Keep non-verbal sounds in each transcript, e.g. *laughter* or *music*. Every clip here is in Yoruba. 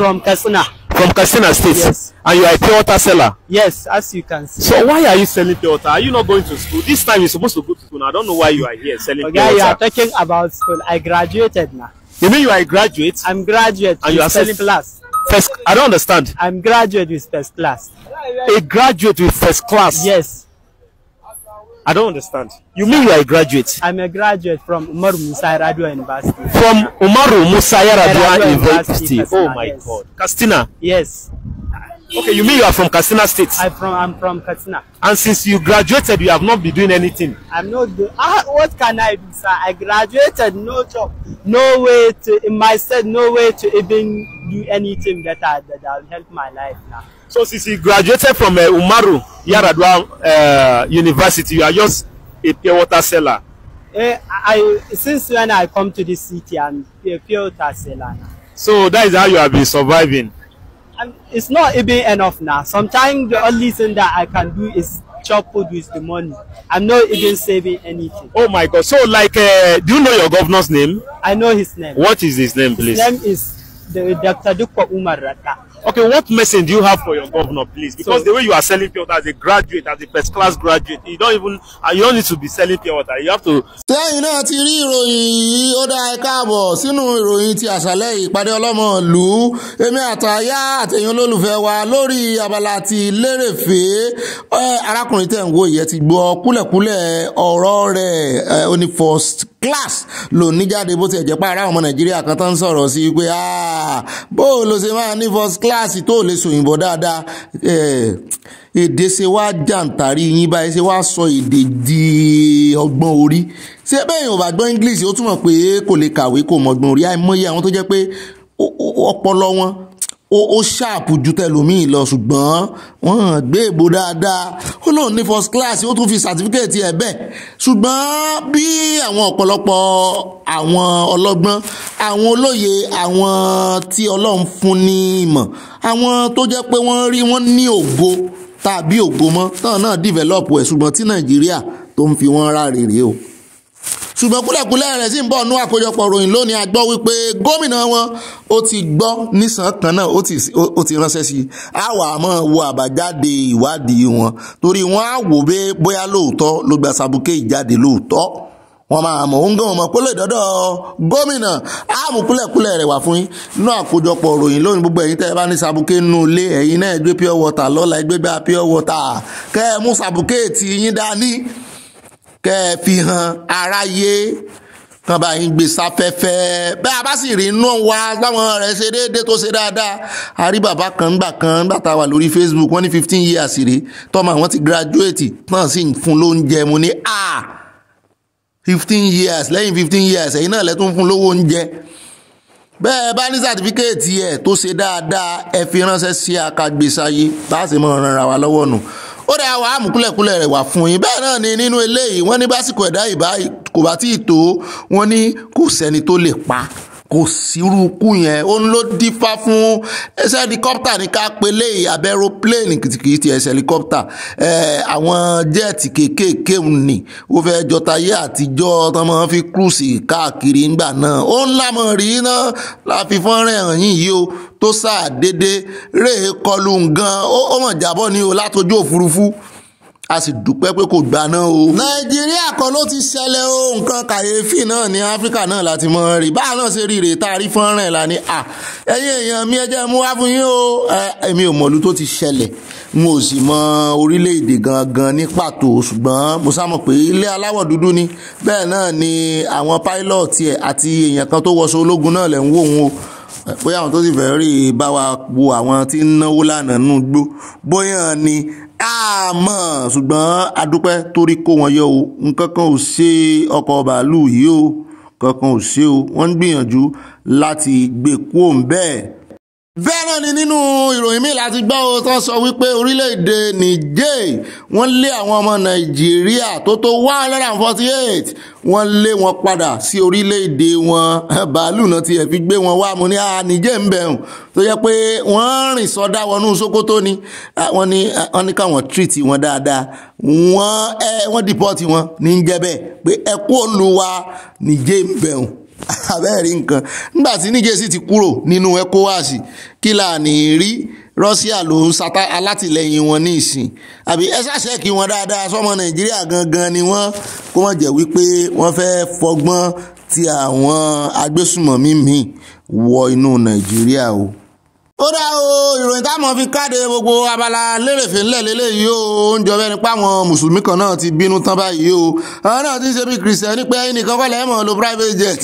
From Katsina. From Katsina State. Yes. And you are a pure water seller. Yes, as you can see. So why are you selling pure water? Are you not going to school? This time you supposed to go to school. I don't know why you are here selling okay, pure water. you are talking about school. I graduated now. You mean you are a graduate? I'm graduate. And you are selling class. First, I don't understand. I'm graduate with first class. A graduate with first class. Yes. I don't understand. You mean you are a graduate? I'm a graduate from Umaru Musa Yar'Adua University. From Umaru Musa Yar'Adua University. University. Oh my yes. God. Castina. Yes. Okay, you mean you are from Katsina State? I'm from I'm from Katsina. And since you graduated, you have not been doing anything. I'm not doing. Ah, what can I do, sir? I graduated, no job, no way to in my state, no way to even do anything that that will help my life now. So since you graduated from uh, Umaru Yaradua uh, University, you are just a pure water seller. Uh, I since when I come to this city, I'm a pure water seller So that is how you have been surviving. Um, it's not even enough now. Sometimes the only thing that I can do is chop food with the money. I'm not even saving anything. Oh my God! So like, uh, do you know your governor's name? I know his name. What is his name, please? His name is Dr. Dukwa Umar Rata. Okay, what message do you have for your governor, please? Because so, the way you are selling pure water as a graduate, as a first class graduate, you don't even, uh, you don't need to be selling pure water. You have to. Sẹ́yìn náà ti rí ìròyìn yìí, ó dá ẹ káàbọ̀ sínú ìròyìn ti àṣálẹ́ ìpàdé ọlọ́mọ ìlú. Èmi àtàyà àtẹ̀yìn olólùfẹ́ wa lórí abala ti lérèfé. Arákùnrin tẹ̀ first class ló ní jáde bó ti ẹ̀ jẹ́ pé ará ọmọ kan tó ń sọ̀rọ̀ sí pé ah, bó lo ṣe máa ní first class kíláàsì tó lè sòyìnbó dáadáa èdè ṣe wá jàǹtàrí yín báyìí ṣe wá sọ èdè di ọgbọ́n orí ṣé bẹ́ẹ̀ ò bá gbọ́ English ó túmọ̀ pé kò lè kàwé kò mọ̀gbọ́n orí àìmọye àwọn tó jẹ́ pé ọpọlọ wọn ó ṣáàpù ju tẹlòmíì lọ ṣùgbọ́n wọ́n gbé èbó dáadáa ó lóun ní first class ó tún fi certificate ẹ̀ bẹ́ẹ̀ ṣùgbọ́n bí àwọn ọ̀pọ̀lọpọ̀ àwọn ọlọ́gbọ́n àwọn olóye àwọn tí ọlọ́run fún ní ìmọ̀ àwọn tó jẹ́ pé wọ́n rí wọ́n ní ògo tàbí ògo mọ́ táwọn náà develop ẹ̀ ṣùgbọ́n tí nàìjíríà tó ń fi wọ́n rárẹ̀ rèé o ṣùgbọ́n kúlẹ̀kúlẹ̀ rẹ̀ sì ń bọ̀ nú àkójọpọ̀ ròyìn lónìí a gbọ́ wípé gómìnà wọn ó ti gbọ́ nísàn kan náà ó ti ránṣẹ́ sí i á wà á mọ̀ wo àbájáde ìwádìí wọn torí wọn á wò bẹ́ bóyá lóòótọ́ ló gba sàbùkẹ́ ìjáde lóòótọ́ wọn máa mọ̀ ń gbọ́n mọ̀ pé lè dọ́dọ̀ gómìnà áàmù kúlẹ̀kúlẹ̀ rẹ̀ wà fún yín náà àkójọpọ̀ ròyìn lónìí gbogbo ẹ̀yin tẹ́ ẹ bá ní sàbùkẹ́ nù ilé ẹ̀yin náà ẹ gbé pure water lọ́la ẹ gbé gbá pure water kẹ́ ẹ mú sàbùkẹ́ tì yín dání kẹ́ ẹ fi hàn aráyé kan bá yín gbé sáfẹ́fẹ́ bẹ́ẹ̀ a bá sì rí inú wa láwọn rẹ̀ ṣe déédéé tó ṣe dáadáa a rí bàbá kan gbà kan bàtà wà lórí Facebook wọ́n ní fifteen years rè tọ́mọ àwọn ti graduate náà sì ń fún lóúnjẹ mo ní a fifteen years lẹ́yìn fifteen years ẹ̀yin náà lẹ́tún fún lówó oúnjẹ bẹ́ẹ̀ bá ní sàtífíkẹ́ẹ̀tì ẹ̀ tó ṣe dáadáa ẹ fi ránṣẹ́ sí akagbesáyé bá a sì mọ̀ ràn ra wa lọ́wọ́ nù. No ó dá wàá mú kúlẹ̀kúlẹ̀ rẹ̀ wá fún yín bẹ́ẹ̀ náà ni nínú eléyìí wọ́n ní básìkò ẹ̀dá ìbá kò bá tí ì tó wọ́n ní kò sẹ́ni tó lè pa kò sírú kú yẹn òun ló dífá fún ẹsẹ̀ helicopter ní ká pelé àbí aeroplane kìí ti ẹsẹ̀ helicopter àwọn jẹ́ẹ̀tì kéékèèké nì ó fẹ́ jọta ayé àtijọ́ tán máa fi cruise káàkiri ńgbà náà ó ń lámọ̀ rí náà láfi fọ́nrán ẹ̀hàn yìí yìí o tó sáà déédéé rèé kọlù nǹkan ó mọ̀ jábọ́ ni o látọjú òfurufú a sì dúpẹ́ pé kò gbà náà o. nàìjíríà kọ́ ló ti ṣẹlẹ̀ o nǹkan kàyéfì náà ní áfíríkà náà láti mọ rí báà náà ṣe rí rèé tá a rí fọ́nrán ẹ̀ lánìí à ẹ̀yin èèyàn mi ẹ mú wá fún yín o èmi ò mọ̀lú tó ti ṣẹlẹ̀ n ò sì mọ orílẹ̀-èdè gangan ní pàtó ṣùgbọ́n mo sá mọ̀ pé ilé aláwọ̀ dúdú ni bẹ́ẹ̀ náà ni àwọn páílọ̀tì ẹ̀ àti èèyàn kan tó wọṣọ ológun náà lẹ̀ ń wò wọn o bóyá àwọn tó sì fẹ́ rí i bá wa wo àwọn tí ń náwó lánàá nù gbó bóyá ni àmọ́ ṣùgbọ́n adúpẹ́ torí kó wọn yọ o nǹkan kan ò ṣe ọkọ̀ bàálù yìí o kankan ò ṣe o wọ́n ń gbìyànjú láti gbé kúò ń bẹ́ẹ̀ bẹ́ẹ̀ náà ni nínú ìròyìn míì láti gbọ́ o tán sọ wípé orílẹ̀-èdè Niger wọ́n lé àwọn ọmọ Nàìjíríà tó tó one hundred and forty eight wọ́n lé wọn padà sí orílẹ̀-èdè wọn *laughs* bàálù náà tiẹ̀ fi gbé wọn wá mo ní a ah, Niger ń bẹ̀rùn tó yẹ pé wọ́n rìn sọdá wọnú Sókótó ni ah, wọ́n ní ah, wọ́n ní káwọn treat wọn dáadáa wọ́n ẹ eh, wọ́n deport wọn ní jẹ́ bẹ́ẹ̀ pé ẹ kú òlu wa Niger ń bẹ̀rùn *laughs* abẹ́ẹ̀rí nǹkan nígbà tí níjẹ́ sì ti kúrò nínú ECOWAS kí là ní rí Russia ló ń sata alátìlẹyìn wọn ní ìsìn àbí ẹ ṣàṣẹ kí wọn dáadáa sọmọ Nàìjíríà gangan ni wọn kó wọn jẹ́ wípé wọ́n fẹ́ fọgbọ́n ti àwọn agbésùmọ̀mí míì wọ inú Nàìjíríà o ó dá o ìròyìn táwọn fi káde gbogbo abala lérèfé ńlẹ̀ lélẹ́yìí o oúnjẹ ọbẹ̀ nípa àwọn mùsùlùmí kan náà ti bínú tán báyìí o àwọn náà ti ṣe bí kìrìsìtẹ́nì pé ẹnìkan kọ́ lẹ́mọ̀ lo private jet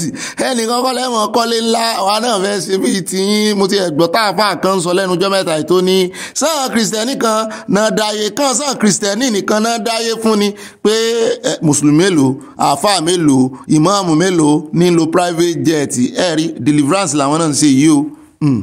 ẹnìkan kọ́ lẹ́mọ̀ kọ́lé ńlá àwa náà fẹ́ ṣe bí tiyín mo ti ẹ̀gbọ́n tá a fà kan sọ lẹ́nu ọjọ́ mẹ́ta ètò ni sàn kìrìsìtẹ́nì kan náà dáyé kan sàn kìrìsìtẹ́nì nìkan náà dáyé fún ni pé mùsùlùmí mélòó àáfà mélòó ìmáàmù mélòó ní lo private jet ẹ̀rí deliverance làwọn náà ń ṣe yìí o. Hmm.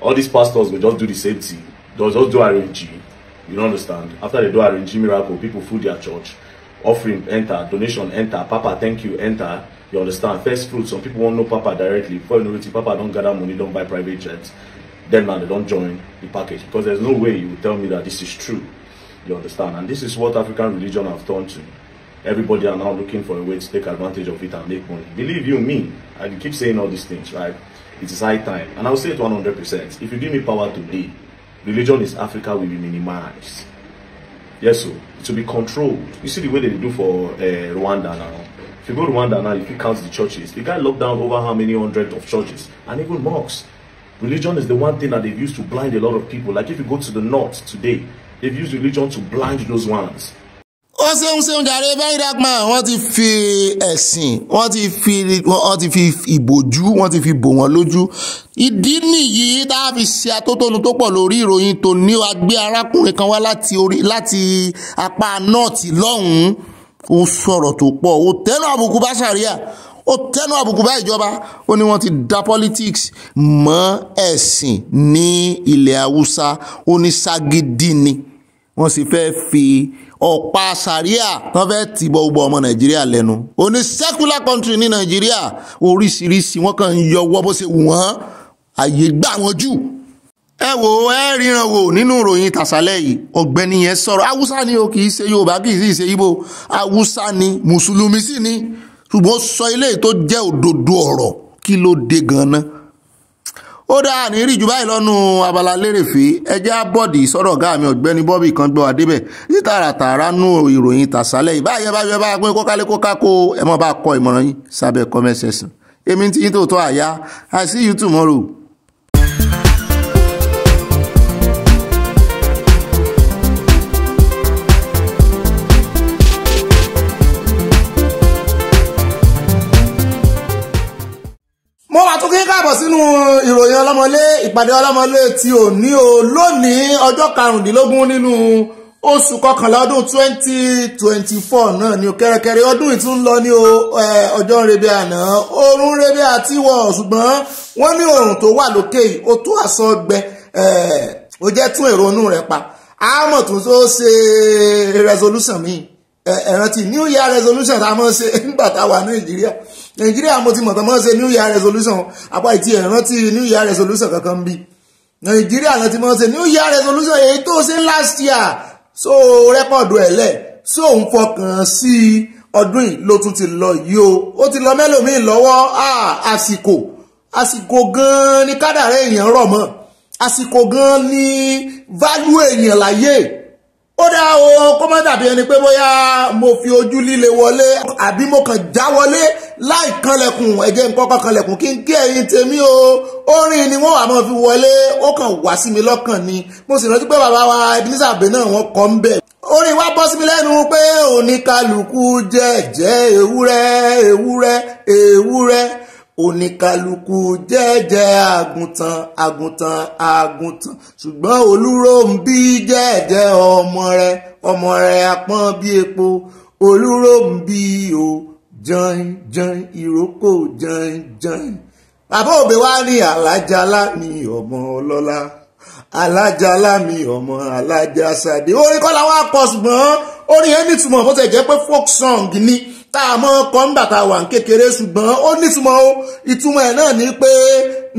all these pastors will just do the same thing. They'll just do RNG. You don't understand. After they do RNG miracle, people fill their church. Offering, enter. Donation, enter. Papa, thank you, enter. You understand? First fruit, some people won't know Papa directly. Before you know it, Papa don't gather money, don't buy private jets. Then man, they don't join the package. Because there's no way you tell me that this is true. You understand? And this is what African religion have turned to. Everybody are now looking for a way to take advantage of it and make money. Believe you me, I keep saying all these things, right? It is high time. And I'll say it 100%. If you give me power today, religion in Africa will be minimized. Yes, so it will be controlled. You see the way they do for uh, Rwanda now. If you go to Rwanda now, if you count the churches, the guy locked down over how many hundred of churches and even mosques. Religion is the one thing that they've used to blind a lot of people. Like if you go to the north today, they've used religion to blind those ones. ó ṣeun ṣeun jàre verydarkman wọ́n ti fi ẹ̀sìn wọ́n ti fi wọ́n ti fi ìbòjú wọ́n ti fi bò wọ́n lójú ìdí nìyí tá a fi ṣe atótónu tó pọ̀ lórí ìròyìn tòní agbé arákùnrin kan wá láti orí láti apá nọ́ọ̀tì lọ́hùn-ún ó sọ̀rọ̀ tó pọ̀ ó tẹnu àbùkù bá ṣàríà ó tẹnu àbùkù bá ìjọba ó ní wọ́n ti da politics mọ́ ẹ̀sìn ní ilẹ̀ haúsá ó ní sagidi ni wọ́n sì fẹ́ fi ọ̀pá sàríà wọ́n fẹ́ ti bọ gbogbo ọmọ nàìjíríà lẹ́nu òní secular country ní nàìjíríà oríṣiríṣi wọ́n kàn ń yọwọ́ bó ṣe wù wọ́n àyè gbà wọ́n jù. ẹ wo ẹ ríran wo nínú ìròyìn tàṣálẹ̀ yìí ọ̀gbẹ́ni yẹn sọ̀rọ̀ haúsá ni o kì í ṣe yorùbá kì í ṣe ibo haúsá ni mùsùlùmí sì ni ṣùgbọ́n sọ ilé tó jẹ́ òdodo ọ̀rọ̀ kí ló dé gan-an ó dáa ní rí jù báyìí lọ́nu abala lérèfé ẹjẹ́ abọ́dì sọ̀rọ̀ ọ̀gá mi ọ̀gbẹ́ni bọ́bí kan gbọ́ adébẹ̀ ní tààràtààrà nú ìròyìn tàṣálẹ̀ ìbáyẹ̀ bá yẹ bá pín kọ́kálé kókákó ẹ̀ mọ́ bá kọ ìmọ̀ràn yín sábẹ́ comment section èmi ti yín tòótọ́ àyá I see you tomorrow. mo wà tó kí káàbọ̀ sínú ìròyìn ọlọ́mọlé ìpàdé ọlọ́mọlé tí ò ní o lónìí ọjọ́ karùndínlógún nínú oṣù kọkànlá ọdún 2024 twenty náà ni o kẹrẹkẹrẹ ọdún ìtún lọ ní o ọjọ́ rebe àná oòrùn rebe àti wọ̀ ṣùgbọ́n wọ́n ní oòrùn tó wà lókè yìí ó tó àsọ gbẹ ó jẹ́ tún èrò inú pa àmọ̀ tó tó ṣe resolution mi ẹ̀rántí new year resolution tá a mọ̀ ṣe *laughs* nígbà tá Nàìjíríà nàìjíríà mo ti mọ̀tàn mọ́ ṣe new year resolution apá ìtì ẹ̀rántí new year resolution kankan bí nàìjíríà náà ti mọ́ ṣe new year resolution èyí tó ṣe last year so rẹ́pọ̀dù ẹ̀ lẹ̀ so ń fọkàn sí i ọdún yìí ló tún ti lọ yìí o ó ti lọ mẹ́lòmíì lọ́wọ́ àsìkò àsìkò gan-an ni kádàrá èèyàn rọ̀ mọ́ àsìkò gan-an ni value èèyàn láyé ó dá o kó má dàbí ẹni pé bóyá mo fi ojú líle wọlé àbí mo kàn já wọlé láì kanlẹ̀kùn ẹ̀jẹ̀ nǹkan kanlẹ̀kùn kí n kí ẹ̀yin tèmi o orin ni wọ́n wà máa fi wọlé ó kàn wá sí mi lọ́kàn ni mo sì rántí pé bàbá wa Ebenezer Obey náà wọ́n kọ́ ń bẹ̀ orin wa bọ́ sí mi lẹ́nu pé oníkálukú jẹ́ jẹ́ ewúrẹ́ ewúrẹ́ ewúrẹ́ oníkálukú jẹ́jẹ́ àgùntàn àgùntàn àgùntàn ṣùgbọ́n olúró ń bí jẹ́jẹ́ ọmọ rẹ̀ ọmọ rẹ̀ apọ́n bí epo olúró ń bí o jẹun jẹun ìrókò jẹun jẹun. bàbá òbí wa ní alájálá ní ọmọ ọlọ́lá alájálá mi ọmọ alájá sàdé orin kọ́ làwọn akọ ṣùgbọ́n orin yẹn nítumọ̀ bó ti jẹ́ pé folk song ni tá a mọ́ kọ́ńgbà tá a wà ń kékeré ṣùgbọ́n ó nítumọ̀ o ìtumọ̀ ẹ̀ náà ni pé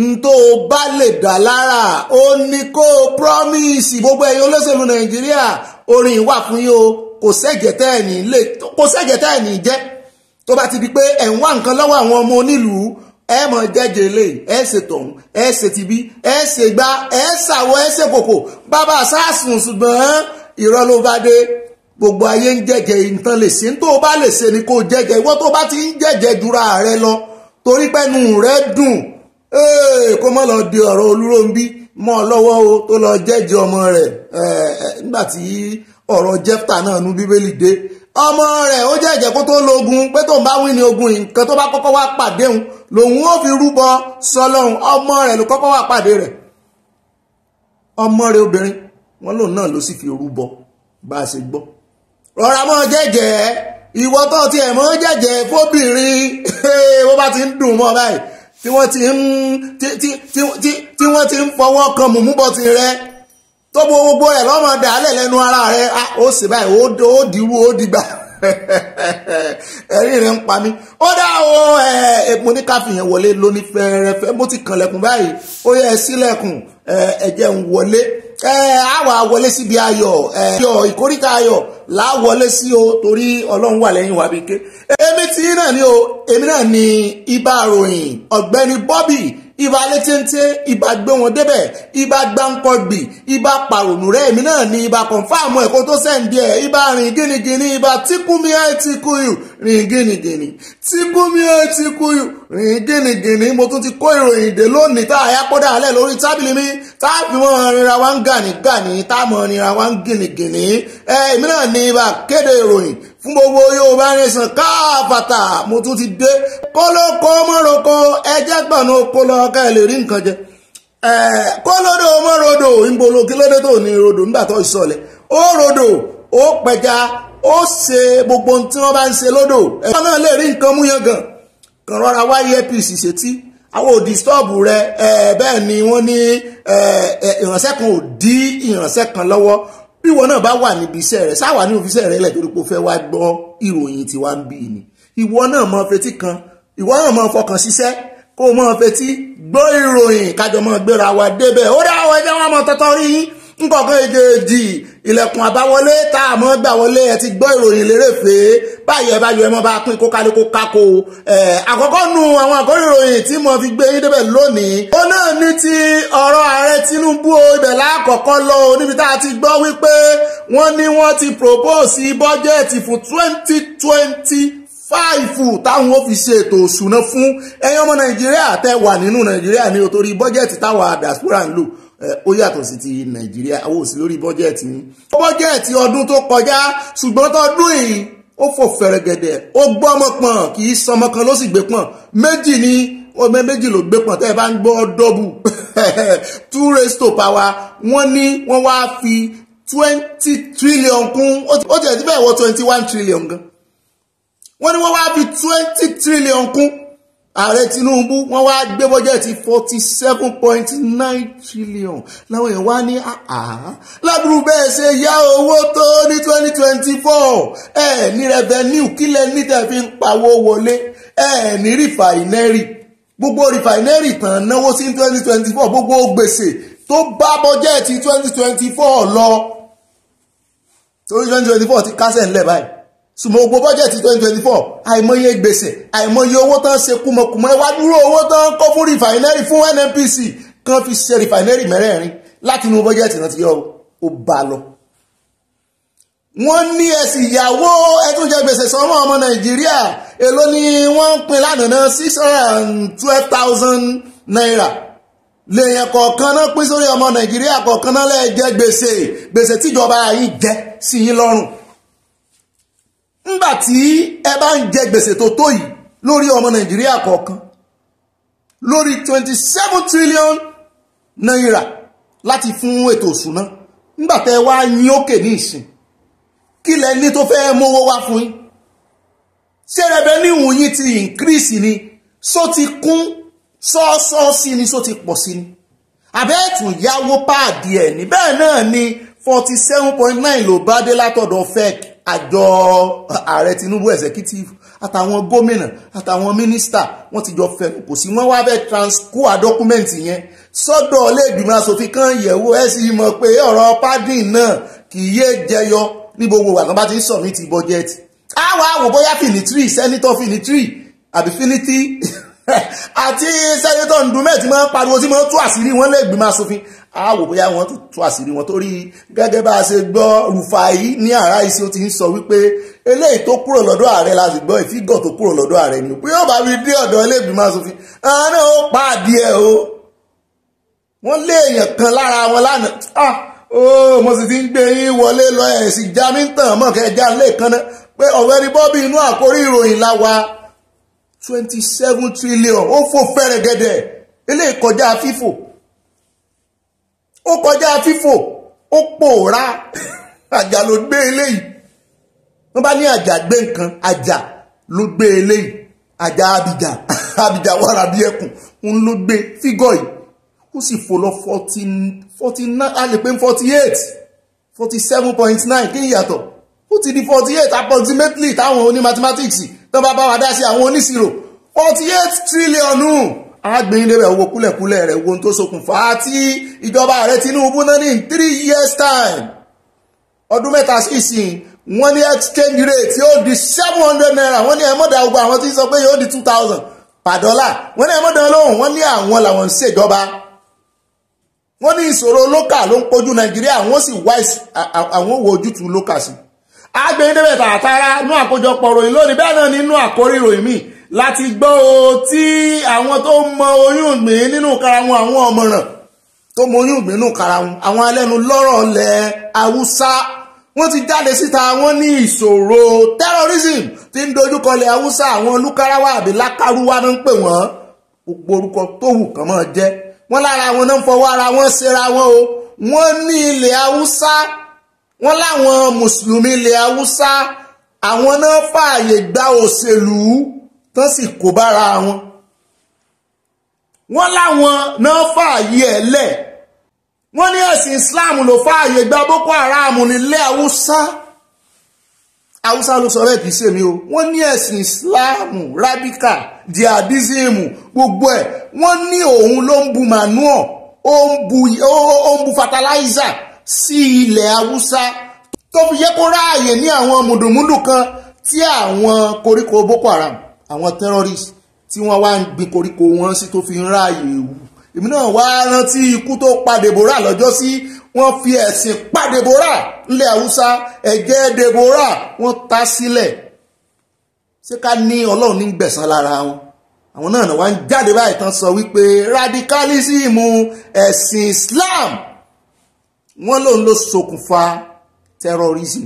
n tó bá lè dà lára ó ní kó o promise gbogbo ẹ̀yin olóṣèlú nàìjíríà orin ìwà fún yín o kò sẹ́jẹ̀ tẹ́ ẹ̀ ní lè kò sẹ́jẹ̀ tẹ́ ẹ̀ ní jẹ́ tó bá ti di pé ẹ̀ ń wá nǹkan lọ́wọ́ àwọn ọmọ onílùú ẹ mọ̀ jẹ́jẹ́ lè ẹ ṣe tọ̀hún ẹ ṣe tibí ẹ ṣe gbá ẹ ṣàwọ̀ ẹ ṣe kòkò bàbá sars ṣùgbọ́n ìrọ́ ló gbogbo ayé ń jẹ́jẹ́ nǹkan lè ṣe tó o bá lè ṣe ni kò jẹ́jẹ́ ìwọ tó o bá ti ń jẹ́jẹ́ jura rẹ lọ torí pẹ́nu rẹ dùn kó mọ́ lọ di ọ̀rọ̀ olúróńbí mọ́ ọ o tó lọ jẹ́jẹ́ ọmọ rẹ̀ nígbà tí ọ̀rọ̀ jẹ́pítà náà nu bíbélì dé ọmọ rẹ̀ ó jẹ́jẹ́ kó tó lógun pé tó ń bá wíni ogun nǹkan tó bá kọ́kọ́ wá pàdé òun lòun ó fi rúbọ sọlọ́run ọmọ rẹ̀ ló kọ́kọ́ wá pàdé rẹ̀ ọmọ rẹ̀ obìnrin wọn lòun náà ló sì fi rúbọ bá a ṣe gbọ́ rọra mọ́ jẹ́jẹ́ ìwọ tó tiẹ̀ mọ́ jẹ́jẹ́ fóbìnrin wọ́n bá ti ń dùn mọ́ báyìí tí wọ́n ti ń tí wọ́n ti ń rẹ tó bo gbogbo rẹ̀ lọ́mọ dàálẹ̀ ara rẹ ó sì báyìí ó dìwú ó dìgbà *laughs* ẹ̀rín rẹ̀ ń pa mí ó dá o epo ní káfíyàn wọlé lóní fẹ́ẹ́rẹ́fẹ́ mo ti kànlẹ̀kùn báyìí ó yẹ sílẹ̀kùn ẹ̀jẹ̀ ń wọlé àwa wọlé síbi ayọ̀ ayọ̀ ìkóríta ayọ̀ là á wọlé sí o torí ọlọ́run wà lẹ́yìn wa bí ké èmi tí náà ni o èmi náà ni ibà ròyìn ọ̀gbẹ́ni Bobby ìbá létéńté ìbá gbé wọn débẹ̀ ìbá gbáǹkọ gbì ìbá pàrònú rẹ̀ èmi náà ni ìbá kọ̀ǹfàmù ẹ̀kọ́ tó sẹ́ǹdí ẹ̀ ìbá rìn gínigíní ìbá tíkúmi ẹ̀ ti kú yù rìn gínigíní tíkúmi ẹ̀ ti kú yù rìn gínigíní mo tún ti kó ìròyìn dé lónìí tá àyápọ́dà alẹ́ lórí tábìlì mi tá a fi mọ́ rinra wa ń gànìgànì tá a mọ́ rinra wa ń gínigíní ẹ̀ èmi náà ni ìbá kéde ìròyìn fún gbogbo Yorùbá nation káfàtà mo tún ti dé kólókó mọ́rọ̀kọ ẹjẹ́ gbọ̀nà oko lọ ká ẹ lè rí nǹkan jẹ kólódò mọ́rọ̀dò ìgbòlò kílódé tó ní rodò nígbà tó ìsọ̀lẹ̀ ó rodò ó pẹja ó ṣe gbogbo ohun tí wọ́n bá ń ṣe lódò ẹ̀fọ́ náà lè rí nǹkan mú yangàn kàn rọra wá earpiece ṣètí àwọn òdìstọ́ọ̀bù rẹ bẹ́ẹ̀ ni wọ́n ní ìrànṣẹ́ kan ò dí ìrànṣẹ́ kan lọ́wọ́ bí wọn náà bá wà níbi iṣẹ́ rẹ̀ sáwà ní òfìṣẹ́ rẹ̀ lẹ̀ torí pé o fẹ́ wá gbọ́ ìròyìn tí wàá ń bí ni ìwọ náà mọ fetí kan ìwọ náà mọ fọkàn ṣiṣẹ́ kó o mọ fetí gbọ́ ìròyìn kájọ mọ gbéra wa débẹ̀ ó dá àwọn ẹgbẹ́ wọn mọ tọ́tọ́ rí yín nkankan èjèèjì ilẹ̀kùn àbáwọlé tá a mọ́ gbà wọlé ẹ ti gbọ́ ìròyìn lérèfé báyìí ẹ bá yọ ẹ mọ́ bá pín kókálíkó kákó ẹ àkọ́kọ́ nu àwọn àkórí ìròyìn tí mo fi gbé yín débẹ̀ lónìí. ó náà ní ti ọ̀rọ̀ ààrẹ Tinubu ibẹ̀ lákọ̀ọ́kọ́ lọ níbi tá a ti gbọ́ wípé wọ́n ní wọ́n ti propose bọ́jẹ́ẹ̀tì fún twenty twenty fáìfù táwọn ó fi ṣe ètò òṣùná fún ẹ̀yin ọmọ Nàìjíríà tẹ́ wà nínú Nàìjíríà ní òtórí bọ́jẹ́ẹ̀tì táwọn diaspora ń lò ó yàtọ̀ sí ti nàìjíríà àwọn òsì lórí bọ́jẹ́ẹ̀tì yín. bọ́jẹ́ẹ̀tì ọdún tó kọjá ṣùgbọ́n tọdún yìí ó fò fẹ̀rẹ̀gẹ̀dẹ̀ ó gbọ́mọ pọ̀n kì í sọmọ kan ló sì gbé pọ̀n méjì ni ọmọ méjì ló gbé pọ̀n tẹ́ ẹ bá ń gbọ́ dọ́bù *laughs* two raise to power wọ́n ní wọ́n wá fi twenty trillion kún ó tiẹ̀ ti bẹ́ẹ̀ wọ twenty one trillion gan wọ́n ní wọ́n wá fi twenty trillion kún ààrẹ Tinubu wọ́n wá gbé bọ́jẹ́ẹ̀tì forty seven point nine trillion láwọn èèyàn wá ní lábúrú bẹ́ẹ̀ ṣe yá owó tó ní twenty twenty four ẹ̀ ní revenue kílẹ̀ nítẹ̀ fi ń pawó wọlé ẹ̀ ní rìfàìnẹ́rì gbogbo rìfàìnẹ́rì tàn náwó sí twenty twenty four gbogbo gbèsè tó bá bọ́jẹ́ẹ̀tì twenty twenty four lọ torí twenty twenty four ti kásẹ̀ ńlẹ̀ báyìí ṣùgbọ́n gbogbo bọ́jẹ̀tì twenty twenty four àìmọye gbèsè àìmọye owó tán ṣe kúmọkùmọ ẹ wá dúró owó tán kó fún rìfàìnẹ́rì fún NNPC kan fi ṣe rìfàìnẹ́rì mẹ́rẹ̀ẹ̀rin láti inú bọ́jẹ̀tì náà ti yọ ó bá lọ. wọ́n ní ẹ̀sìn ìyàwó ẹtúnjẹ gbèsè sọ́mọ́ ọmọ nàìjíríà èló ni wọ́n ń pín lánàá six hundred and twelve thousand naira lèèyàn kọ̀ọ̀kan náà pín sórí ọmọ nàìjíríà kọ̀ọ̀kan náà lẹ́ẹ̀jẹ̀ gbèsè gbèsè tíjọba yìí jẹ́ sí yín lọ́rùn nígbà tí ẹ bá ń jẹ gbèsè tó tó yìí lórí ọmọ nàìjíríà kọ̀ọ̀kan lórí twenty seven trillion naira láti fún ètò òṣùná nígbà tẹ wá yín òkè ní ìsìn kí lẹ ní tó fẹ́ mówó wá fún yín ṣé revenue yín ti increase ni só ti kún sọ́ọ́sọ́ sí ni só ti pọ̀ sí ni àbẹ́ẹ̀tù yáwó páàdì ẹ̀ ní bẹ́ẹ̀ náà ni forty seven point nine ló bá dé látọ̀dọ̀ fẹ́ẹ̀kì àjọ ààrẹ Tinubu executive àtàwọn gómìnà àtàwọn mínísítà wọ́n ti jọ fẹnu kò sí wọ́n wá fẹ́ transcoa dọ́kúmẹ́ǹtì yẹn sọ́dọ̀ ọlẹ́gbìmọ̀ asòfin kan yẹ̀wò ẹ̀ sì mọ̀ pé ọ̀rọ̀ pádìn náà kì í yé jẹyọ ní gbogbo àgbà bá ti ń sọ̀rọ̀ ní ti bọ́jẹ́tì. àwọn àwò bóyá fìnnìtírì sẹ́nitọ́ fìnnìtírì àbí fìnnìtì *laughs* àti sẹ́yẹ́tọ̀ ndúmẹ̀ tí wọ́n pariwo tí wọ́n tú àṣírí wọn lè gbìmọ̀ asòfin àwò bóyá wọ́n tún tú àṣírí wọn torí gẹ́gẹ́ bá a ṣe gbọ́ Rufai ní àrá iṣẹ́ ó ti ń sọ wípé eléyìí tó kúrò lọ́dọ̀ ààrẹ la sì gbọ́ ìfígọ̀ tó kúrò lọ́dọ̀ ààrẹ ni pé yóò bá rí dé ọ̀dọ̀ ilé ìgbìmọ̀ asòfin àná ó pa adìẹ o wọ́n lé èèyàn kan lára wọn lánàá ó ah, oh, mo sì ti ń gbé yín wọlé lọ ẹ̀sìn jámítàn mọ̀kẹ́ já lè kanná pé ọ̀wẹ́rì bọ́bí inú àkórí ìròyìn la wa twenty seven trillion ó fò fẹ́rẹ̀gẹ̀dẹ̀ eléyìí kọjá fífò ó kọjá fífò ó pòórá *laughs* àjà ló gbé eléyìí wọ́n bá ní àjà gbé nǹkan àjà ló gbé eléyìí àjà abidjan *laughs* abidjan wàrà bí ẹkùn ń ló gbé fígọ̀ yìí ó sì fò lọ forty forty nine a lè pé forty eight forty seven point nine kí n yàtọ̀ ó ti di forty eight approximately táwọn oní mathematics tó bá bá wa dá sí àwọn oníṣirò forty eight trillion nù agbẹ̀yìn lébẹ̀ owó kúlẹ̀kúlẹ̀ rẹ̀ wo tó ṣokùnfà tí ìjọba ààrẹ Tinubu náà ní in three years time ọdún mẹ́ta sí ìsìn wọ́n ní exchange rate yóò di seven hundred naira wọ́n ní ẹ̀mọ́dà gbogbo àwọn tí ń sọ pé yóò di two thousand per dollar wọ́n ní ẹ̀mọ́dà lóhùn wọ́n ní àwọn làwọn ń ṣèjọba wọ́n ní ìṣòro lókà ló ń kojú Nàìjíríà wọ́n sì wá àwọn wo ojútùú lókà sí i agbẹ̀yìndẹ́bẹ̀ tààtàrà nú àkójọpọ̀ ròyìn lónìí bẹ́ẹ̀ náà nínú àkórí ròyìn míì láti gbọ́ o tí àwọn tó mọ oyún ìgbìn nínú kara wọn àwọn ọ̀mọ̀ràn tó mọ oyún ìgbìn nínú kara wọn àwọn alẹ́nu lọ́rọ̀ lẹ̀ haúsá wọ́n ti jáde síta wọ́n ní ìṣòro terrorism tí ń dojúkọlẹ̀ haúsá àwọn olúkarawa àbí lákàrúwá ló ń pè wọ́n gbogbo orúkọ tó wù kàn mọ́ jẹ́ wọ́n lára wọn náà fọwọ́ ara wọn ṣera wọn o wọ́n ní ilẹ̀ haúsá wọ́n láwọn mùsùlùmí ilẹ̀ haúsá àwọn náà fààyè gba òṣèlú tán sì kó bára wọn wọ́n láwọn náà fààyè ẹ̀ lẹ̀ wọ́n ní ẹ̀sìn islam ló fààyè gba boko haram nílẹ̀ haúsá haúsá ló sọ bẹ́ẹ̀ kì í ṣe mi o wọ́n ní ẹ̀sìn islam radical jihadism gbogbo ẹ̀ wọ́n ní òun ló ń bu manure ó ń bu fertilizer sí ilẹ̀ haúsá tó fi yẹ kó ráàyè ní àwọn mùdùmùdù kan tí àwọn koríko boko haram àwọn terrorist tí wọ́n wá ń gbin koríko wọn sí tó fi ń ráàyè wù èmi náà wá rántí ikú tó pa Deborah lọ́jọ́ sí wọ́n fi ẹ̀sìn pa Deborah nílẹ̀ haúsá ẹ̀jẹ̀ Deborah wọ́n ta sílẹ̀ ṣé ká ní ọlọ́run ní gbẹ̀san lára wọn àwọn náà wá ń jáde báyìí tán sọ wípé radicalism ẹ̀sìn Islam wọ́n lòun ló ṣokùnfà terrorism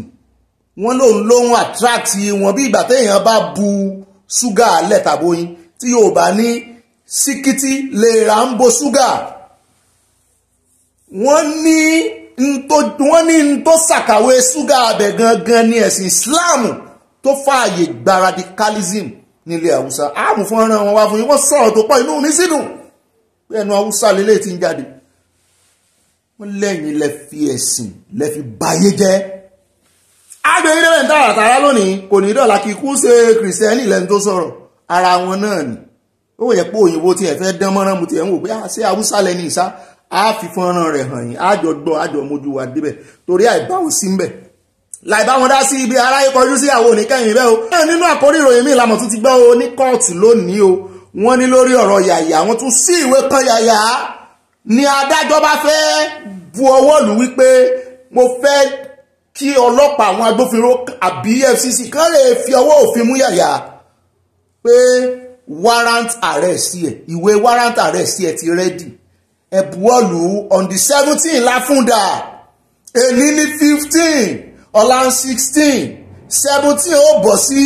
wọ́n lòun lòun attract wọn bí ìgbà téèyàn bá bu ṣúgà lẹ́tàbóyin tí yóò bá ní síkítí lè ra ń bo ṣúgà wọ́n ní n tó ṣàkàwé ṣúgà abẹ gangan ní ẹ̀sìn Islam tó fààyè gba radicalism nílẹ̀ haúsá àmùfọ́nrán wọn wá fún yín wọ́n sọ̀rọ̀ tó pọ̀ inú mi sídùn pé ẹnu haúsá lélẹ́yìí ti ń jáde wọ́n lẹ́yìn lẹ fi ẹ̀sìn lẹ fi báyé jẹ́ agbèrè lẹ́wẹ̀ ń tààrà tààrà lónìí kò ní dọ̀la kí kú ṣe kìrìsìtẹ́nì lẹ́nu tó sọ̀rọ̀ ara wọn náà ni ó yẹ pé òyìnbó tiẹ̀ fẹ́ dán mọ́rán mu tiẹ̀ ń wò pé ah, ṣé haúsá lẹ́ni ìṣá á fi fọ́nrán rẹ̀ hàn yín àjọ gbọ́ àjọ mojú wa débẹ̀ torí àìbáwọn sí ń láì bá wọn dá sí ibi aráyé kọjú sí àwọn oníkẹyìn rẹ o. náà nínú o ní kóòtù lónìí o wọ́n ní lórí ni adájọ́ bá fẹ́ bu ọwọ́ lù wípé mo fẹ́ kí ọlọ́pàá àwọn agbófinró àbí FCC kán lè fi ọwọ́ òfin mú yàyà pé warrant arrest ẹ̀ ìwé warrant arrest ẹ̀ ti rẹ́dì ẹ̀ buwọ́ lù on the seventeen láfúndà èlí ní fifteen ọ̀la sixteen seventeen ó bọ̀ sí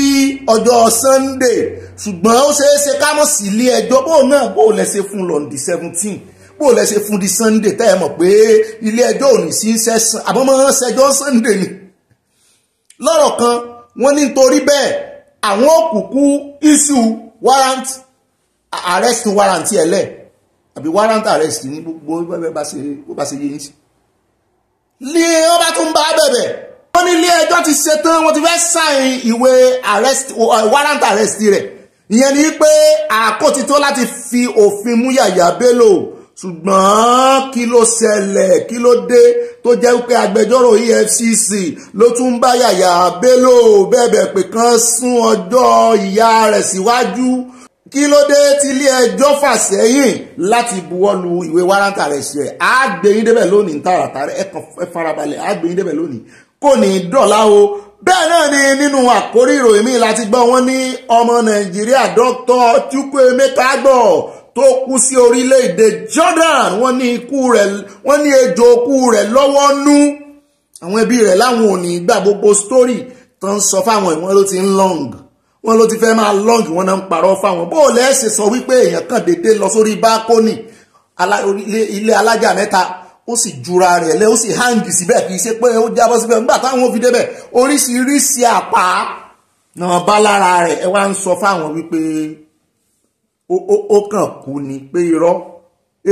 ọjọ́ Sunday ṣùgbọ́n ó ṣeé ṣe ká mọ̀ sí ilé ẹjọ́ bóun náà bóun lẹ́sẹ̀ fún lọ́ndì seventeen bó o lẹ ṣe fún di Sunday tẹ́ ẹ mọ̀ pé ilé ẹjọ́ ò ní sí sẹ́sàn àmọ́ mọ́ sẹ́jọ́ Sunday ni lọ́rọ̀ kan wọ́n ní torí bẹ́ẹ̀ àwọn òkùnkùn issue warrant arrest warrant ẹ̀ lẹ̀ àbí warrant arrest ní gbogbo bá ṣe yé yín sí ní wọ́n bá tún bá bẹ̀bẹ̀ wọ́n ní ilé ẹjọ́ ti ṣetán wọ́n ti fẹ́ sáìn ìwé arrest warrant arrest rẹ̀ ìyẹn ni pé àkó ti tó láti fi òfin mú Yàyà Bello ṣùgbọ́n kí ló ṣẹlẹ̀ kí ló dé tó jẹ́ pé agbẹjọ́rò EFCC ló tún bá yàyà Bello bẹ̀bẹ̀ pé kán sún ọjọ́ ìyá rẹ̀ síwájú kí ló dé tílé ẹjọ́ fà sẹ́yìn láti buwọ́lu ìwé wárántà rẹ̀ ṣe á débẹ̀ lónìí tààràtàrà ẹ kàn fẹ́ farabalẹ̀ á débẹ̀ lónìí kò ní dọ̀la o bẹ́ẹ̀ náà ni nínú àkórí ìròyìn mi láti gbọ́ wọn ní ọmọ Nàìjíríà Dr. Chukwuemeka gbọ́ tó kú sí orílẹ̀-èdè Jordan wọ́n ní ikú rẹ̀ wọ́n ní ejò okú rẹ̀ lọ́wọ́ nú àwọn ẹbí rẹ̀ láwọn ò gbà gbogbo story tó ń sọ fáwọn ìwọ́n ló ti ń long wọ́n ló ti fẹ́ máa long wọ́n náà ń parọ́ fáwọn bó lẹ́ ṣe sọ wípé èèyàn kan dédé lọ sórí bákónì ilé alájà mẹ́ta ó sì jura rẹ̀ lẹ́ ó sì hangi síbẹ̀ kì í ṣe pé ó jábọ́ síbẹ̀ nígbà táwọn fi débẹ̀ oríṣiríṣi àpá náà bá lára rẹ̀ ẹ wá ń sọ fáwọn wípé ó kàn kú ni pé irọ́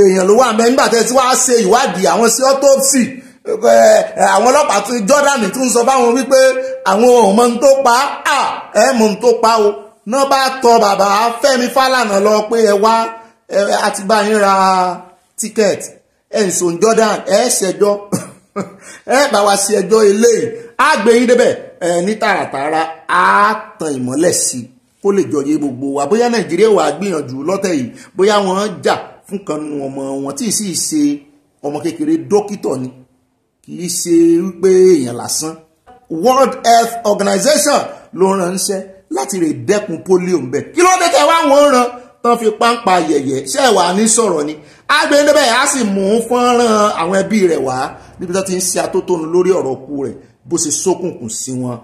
èèyàn ló wà mẹ́ nígbà tẹ́ tí wàá ṣe ìwádìí àwọn sí ọ́tọ́psì àwọn ọlọ́pàá tún Jordan tún sọ fáwọn wípé àwọn ọmọ ń tó pa á ẹ mú ń tó pa o náà bá tọ bàbá Fẹ́mi Fálànà lọ pé ẹ wá àti bá yín ra ticket ẹ ń sòun Jordan ẹ ṣẹjọ́ *laughs* ẹ bá wa ṣe ẹjọ́ eléyìí á gbé yín débẹ̀ ní tààràtààrà á tan ìmọ́lẹ̀ sí i kó lè jọyè gbogbo wa bóyá nàìjíríà wà gbìyànjú lọ́tẹ̀ yìí bóyá wọ́n jà fún kan nu ọmọ wọn tí ì sì ṣe ọmọ kékeré dókítọ̀ ni kì í ṣe wípé èèyàn lásán World Health Organization ló ránṣẹ́ láti lè dẹ́kun polio ńbẹ kí ló dé tẹ wá wọn ràn tán fi páńpá yẹ̀yẹ̀ ṣe wà ní sọ̀rọ̀ ni agbẹ́ndẹ́bẹ̀ e a sì mú fọ́nrán àwọn ẹbí rẹ̀ wá níbi tó ti ń ṣe atótónu lórí ọ̀rọ̀ ku rẹ̀ bó ṣe ṣókùnkùn sí wọn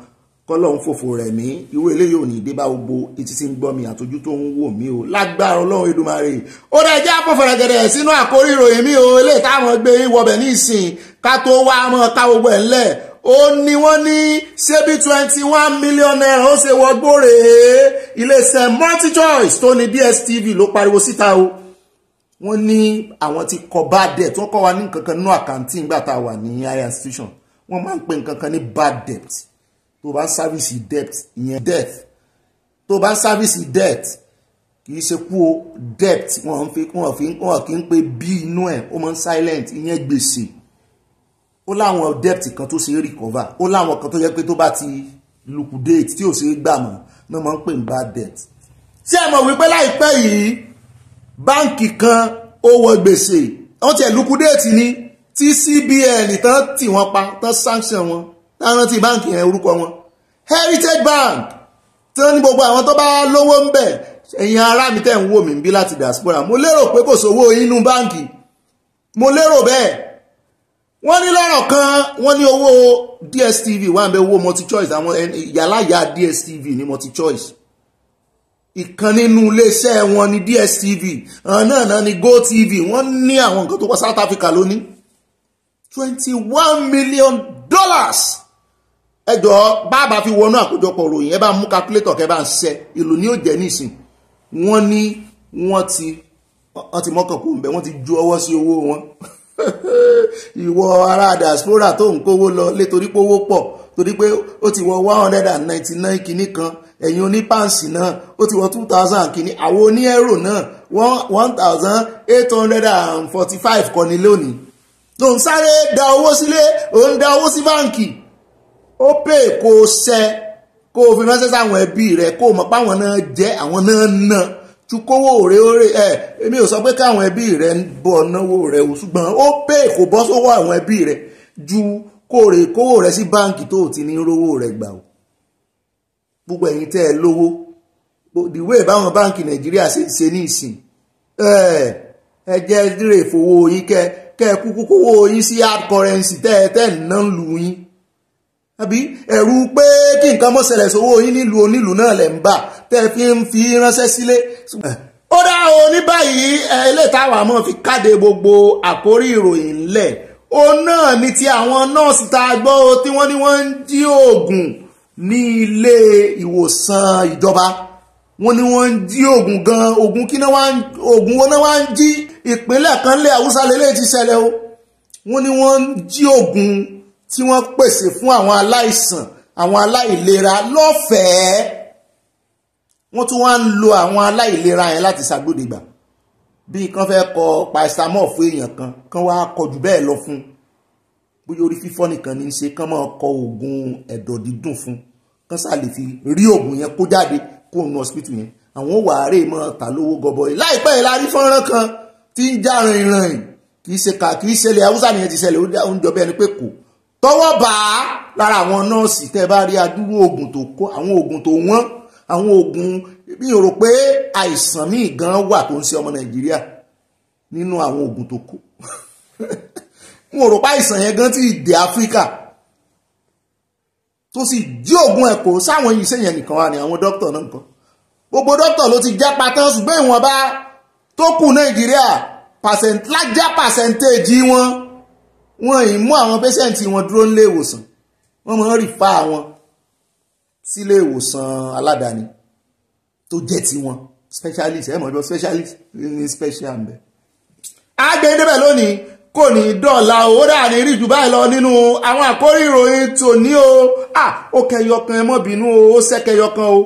kọ́lọ́hún fòfò rẹ̀ mí irú eléyìí ò ní dé bá gbogbo etí tí ń gbọ́ mi àtọ́jú tó ń wò mí o lágbára ọlọ́run Èdùmàrè ó rẹ̀ jẹ́ àpọ̀fẹ̀rẹ̀gẹ̀dẹ̀ sínú àkórí ìròyìn mi o eléyìí táwọn gbé wọbẹ̀ ní ìsìn ká tó wá mọ́ ká gbogbo ẹ̀ ńlẹ̀ ó ní wọ́n ní ṣébí twenty one million naira ó ṣe wọgbó rèé iléeṣẹ́ choice tó ní DSTV ló pariwo síta o wọ́n ní àwọn ti kọ bá dẹ̀ tó kọ́ wa ní nǹkan kan nínú àkáǹtì nígbà tá a wà ní higher institution wọ́n máa ń pè nǹkan kan ní bad debt tó bá ń sáfíìsì debt ìyẹn debt tó bá ń sáfíìsì debt kì í ṣe kú o debt wọn fi wọn fi wọn kì í pe bí inú ẹ ó máa ń silent ìyẹn gbèsè ó láwọn debt kan tó ṣe é recover ó láwọn kan tó yẹ pé tó bá ti liquidate tí ò ṣe é gbà mọ́ náà máa ń pè ní bad debt ṣé ẹ mọ̀ wípé láìpẹ́ yìí báǹkì kan ó wọ gbèsè wọ́n ti ẹ̀ liquidate ni tí CBN tán tì wọ́n pa tán sanction wọn rántí báǹkì yẹn orúkọ wọn Heritage Bank tí wọ́n ní gbogbo àwọn tó bá lówó ń bẹ̀ ẹ̀yin ará mi tẹ̀ ń wò mí bí láti diaspora mo lérò pé kò sówó inú báǹkì mo lérò bẹ́ẹ̀ wọ́n ní lọ́rọ̀ kan wọ́n ní owó DSTV wà ń bẹ owó multi-choice àwọn yàláyà DSTV ní multi-choice ìkan nínú iléeṣẹ́ wọn ní DSTV ọ̀nà náà ní GoTV wọ́n ní àwọn nǹkan tó pọ̀ South Africa lónìí twenty one million dollars ẹjọ́ bàbá fi wọnú àkójọpọ̀ ròyìn ẹ bá mú calculator kẹ bá ń ṣe ìlú ní òjẹ́ nísìn wọ́n ní wọ́n ti wọ́n ti mọ́kàn kó ń bẹ̀ wọ́n ti ju ọwọ́ sí owó wọn *laughs* ìwọ ará diaspora tó ń kówó lọ lé torí pé owó torí pé ó ti wọ one hundred and ninety nine kìíní kan ẹ̀yin onípàǹsì náà ó ti wọ two thousand kìíní àwọn oní ẹ̀rọ náà one thousand eight hundred and forty five kọ́ni lónìí tó ń sáré da owó sílé òun da owó sí báǹkì ó pè kó o ṣẹ kó o fi ránṣẹ́ sáwọn ẹbí rẹ kó o mọ̀ pé àwọn náà jẹ́ àwọn náà nà tukowó rẹ rẹ ẹ èmi ò sọ pé káwọn ẹbí rẹ ń bọ̀ náwó rẹ o ṣùgbọ́n ó pè kó bọ́ sówó àwọn ẹbí rẹ ju kó o rè kówó rẹ sí báǹkì tó o ti ní rówó rẹ gbà o gbogbo ẹ̀yin tẹ́ ẹ lówó the way báwọn báǹkì nàìjíríà ṣe ń ṣe ní ìsìn ẹ jẹ́ dírè fowó yín kẹ́ kẹ́ kúkú kówó yín sí hard currency tẹ́ ẹ tẹ́ ń ná lù yín àbí ẹ̀rù pé kí nǹkan mọ́ ṣẹlẹ̀ sówó yín nílùú onílùú náà lẹ̀ ń bà tẹ́ fi ń fi ránṣẹ́ sílé. ó dá o ní báyìí ilé táwọn àmọ́ fi káde gbogbo àkórí ìròyìn ńlẹ̀ òun náà ni ti àwọn nọ́ọ̀sì tá a gbọ́ tí wọ́n ní wọ́n ń jí oògùn ní ilé ìwòsàn ìjọba wọ́n ní wọ́n ń jí oògùn gan oògùn kí oògùn wọn náà wá ń jí ìpínlẹ̀ kan lé haúsá ti ṣẹlẹ̀ o wọ́n ní wọ́n ń jí oògùn tí wọ́n pèsè fún àwọn aláìsàn àwọn aláìlera lọ́fẹ̀ẹ́ wọ́n tún wá ń lo àwọn aláìlera yẹn láti ṣàgbódegbà bíi kan fẹ́ kọ paracetamol fún èèyàn kan kan wá kọ jù bẹ́ẹ̀ lọ fún bóyá orí fífọ́ nìkan ní í ṣe kán máa kọ oògùn ẹ̀dọ̀ dídùn fún kán sá lè fi rí oògùn yẹn kó jáde kó nu hospital yẹn àwọn wàárẹ̀ máa ta lówó gọbọi láìpẹ́ yìí la rí fọ́nrán kan tí ń já rìnrìn kì í ṣe kà kì í ṣẹlẹ̀ haúsá nìyẹn ti ṣẹlẹ̀ ó ń jọ bẹ́ẹ̀ ni pé kò tọwọ́ bá a lára àwọn nọ́ọ̀sì tẹ́ bá rí adúrú oògùn tó kó àwọn oògùn tó wọ́n àwọn oògùn mi ò rò pé àìsàn míì gan wà tó ń ṣe ọmọ nàìjíríà nínú àwọn oògùn tó kó *laughs* n ò rò pé àìsàn yẹn gan ti dé áfíríkà tó sì jí oògùn ẹ̀kọ́ sáwọn yìí sẹ́yìn nìkan wà ní àwọn dókítà náà nǹkan gbogbo dókítà ló ti jápa tán ṣùgbọ́n ìwọ̀nba tó kù nàìjíríà pàṣẹ lájá pàṣẹ́ntéèjì wọn wọn ì mú àwọn pẹ́sẹ́ǹtì wọn dúró nílé ìwòsàn wọ́n máa ń rìfà wọn sílé ìwòsàn aládàáni tó jẹ́ tiwọn specialist ẹ̀ mọ̀ jọ specialist ní special mbẹ́. agbẹ́dẹ́bẹ̀ e lónìí kò ní dọ̀la ó dà ní rí jù báyìí lọ nínú àwọn àkórí ìròyìn tòní o ó kẹyọkan ẹ mọ́ bínú o ó sẹ́kẹyọkan o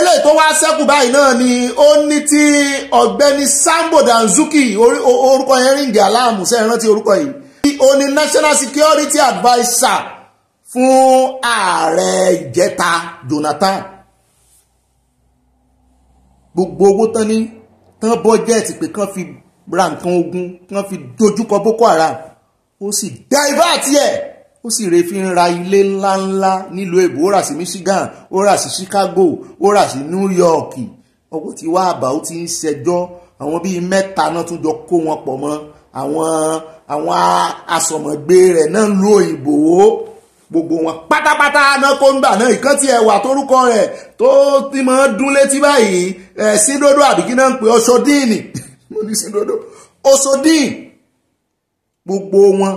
eléyìí tó wá sẹ́kù báyìí náà ni ó ní tí ọ̀gbẹ́ni Sambo Danzuki orúkọ yẹn ríǹgì aláàmù sẹ́yìn rántí orúkọ yìí ó national security adviser fún ààrẹ ìjẹta Jonathan gbogbo owó tán ní tán bọ́jẹ́ẹ̀tì pé kán fi ra nǹkan ogun kán fi dojúkọ Boko Haram ó sì dá ibà àti ẹ̀ ó sì rè fi ń ra ilé ńláńlá nílùú èbó ó rà sí Michigan ó rà sí Chicago ó rà sí New York ọwọ́ tí wàá bá ó ti ń ṣẹjọ́ àwọn bíi mẹ́ta náà tún jọ kó wọn pọ̀ mọ́ àwọn àwọn asọ̀mọ̀gbé rẹ̀ náà ń lo òyìnbó gbogbo wọn pátápátá náà kó ń gbà náà ìkan tí ẹwà torúkọ rẹ̀ tó ti máa dún létí báyìí ẹ sídódó àbíkí náà ń pè ọṣọdíìnì *laughs* mo ní sídódó ọṣọdíìnì gbogbo wọn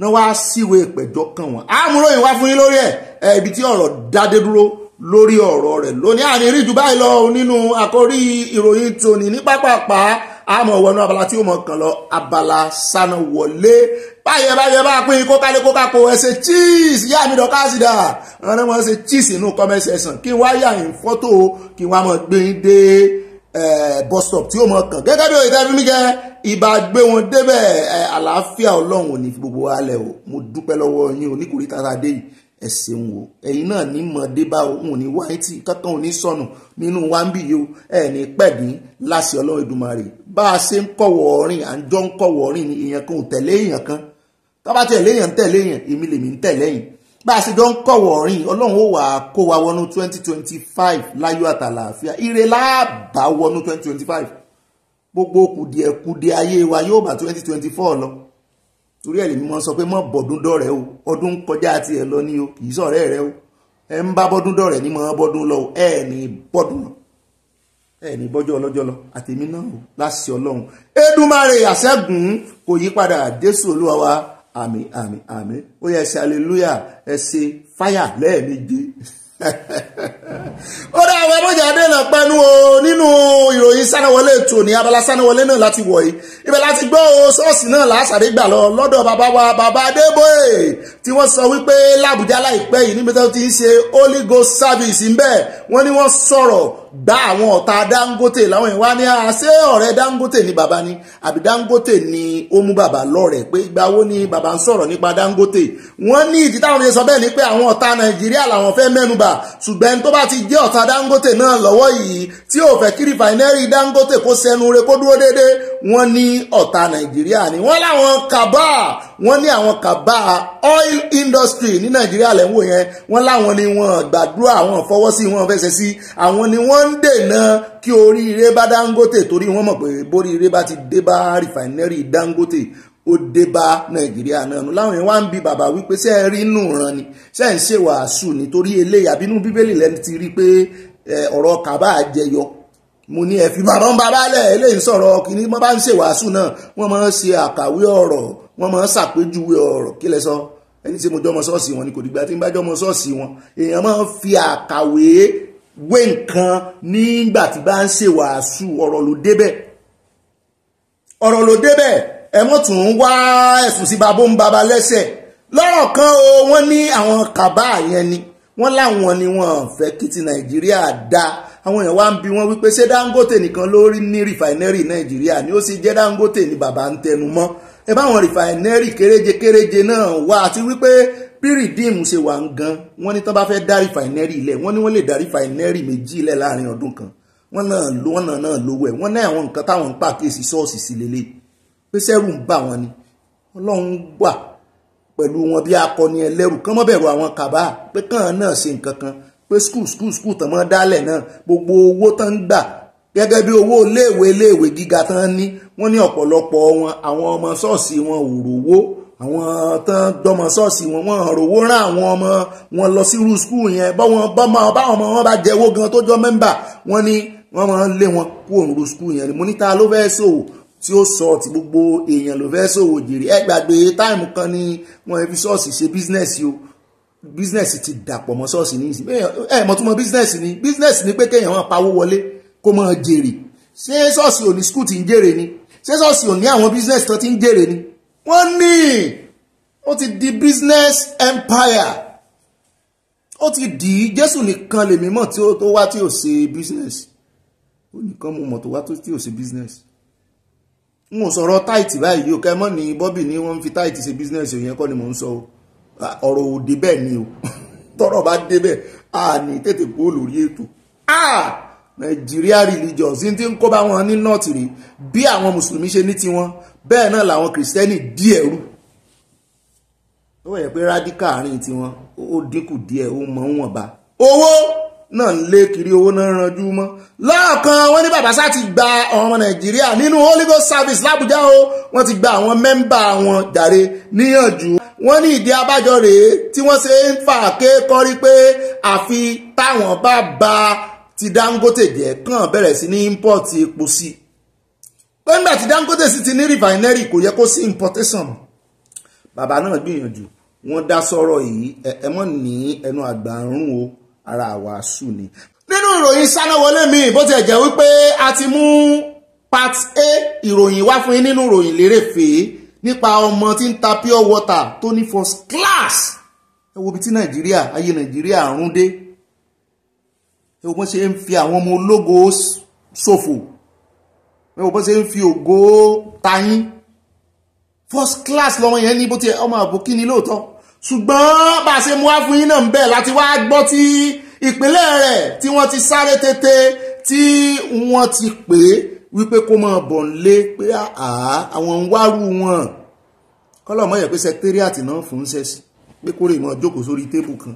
náà wá síwèé ìpẹ̀jọ́ kan wọn àmúròyìn wá fún yín lórí ẹ ibi tí ọ̀rọ̀ dádé dúró lórí ọ̀rọ̀ rẹ̀ lónìí àní rí jù báyìí lọ nínú àkórí ìròyìn tòní ní pápápá àmọ́ wọnú abala tí ó mọ̀ kàn lọ abala sáná wọlé báyẹ̀ báyẹ̀ bá pín in kókálé kókápò ẹsẹ̀ cheese yá mi dọ̀ká sí dà àwọn ọmọ ẹsẹ̀ cheese inú comment section kí wọ́n yà yín fọ́tò kí wọ́n mọ̀ gbé dé bus stop tí ó mọ̀ kàn gẹ́gẹ́ bí òyìnbó ẹbí mi jẹ́ ìbá gbé wọn débẹ̀ àlàáfíà ọlọ́run ní gbogbo wa o mo dúpẹ́ lọ́wọ́ yín o nítorí tata dé yìí ẹ ṣeun o náà ní mọdé bá òun ní wáyé tí kankan ò sọnù nínú wa yìí ẹ ní pẹ̀lú láṣẹ ọlọ́run Èdùmàrè bá a ṣe ń kọ̀wọ̀ ọ̀rìn à ń jọ ń kọ̀wọ̀ ọ̀rìn ni èèyàn kan ò tẹ̀lé èèyàn kan tọ́ba tẹ̀lé èèyàn ń tẹ̀lé èèyàn èmi lèmi ń tẹ̀lé yìí bá a ṣe jọ ń kọ̀wọ̀ ọ̀rìn ọlọ́run ó wà á kó wa wọnú twenty twenty five láyọ̀ àtàlàáfíà ire láàbà wọnú twenty twenty five gbogbo kùdìẹ̀kùdìẹ̀ ayé wa yóò bá twenty twenty four lọ torí ẹ̀ lèmi mọ́ sọ pé mọ́ bọ̀dún dọ̀rẹ́ o ọdún kọjá tiẹ̀ lọ ní o kì í sọ̀rẹ́ rẹ o ẹ ń bá bọ́dún dọ̀rẹ́ ní mọ́ bọ́dún lọ ẹ ní bọ́dún lọ ẹni bọ́jọ́ ọlọ́jọ́ lọ àtẹ̀mí náà o láṣẹ ọlọ́run Èdùmàrè àṣẹ́gun kò yí padà Jésù olúwa wa àmín àmín àmín ó yẹ ṣe hallelujah ẹ ṣe fáyà lẹ́ẹ̀mejì *laughs* ó dá àwọn abọ́jáde náà pẹ́nu o nínú ìròyìn sánáwọlé ètò ní abala sánáwọlé náà láti wọ̀ yìí ibẹ̀ láti gbọ́ o ṣọ́ọ̀ṣì náà làásàdé gbà lọ lọ́dọ̀ bàbá wa bàbá adébóyè tí wọ́n sọ wípé làbújá láìpẹ́ yìí níbi tó ti ń ṣe holy ghost service ń bẹ̀ wọ́n ní wọ́n sọ̀rọ̀ gba àwọn ọ̀tá dangote láwọn ìwá ní àṣẹ ọ̀rẹ́ dangote ni bàbá ni àbí dangote ni ó mú bàbá lọ́rẹ̀ pé ìgbà wo ni bàbá ń sọ̀rọ̀ nípa dangote wọ́n ní ìdí táwọn fi sọ bẹ́ẹ̀ ni pé àwọn ọ̀tá nàìjíríà làwọn fẹ́ mẹ́nubà ṣùgbọ́n tó bá bá ti jẹ́ ọ̀tá Dangote náà lọ́wọ́ yìí tí ò fẹ́ kí rìfàìnẹ́rì Dangote kó sẹnu re kó dúró déédé wọ́n ní ọ̀tá Nàìjíríà ni wọ́n láwọn kaba wọ́n ní àwọn kaba oil industry ní Nàìjíríà lẹ́ yẹn wọ́n láwọn ni wọ́n gbàdúrà wọ́n fọwọ́ sí wọ́n fẹsẹ̀ sí àwọn ni wọ́n ń dènà kí oríire bá Dangote torí wọ́n mọ̀ pé boríire bá ti dé bá rìfàìnẹ́rì Dangote ó dé bá nàìjíríà náà nù láwọn yẹn wá ń bi bàbá wípé ṣé ẹ rí inú ran ni ṣé ẹ ń ṣèwàásù nítorí eléyìí àbínú bíbélì lẹni ti rí pé ọ̀rọ̀ kàbá jẹyọ mo ní ẹ fi bàbá ń bàbá lẹ̀ eléyìí ń sọ̀rọ̀ kìíní wọ́n bá ń ṣèwàásù náà wọ́n máa ń ṣe àkàwé ọ̀rọ̀ wọ́n máa ń ṣàpèjúwe ọ̀rọ̀ kí lẹ sọ ẹni tí mo jọmọ ṣọ́ọ̀ṣì wọn ni kò dìgbà tí n bá jọmọ ṣọ́ọ̀ṣì ẹ mọ̀ tún ń wá ẹ̀sùn sí babó ń baba lẹ́sẹ̀ lọ́rọ̀ kan o wọ́n ní àwọn kàbá yẹn ni wọ́n láwọn ni wọ́n fẹ́ kí ti nàìjíríà dá àwọn èèyàn wá ń bi wọ́n wípé ṣé dangote nìkan ló rí ní rìfàìnẹ́rì nàìjíríà ni ó sì jẹ́ dangote ni bàbá ń tẹnu mọ́ ẹ báwọn rìfàìnẹ́rì kéréje kéréje náà wá àti wípé pírídìmù ṣe wà ń gan wọ́n ní tán bá fẹ́ dá rìfàìnẹ́rì ilẹ̀ wọ́n ní wọ́n lè dá rìfàìnẹ́rì méjì ilẹ̀ láàrin ọdún kan wọ́n náà lówó ẹ̀ wọ́n náà àwọn nǹkan táwọn ń pàkíyèsí ṣọ́ọ̀ṣì sí lélẹ́yìí pé sẹ́rù ń bà wọ́n ni ọlọ́run wà pẹ̀lú wọn bí akọni ẹlẹ́rù kán mọ́ bẹ̀rù àwọn kàbá pé kàn náà ṣe nǹkan kan pé skul skul skul tán mọ́ dálẹ̀ náà gbogbo owó tán ń gbà gẹ́gẹ́ bí owó iléèwé iléèwé gíga tán ní wọ́n ní ọ̀pọ̀lọpọ̀ wọn àwọn ọmọ ṣọ́ọ̀ṣì wọn ò rówó àwọn tán dọ́mọ ṣọ́ọ̀ṣì wọn wọn rówó rán àwọn ọmọ wọn lọ sí irú skul yẹn báwọn báwọn ọmọ wọn bá jẹ́wọ́ gan tó jọ mẹ́mbà wọ́n ní wọ́n máa ń lé wọn kúrò ní skul yẹn mo ní ló fẹ́ ṣòwò tí ó sọ ti gbogbo èèyàn ló fẹ́ ṣòwò jèrè ẹ gbàgbé táìmù kan ni wọ́n fi ṣọ́ọ̀ṣì ṣe bísínẹ́sì o bísínẹ́sì ti dàpọ̀ mọ́ ṣọ́ọ̀ṣì ní ìsìn ẹ mọ̀ tó mọ bísínẹ́sì ni bísínẹ́sì ni pé kéèyàn máa pawó wọlé kó máa jèrè ṣé ṣọ́ọ̀ṣì ò ní skul ti ń jèrè ni ṣé ṣọ́ọ̀ṣì ò ní àwọn bísínẹ́sì tó ti ń jèrè ni wọ́n ní ó ti di business empire ó ti di jésù nìkan lèmi mọ̀ tí ó tó wá tí ò ṣe business ó nìkan mo mọ̀ tó wá tí ò ṣe business n ò sọ̀rọ̀ táìtì báyìí yóò kẹ́ mọ́ ní bọ́bì ni wọ́n ń fi táìtì ṣe bísínẹ́sì òyìn ẹ̀kọ́ ni mò ń sọ ọ̀rọ̀ òde bẹ́ẹ̀ ni o *laughs* tọ́rọ̀ bá débẹ̀ a ní tètè kó lórí ètò a nàìjíríà religion sí ti ń kó bá wọn ní nọ́ọ̀tì rí bí àwọn mùsùlùmí ṣe ní tiwọn bẹ́ẹ̀ náà làwọn kìrìsìtẹ́nì díẹ̀ rú ó yẹ pé rádíkà àárín tiwọn ó dínkù díẹ̀ ó mọ̀ ń wọ̀nba owó náà ń lé kiri owó náà ranjú mọ́ lọ́ọ̀kan wọ́n ní bàbá sá ti gba ọmọ nàìjíríà nínú Holy Ghost service làbújá o wọ́n ti gba àwọn mẹ́mbà wọn jàre níyànjú wọ́n ní ìdí abájọ rèé tí wọ́n ṣe ń fà ké kọ́rí pé àfi táwọn bá ba ti Dangote jẹ́ kàn bẹ̀rẹ̀ sí ní import epo sí i pé nígbà tí Dangote sì ti ní refinery kò yẹ kó sí importation bàbá náà gbìyànjú wọ́n dá sọ̀rọ̀ yìí ẹ mọ̀ ní ẹnu àgbà ń rún o ara wàásù ni. nínú ìròyìn sánáwọlé mi bó ti jẹ́ wípé a ti mú part a ìròyìn wá fún yín nínú ìròyìn lérèfé nípa ọmọ tí ń ta pure water tó ní first class ẹ wo ibi tí nàìjíríà ayé nàìjíríà rún dé ẹ wo bó ṣe ń fi àwọn ọmọ ológo ṣòfò ẹ wo bó ṣe ń fi ògo tayín first class lọ́wọ́ yẹn ní bó ti ọmọ àbòkí ni lóòótọ́ ṣùgbọ́n bá a ṣe mú wá fún yín náà ń bẹ̀ láti wá gbọ́ tí ìpínlẹ̀ rẹ̀ tí wọ́n ti sáré tètè tí wọ́n ti pè é wípé kó máa bọ̀ nílé pé àwọn ń wárú wọn kọ́lọ́mọ́ yẹ pé sẹkítẹ́rìàtì náà fún sẹ́sì pé kórè mọ́ jókòó sórí tébù kan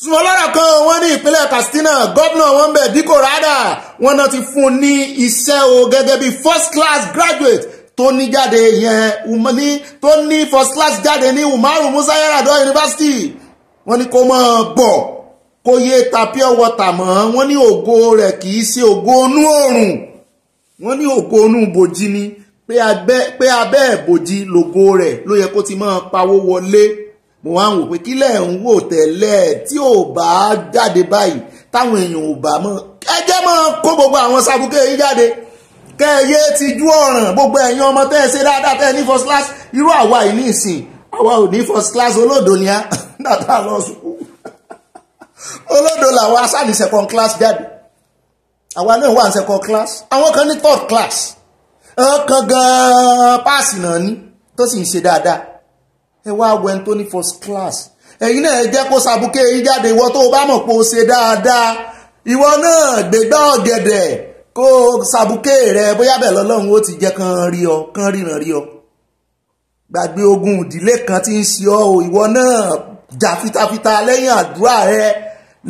sùnmọ́ lọ́rọ̀ kan wọ́n ní ìpínlẹ̀ Katsina gómìnà wọn bẹ̀ Dikko Rada wọn náà ti fún ní iṣẹ́ o gẹ́gẹ́ bí first class graduate tó ní jáde yẹn ní tó ní first class jáde ní umaru musa yaradọ yunifásitì wọ́n ní kó mọ́ bọ̀ kó yé ta pure water mọ́ wọ́n ní ògo rẹ̀ kì í ṣe ògo onú òrùn wọ́n ní ògo onú bòjì ni pé abẹ́ ìbòjì lògo rẹ̀ ló yẹ kó ti máa pawó wọlé mo wá ń wò pé kílẹ̀ ń wò tẹ́lẹ̀ tí ò bá jáde báyìí táwọn èèyàn ò bá mọ́ ẹjẹ́ máa kó gbogbo àwọn sábúkẹ́ yìí jáde kẹ́ẹ̀yé ti jú ọ̀ràn gbogbo ẹ̀yin ọmọ tẹ́ ẹ ṣe dáadáa tẹ́ ẹ ní first class irú àwa yìí ní ìsìn àwa ò ní first class olódo ni *laughs* á dàtà lọ sùkú olódo làwọn asáàlì second class jáde àwa náà wà ní second class àwọn kan ní third class ọkàn gan-an páàsì náà ní tó sì ń ṣe dáadáa ẹ wá wẹ tó ní first class ẹ̀yin náà jẹ́ kó sàbùkẹ́ yìí jáde ìwọ tó o bá mọ̀ pé o ṣe dáadáa ìwọ náà gbégbá ọ̀gẹ̀dẹ̀ kó sàbùké rẹ bóyá bẹ́ẹ̀ lọ́lọ́run ó ti jẹ́ kán rí ọ kán ríran rí ọ gbàgbé ogun ìdílé kan tí ń ṣe ọ ìwọ náà jà fitafita lẹ́yìn àdúrà rẹ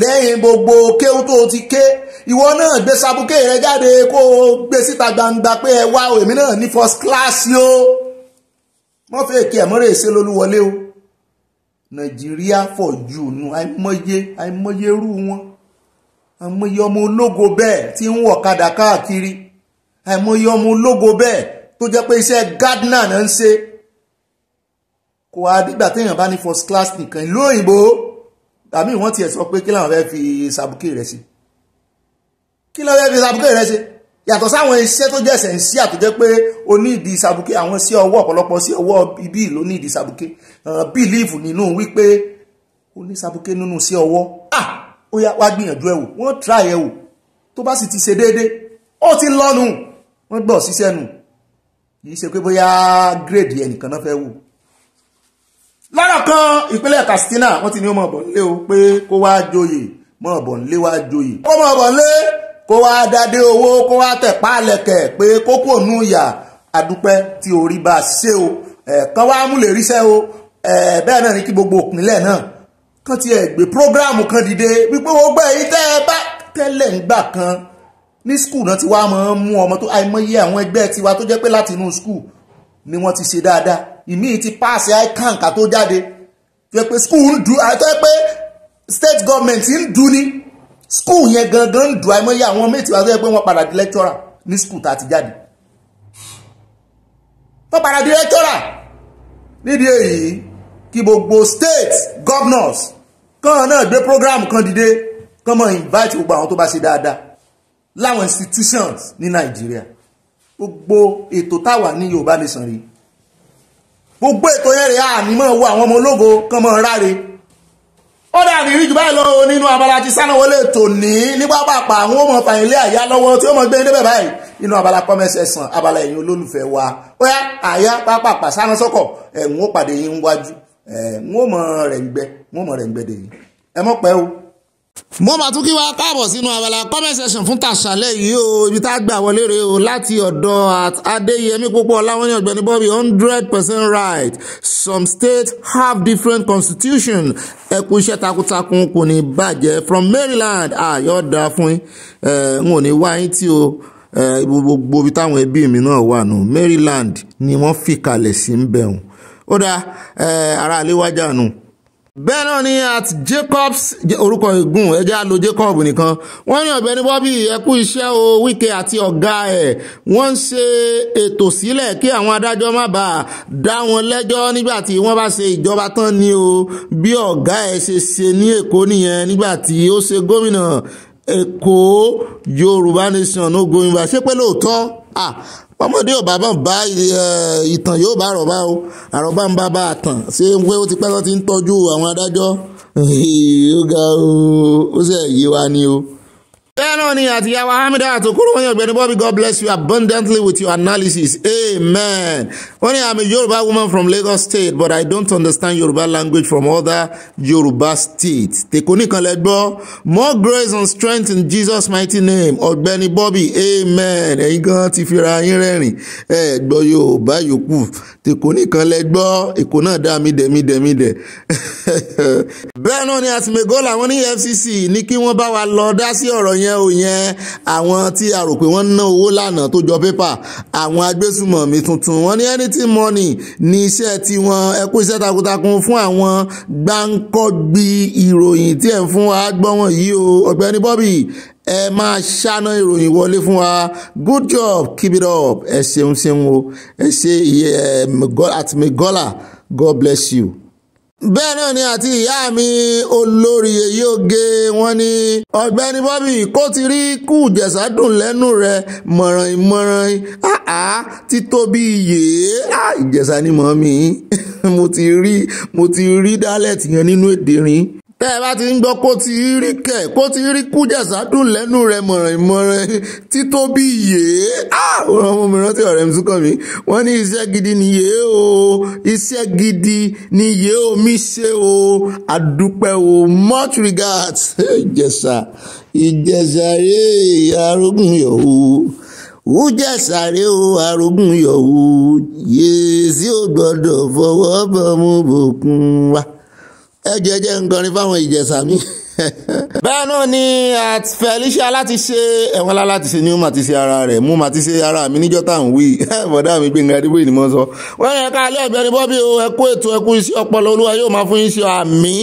lẹ́yìn gbogbo kéwú tó ti ké ìwọ náà gbé sàbùké rẹ jáde kó o gbé síta gbangba pé ẹ wá èmi náà ní first class o wọ́n fẹ́ kí ẹ̀mọ́rẹ́ ìṣe lólúwọlé o nàìjíríà fọ̀jù nù àìmọye àìmọye rú wọn àìmọye ọmọ ológo bẹ́ẹ̀ tí ń wọ̀ kadà káàkiri àìmọye ọmọ ológo bẹ́ẹ̀ tó jẹ́ pé iṣẹ́ gardener náà ń ṣe kò wá dìgbà téèyàn bá ní first class nìkan ìlú òyìnbó àmì wọ́n tiẹ̀ sọ pé kí làwọn fẹ́ fi sàbùkì rẹ̀ ṣe kí làwọn fẹ́ fi sàbùkì rẹ̀ ṣe yàtọ̀ sáwọn iṣẹ́ tó jẹ́ ẹ̀sẹ̀ ń sí àtọ́jẹ́ pé o ní ìdí sàbùkì àwọn sí ọwọ́ ọ̀pọ̀lọpọ̀ sí ọwọ́ ibi ìlú ní ìdí sàbùkì bílíìfù nínú wípé o ní sàbùkì nínú sí ọwọ́ ó yá wá gbìyànjú ẹ wò wọ́n try ẹ wò tó bá sì ti ṣe déédé ó ti lọ́nu wọ́n gbọ́ síṣẹ́ nù kì í ṣe pé bóyá gírèdì ẹnìkan náà fẹ́ wò lára kan ìpínlẹ̀ Katsina wọ́n ti ní ọmọ ọ̀bọ̀n lé o pé kó wá joyè mọ́ ọ̀bọ̀n lé wá joyè ọmọ ọ̀bọ̀n lé kó wá dádé owó kó wá tẹ̀pá lẹ̀kẹ̀ pé kókó ònú ìyà àdúpẹ́ tí orí bá ṣe o ẹ̀ẹ̀kan wá múlẹ̀ o ẹ̀ẹ̀ bẹ́ẹ̀ náà ní kí gbogbo òpínlẹ̀ náà kán ti ẹ̀ gbé prógráàmù kan dìde wípé gbogbo èyí tẹ́ ẹ bá tẹ́lẹ̀ ńgbà kan ní skul náà ti wá máa ń mú ọmọ tó àìmọye àwọn ẹgbẹ́ tiwa tó jẹ́ pé láti inú skul ni wọ́n ti ṣe dáadáa ìmíì ti páàsì icon ká tó jáde jẹ́ pé skul ń du àtọ́ pé state government ń du ni skul yẹn gangan ń du àìmọye àwọn méjì wa tó jẹ́ pé wọ́n padà di lecturer ní skul tá a ti jáde wọ́n padà di lecturer nídìí èyí kí gbogbo state governors kán náà gbé program kan dìde kán mọ̀ invite gbogbo àwọn tó bá ṣe dáadáa láwọn institutions ní nàìjíríà gbogbo ètò táwa ní yorùbá nation rí gbogbo ètò yẹn rẹ̀ àmì mọ̀ wo àwọn ọmọ ológo kán mọ̀ ráre ó dà ní ìríjú báyìí lọ́wọ́ nínú abala ti sánáwọlé tòní nígbà pàpà àwọn ọmọ fàyínlé àyà lọ́wọ́ tí ó mọ̀ gbé débẹ̀ báyìí nínú abala pọ́mẹ́sẹ̀ sàn abala ẹ̀yin olólùfẹ́ wa ó yá àyà pápápá sáná sọ́kọ̀ ẹ̀hún ó pàdé yín wájú ẹ̀hún ó mọ̀ rẹ̀ gbẹ́ wọ́n mọ̀ rẹ̀ ń gbẹ̀dẹ̀ yìí ẹ mọ̀ pẹ́ o. mo máa tún kí wa káàbọ̀ sínú abala comment section fún tàṣálẹ̀ yìí o ibi tá a gbà wọlé rèé o láti ọ̀dọ̀ adéyẹmí púpọ̀ ọ̀làwọ́nyí ọ̀gbẹ́ni bobby hundred percent right some states have different constitution ẹ kú iṣẹ́ takuntakun kò ní bàjẹ́ from maryland àyọ̀dà fún yín n ò ní wá yín tí o gbogbo ibi táwọn ẹbí mi náà wà nù maryland ni wọ́n fìkàlẹ̀ sí ń bẹ̀rùn ó dáa aráalé wájà nù bẹ́ẹ̀ náà ni at Jacobs orúkọ igun ẹja lo Jacob nìkan wọ́n ní ọ̀gbẹ́ni Bobby ẹkú iṣẹ́ o Wike àti ọ̀gá ẹ̀ wọ́n ń ṣe ètò sílẹ̀ kí àwọn adájọ́ má bàa dá wọn lẹ́jọ́ nígbà tí wọ́n bá ṣe ìjọba tán ni o bí ọ̀gá ẹ̀ ṣe ṣe ní Èkó nìyẹn nígbà tí ó ṣe gómìnà Èkó Yorùbá Nation no going back pé lóòótọ́ ọmọdé ò bá bá ìtàn yóò bá àròbá o àròbá ń bá bá a ṣé ń pé ó ti pẹ́ tó ti ń tọ́jú àwọn adájọ́ *laughs* ó ga o ó sì yé wa ni o bẹ́ẹ̀ náà ni àtìyàwó hamida àtòkúrò wọn ni ọ̀gbẹ́ni Bobby God bless you abundantly with your analysis amen wọ́n ní i'm a Yoruba woman from Lagos state but i don't understand Yoruba language from other Yoruba states tèkó nìkan lẹ gbọ́ more grace and strength in Jesus mighty name ọ̀gbẹ́ni Bobby amen ẹ̀yin gan ti fira yín rẹ́rìn ẹ̀ gbọ́ Yorùbá yòókù tèkó nìkan lẹ gbọ́ èkó náà dá mi dẹ̀ mi dẹ̀ mi dẹ̀ *laughs* bẹ́ẹ̀ náà ni àtìmẹ́gọ́lá wọn ní EFCC ní kí wọ́n bá wa lọ dá sí ọ̀rọ̀ yẹn yẹn o yẹn àwọn tí a rò pé wọ́n ná owó lánàá tó jọ pépà àwọn agbésùmọ̀mí tuntun wọ́n ní anything money ní iṣẹ́ tiwọn ẹ kó iṣẹ́ takuntakun fún àwọn gbáǹkọ́gbì ìròyìn tí ẹ̀ ń fún wa gbọ́ wọn yìí o ọ̀gbẹ́ni Bobby ẹ máa ṣáná ìròyìn wọlé fún wa good job keep it up ẹ ṣeun ṣeun o ẹ ṣe iye ẹ àtìmígọ́là God bless you bẹ́ẹ̀ náà ni àti ìyá mi olórí èyí oge wọn ni ọ̀gbẹ́ni Bobby kó ti rí kú ìjẹ̀sà dùn lẹ́nu rẹ̀ mọ̀ràn ìmọ̀ràn àá ti tóbi yèé ìjẹ̀sà ni mọ̀ mi *laughs* mo ti rí mo ti rí dálẹ̀ tìyẹn nínú èdè rin tẹ́ ẹ bá ti ń gbọ́ kó ti rí kẹ̀ kó ti rí kújẹ̀sà dùn lẹ́nu rẹ̀ mọ̀rànmọ̀ràn tító bí yèé àwọn ọmọ mìíràn tí ọ̀rẹ́ mi kàn mí wọ́n ní iṣẹ́ gidi ni yèé o iṣẹ́ gidi ni yèé o mi ṣe o àdúpẹ́ o much regards *laughs* ìjẹ̀sà ìjẹ̀sà rèé arógùn yòówù wújàsáré o arógùn yòówù yèé sí ò gbọ́dọ̀ fọwọ́ bọ̀ mú bòkun wa ẹ jẹ́ jẹ́ ń kọrin fáwọn ìjẹ̀ṣà mi. *laughs* bẹ́ẹ̀ náà ni Felicia láti ṣe ẹ̀wọ̀n lá láti ṣe ni mo ti ṣe ara rẹ̀ mo ma ti ṣe ara mi níjọ́ tá à ń wí *laughs* bọ̀dá mi Gbénga Adébóyè ni mo sọ. wọ́n yẹ ká alẹ́ ọ̀gbẹ́ni Bobby o ẹ kú ètò ẹ kú iṣẹ́ ọpọlọ olúwa yóò máa fún iṣẹ́ àmì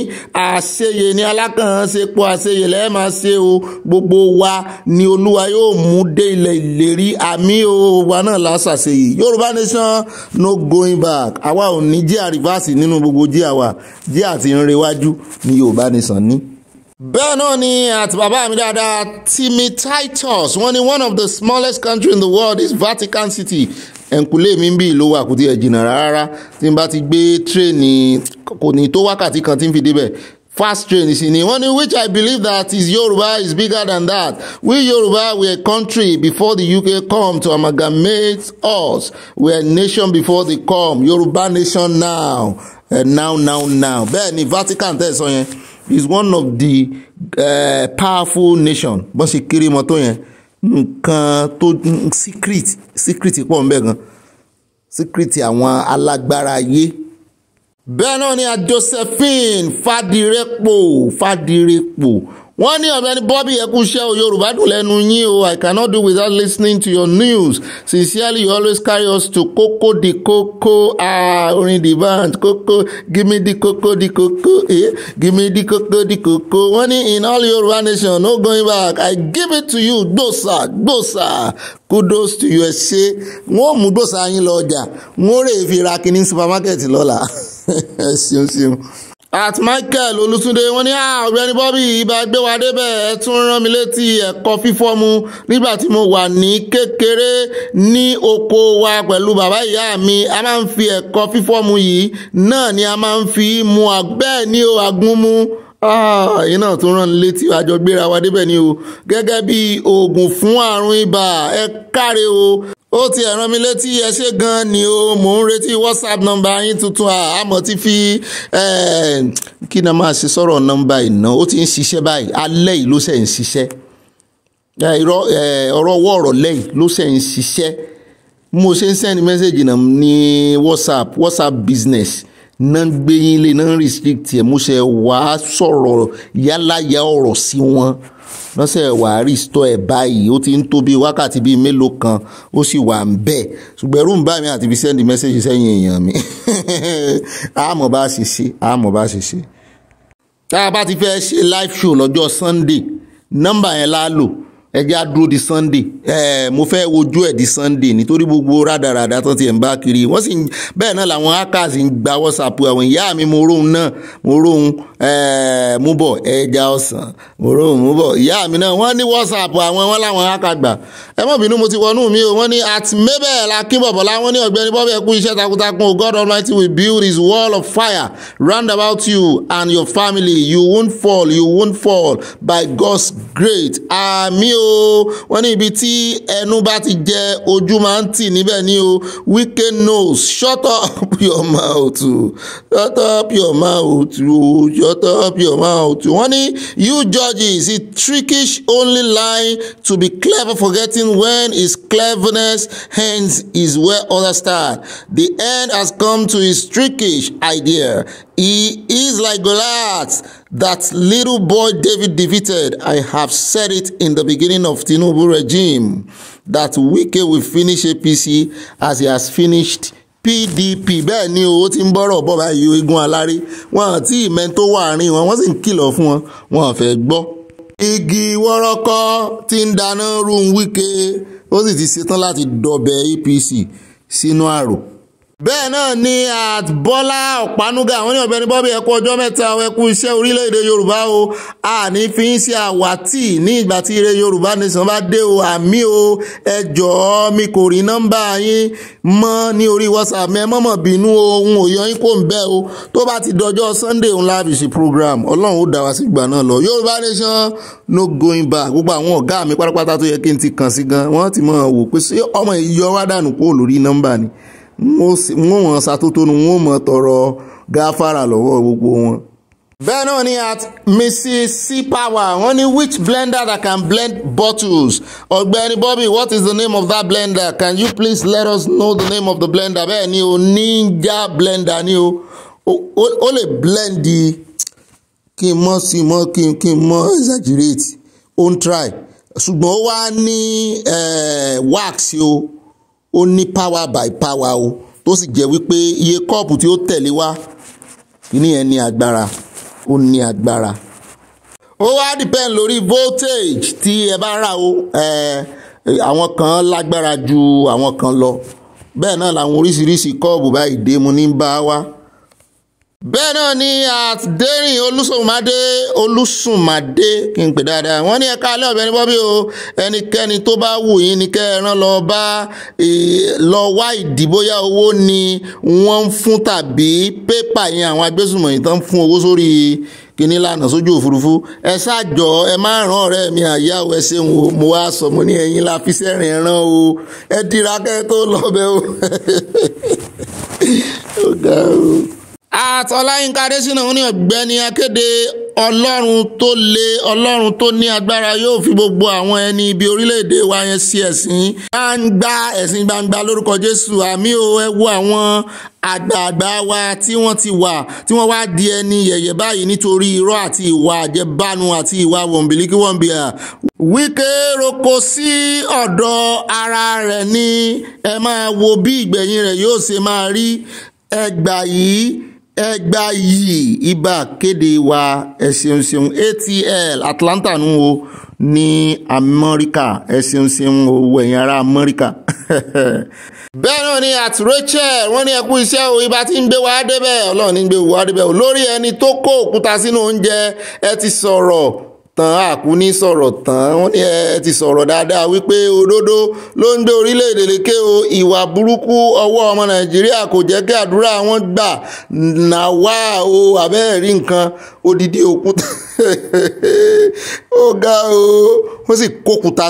àṣeyẹ ni alákànṣepọ̀ àṣeyẹ lẹ́ẹ̀ máa ṣe o gbogbo wa ni olúwa yóò mú dé ilẹ̀ ìlérí àmì o wa náà la ṣàṣeyẹ Yorùbá nation no going back àwa ò ní jíà rìvásì nínú gbogbo jíà wa jíà ti ń rewájú ni Yorùbá nation ní bẹ́ẹ̀ náà ni àti bàbá mi dáadáa Timi Titus wọ́n ní one of the smallest country in the world is Vatican City ẹ̀ǹkùlé mi ń bí ìlú wa kò tiẹ̀ jìnnà rárá tí n bá ti gbé tírèènì kò ní tó wákàtí kan tí n fi débẹ̀ fast train sí ni wọ́n ní which I believe that is Yoruba is bigger than that we Yoruba were a country before the UK come to amalgamate us we are a nation before they come Yoruba nation now and now now now bẹ́ẹ̀ ni Vatican tẹ̀sán yẹn is one of the uh, powerful nation bọ́n ṣe kéré mọ́ tó yẹn nǹkan tó secret secret pọ̀ ń bẹ gan secret àwọn alágbára ayé bẹ́ẹ̀ náà ni a Josephine Fadirepo Fadirepo wọ́n ní ọ̀gbẹ́ni Bobby ẹ̀kú iṣẹ́ o Yorùbá dùn lẹ́nu yín o I cannot do without listening to your news sincerely you always carry us to kókó di kókó ah, orin the band kókó gimme di kókó di kókó eh, gimme di kókó di kókó wọ́n ní in all Yorùbá nation no going back I give it to you gbòòsà gbòòsà kudos to you ẹ ṣe wọ́n mú gbòòsà yín lọ ọjà wọ́n rè é fi ra kínní supermarket lọ́la *laughs* ẹ ṣeun ṣeun at michael olùsúndé wọ́n ní ah, ọ̀gbẹ́ni bobby ibà gbé wa débẹ̀ ẹ tún rán mi létí ẹ̀kọ́ fífọ́ mu nígbà tí mo wà ní kékeré ní oko wa pẹ̀lú bàbá ìyá mi a máa ń fi ẹ̀kọ́ fífọ́ mu yìí náà ni a máa ń fi mu bẹ́ẹ̀ ni o àgún mu èyí ah, náà tún rán létí àjọ gbéra wa débẹ̀ ni o gẹ́gẹ́ bí oògùn fún àrùn ibà ẹ káre o ó ti ẹ̀ràn mi létí ẹ ṣé gan ni o mò ń retí whatsapp number yín tuntun àmọ́ ti fi eh, kí ni a máa ṣe sọ̀rọ̀ nọ́mbà ìná ó ti ń ṣiṣẹ́ báyìí alẹ́ yìí ló ṣe ń ṣiṣẹ́ eh, eh, ọ̀rọ̀ ọwọ́ ọ̀rọ̀ lẹ́yìn ló ṣe ń ṣiṣẹ́ mo ṣe ń send message náà ní whatsapp whatsapp business náà gbé yín lé náà restrict ẹ̀ mo ṣe wàá sọ̀rọ̀ yálàyà ọ̀rọ̀ sí wọn lọ́sẹ̀ wàá rìstọ́ ẹ̀ báyìí ó ti ń tó bíi wákàtí bíi mélòó kan ó sì wà ń bẹ̀ ṣùgbọ́n ẹ̀rù ń bà mí àti fi send message sẹ́yìn èèyàn mi àmọ́ *laughs* bá ṣe ṣe àmọ́ bá ṣe ṣe. tá a bá ti fẹ́ ṣe live show lọ́jọ́ Sunday nọ́mbà yẹn la ẹ jẹ́ àdúró di sunday ẹ mo fẹ́ wojú ẹ̀ di sunday nítorí gbogbo rádaràdà tó tiẹ̀ ń bá kiri wọ́n sì bẹ́ẹ̀ náà làwọn hackers ń gba whatsapp àwọn ìyá mi mo róhun náà mo róhun mú bọ̀ ẹja ọ̀sán mòró mú bọ̀ ìyá mi náà wọ́n ní whatsapp àwọn wọn láwọn akàgbà ẹ má bínú mo ti wọnú mi o wọ́n ní at mabel akínbọ̀bọ̀lá wọ́n ní ọ̀gbẹ́ni bọ́bí ẹ̀kú iṣẹ́ takuntakun o God Almighty will build his wall of fire round about you and your family you won't fall you won't fall by God's grace àmì o wọ́n ní ibi tí ẹnu bá ti jẹ ojú máa ń tì níbẹ̀ ni o wicked nose shut up your mouth shut up your mouth o shut up your mouth wọ́n ní you judges is trickish only lie to be clever forgetting when his cleverness ends is well understood the end has come to his trickish idea he is like Goliath that little boy David defeated I have said it in the beginning of Tinubu regime that Wike will finish APC as he has finished. PDP bẹ́ẹ̀ ni owó ti ń bọ́rọ̀ bọ̀ báyìí igun aláré wọn àti ìmẹ́ni tó wà àárín wọn wọ́n sì ń kìlọ̀ fún wọn wọn fẹ́ gbọ́. igi wọ́rọ́kọ́ ti ń dáná rú Wike ó sì ti ṣetán láti dọ̀bẹ̀ APC sínú àrò bẹ́ẹ̀ náà ni Bọ́lá Ọ̀pánúgà wọ́n ní Ọ̀gbẹ́ni Bobby ẹ kú ọjọ́ mẹ́ta ẹ kú iṣẹ́ orílẹ̀-èdè Yorùbá o àní fi ń ṣe àwátì ní ìgbà tí ire Yorùbá nation bá dé o àmì o ẹ mi kò rí nọ́mbà yín mọ́ ní orí WhatsApp mi ẹ mọ̀mọ̀ bínú o òun yín kò ń bẹ́ o tó bá ti dọjọ́ Sunday òun láàbì sí program Ọlọ́run ó dá wa sí ìgbà náà lọ Yorùbá nation no going back gbogbo àwọn ọ̀gá mi pátápátá tó yẹ kí n ti kàn sí gan wọ́n ti mọ̀ wò pé ṣé ọmọ ìyọ wá lórí nọ́mbà ni wọ́n mọ̀ ṣàtótónu wọ́n mọ̀ tọrọ gáfárà lọ́wọ́ gbogbo wọn. bẹ́ẹ̀ náà ni at mrs c power wọ́n ní which blender that can blend bottles ọ̀gbẹ́ni Bobby what is the name of that blender can you please let us know the name of the blender bẹ́ẹ̀ ni o ninja blender ni o ó lè blend kí n mọ̀ sí mọ̀ kí n mọ̀ exaggerate ó ń try ṣùgbọ́n ó wá ní eh, wax o ó ní power by power o tó sì jẹ́ wípé iye kọ́ọ̀pù tí ó tẹ̀lé wá kíní yẹn ní agbára ó ní agbára ó wá depend lórí voltage tí ẹ bá rà o àwọn kan lágbára ju àwọn kan lọ bẹ́ẹ̀ náà làwọn oríṣiríṣi kọ́ọ̀bù báyìí dé mu ní bá wá bẹ́ẹ̀ náà ni àdéhìn olùsùnmádé olùsùnmádé kí n pè dáadáa wọ́n ní ẹ̀ka alẹ́ ọ̀bẹ̀ni bọ́bí o ẹnikẹ́ni tó bá wù yín ni kẹ́ẹ̀rán lọ bá lọ wá ìdìbòyà owó ni wọ́n ń fún tàbí pépà yẹn àwọn agbésùnmọ̀yìn tán ń fún owó sórí kíní lànà sójú òfurufú ẹ ṣáàjọ ẹ má ràn ọ̀rẹ́ mi àyàwó ẹ ṣeun o mo wá sọ mo ní ẹ̀yin la fi sẹ́rìn ẹran o ẹ dira kẹ́ tó lọ bẹ́ẹ̀ o. *laughs* àtọ́láyínká adésínà òun ní ọ̀gbẹ́ni akéde ọlọ́run tó le ọlọ́run tó ní agbára yóò fi gbogbo àwọn ẹni ibi orílẹ̀-èdè wa yẹn sí ẹ̀sìn gbangba ẹ̀sìn gbangba lórúkọ jésù àmì ò ẹ wo àwọn àgbààgbà wa tí wọ́n ti wà tí wọ́n wá di ẹni yẹ̀yẹ̀ báyìí nítorí irọ́ àti ìwà àjẹbánu àti ìwà wọ̀nbìlíkí wọ̀nbìà Wike roko sí ọ̀dọ̀ ara rẹ̀ ni ẹ máa wo bí ìgbẹ̀yìn rẹ̀ yóò ṣe máa rí ẹgbà yìí ẹ gbà yìí ibà kéde wa ẹ ṣeun ṣeun atl atlanta nu o ní amẹ́ríkà ẹ ṣeun ṣeun owó ẹ̀yìn ará amẹ́ríkà *laughs* bẹ́ẹ̀ náà ni at Rachel wọ́n ní ẹkú iṣẹ́ o ibà tí ń gbé wa débẹ̀ ọlọ́run ní gbé wa débẹ̀ o ẹni tó kó òkúta sínú oúnjẹ ẹ ti sọ̀rọ̀ tàn tán àkúní sọ̀rọ̀ tàn wọ́n ní ẹ ti sọ̀rọ̀ dáadáa wípé òdodo ló ń dé orílẹ̀-èdè lékè o ìwà burúkú ọwọ́ ọmọ nàìjíríà kò jẹ́ kí àdúrà wọn gbà nàwa o àbẹ́ẹ̀rí nǹkan odidi òkúta *laughs* ó ga o wọ́n sì kókúta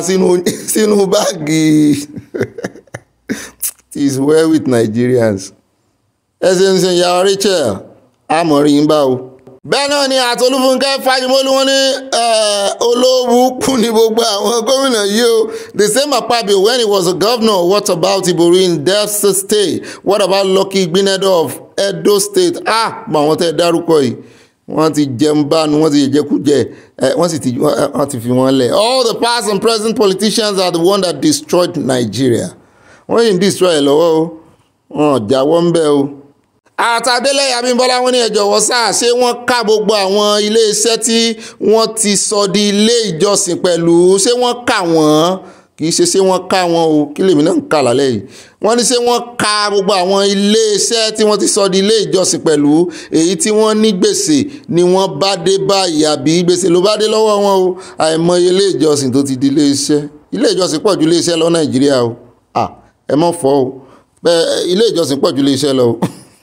sínú báàgì *laughs* it is well with Nigerians ẹ ṣe ń ṣe ìyá Rachel amọ̀rin bá o. bẹ́ẹ̀ náà ni àtolúfúnkẹ́ fájimólú wọn ní olówó kù ní gbogbo àwọn gómìnà yìí o the same Akpabio when he was a governor what about Ibori in Delta State what about Lucky Igbeneghu of Edo State ah mọ àwọn tẹ́ ẹ dárúkọ yìí wọ́n ti jẹun bánu wọ́n ti jẹjẹkújẹ wọ́n sì ti wọ́n ti fi wọ́n lẹ̀ all the past and present politicians are the one that destroyed Nigeria wọ́n yìí destroy ẹ̀ lọ́wọ́ o wọ́n jáwọ́ ń bẹ́ o àtàdélẹ́yà Abímbọ́lá wọn ní ẹ jọ̀wọ́ sáà ṣé wọ́n ká gbogbo àwọn iléeṣẹ́ tí wọ́n ti sọ di ilé ìjọsìn pẹ̀lú ṣé wọ́n kà wọ́n kì í ṣe ṣé wọ́n ká wọn o kí lèmi náà ń kà lálẹ́ yìí wọ́n ní ṣé wọ́n ka gbogbo àwọn iléeṣẹ́ tí wọ́n ti sọ di ilé ìjọsìn pẹ̀lú èyí tí wọ́n ní gbèsè ni wọ́n bá dé báyìí àbí gbèsè ló bá dé lọ́wọ́ wọn o àìmọye ilé ìjọsìn tó ti di iléeṣẹ́ ilé ìjọsìn pọ̀ ju iléeṣẹ́ lọ Nàìjíríà o ẹ mọ̀ fọ́ o ilé ìjọsìn pọ̀ ju iléeṣẹ́ lọ o. *laughs*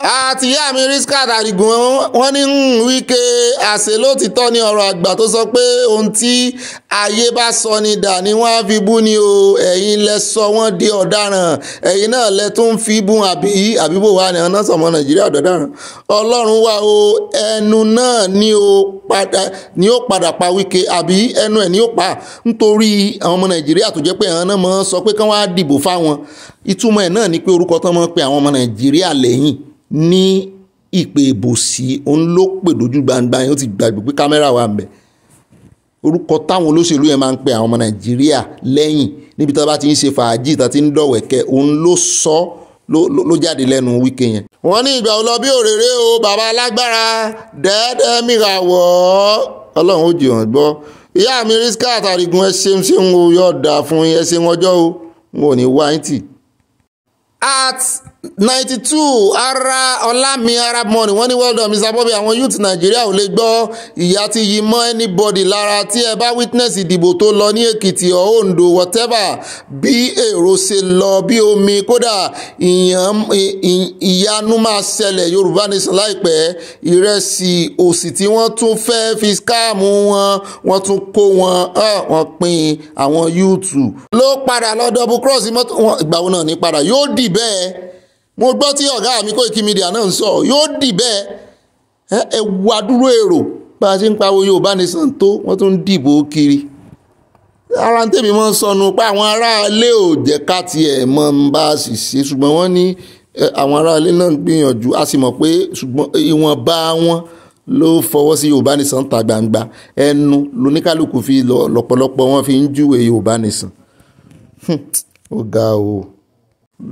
àti ìyá mi Rizkat Adigun wọ́n ní hmm, Wike àṣẹ lótìtọ́ ní ọ̀rọ̀ àgbà tó sọ pé ohun tí ayé bá sọ ni dà ni wọ́n á fi bú ni o ẹ̀yin lẹ sọ wọ́n di ọ̀daràn ẹ̀yin náà lẹ tún ń fi bú àbí àbíbò wa ni ọ̀nà sọ̀mọ́ Nàìjíríà ọ̀dọ̀daràn Ọlọ́run wa o ẹnu náà ni o padà ni ó padà pa Wike àbí ẹnu ẹ̀ ni ó pa nítorí àwọn ọmọ Nàìjíríà tó jẹ́ pé àwọn náà mọ̀ sọ pé kán wá dìbò fáwọn ìtumọ̀ ẹ̀ náà ni pé orúkọ tán mọ̀ pé àwọn ọmọ Nàìjíríà lẹ́yìn ní ìpè ìbòsí òun ló pè lójú gbangba yẹn ó ti gbàgbé pé kámẹ́rà wà ń bẹ̀ orúkọ táwọn olóṣèlú yẹn máa ń pe àwọn ọmọ nàìjíríà lẹ́yìn níbi tá a bá ti ń ṣe fàájì tá a ti ń dọ̀wẹ̀kẹ́ òun ló sọ ló jáde lẹ́nu wíkẹ́ yẹn. wọ́n ní ìgbà ọlọ́bí òrèrè o bàbá alágbára dẹ́ẹ́dẹ́ mìíràn wọ̀ ọ́ ọlọ́run ó jìyàn gbọ́ ìyá mi rísíkà àtàrígun ẹ ṣeun ṣeun o yọ̀ọ̀dà fún ẹ ṣeun ọjọ́ o n ò ní wá ẹ̀ tì. at ninety two ara ọlámi arab money wọ́n ní well done mr bobby àwọn youth nàìjíríà ò lè gbọ́ ìyà tí yí mọ́ anybody lára tí ẹ bá witness ìdìbò tó lọ ní èkìtì or ondo whatever bí èrò ṣe lọ bí omi kódà ìyanu máa ṣẹlẹ̀ yorùbá nation láìpẹ́ ìrẹsì òsì tí wọ́n tún fẹ́ fi skáàmù wọn wọ́n tún kó wọn wọ́n pín àwọn youth ló padà lọ double cross mọ́tò ìgbà wo náà ní padà yóò dì bẹ́ẹ̀ mo gbọ́ tí ọ̀gá mi Koiki Media náà ń sọ yóò dì bẹ́ẹ̀ ẹ wá dúró èrò bá a ṣe ń pawó Yorùbá Nation tó wọ́n tún ń dìbò kiri ara tèmi mọ́ sọnù pé àwọn aráalé ò jẹ́ ká tiẹ̀ mọ́ ń bá a sì ṣe ṣùgbọ́n wọ́n ní àwọn aráalé náà gbìyànjú a sì mọ̀ pé ṣùgbọ́n ìwọ̀nba wọn ló fọwọ́ sí Yorùbá Nation ta gbangba ẹnu lóníkálukú fi lọ́pọ̀lọpọ̀ wọn fi ń júwe Yorùbá Nation ó ga o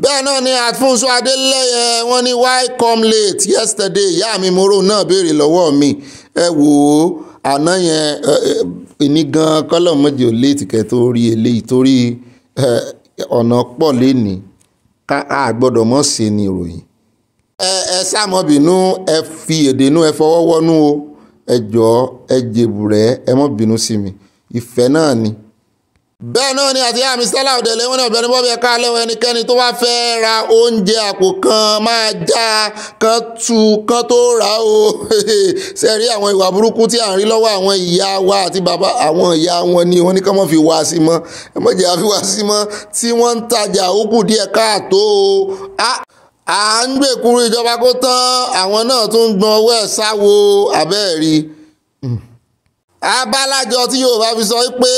bẹ́ẹ̀ náà ni àtúnṣe adélẹ́yẹ wọ́n ní why come late yesterday ìyá mi moro náà béèrè lọ́wọ́ mi ẹ wò ó àná yẹn èmi gan kọ́lọ́mọ́jì ò léètì kẹ́ tó rí eléyìí torí ọ̀nà pọ̀ lénìí ká gbọ́dọ̀ mọ̀ sí ni ìròyìn. ẹ ẹ sàmọ́bìnú ẹ fi èdè inú ẹ fọwọ́ wọnú o ẹ jọ̀ọ́ ẹ jèbùrẹ́ ẹ mọ́ bínú sí mi ìfẹ́ náà ni bẹ́ẹ̀ náà ni àti àmì sálà òdèlé wọn náà bẹni bọ́bí ẹ̀ka lẹ́wọ̀n ẹnikẹ́ni tó bá fẹ́ ra oúnjẹ àpò kan máa já kan tu kan tó rà ó sẹ́rí *laughs* àwọn ìwà burúkú tí à ń rí lọ́wọ́ àwọn ìyá wa àti bàbá àwọn ìyá wọn ni wọ́n ní ká má fi wá sí mọ́ ẹ má jẹ́ àfi wá sí mọ́ tí wọ́n ń tajà ó kù díẹ̀ káàtó o à ń gbèkúrú ìjọba kó tán àwọn náà tún gbọn owó ẹ̀ sáwo àbẹ́ẹ̀rí. Mm abálájọ tí yorùbá fi sọ pé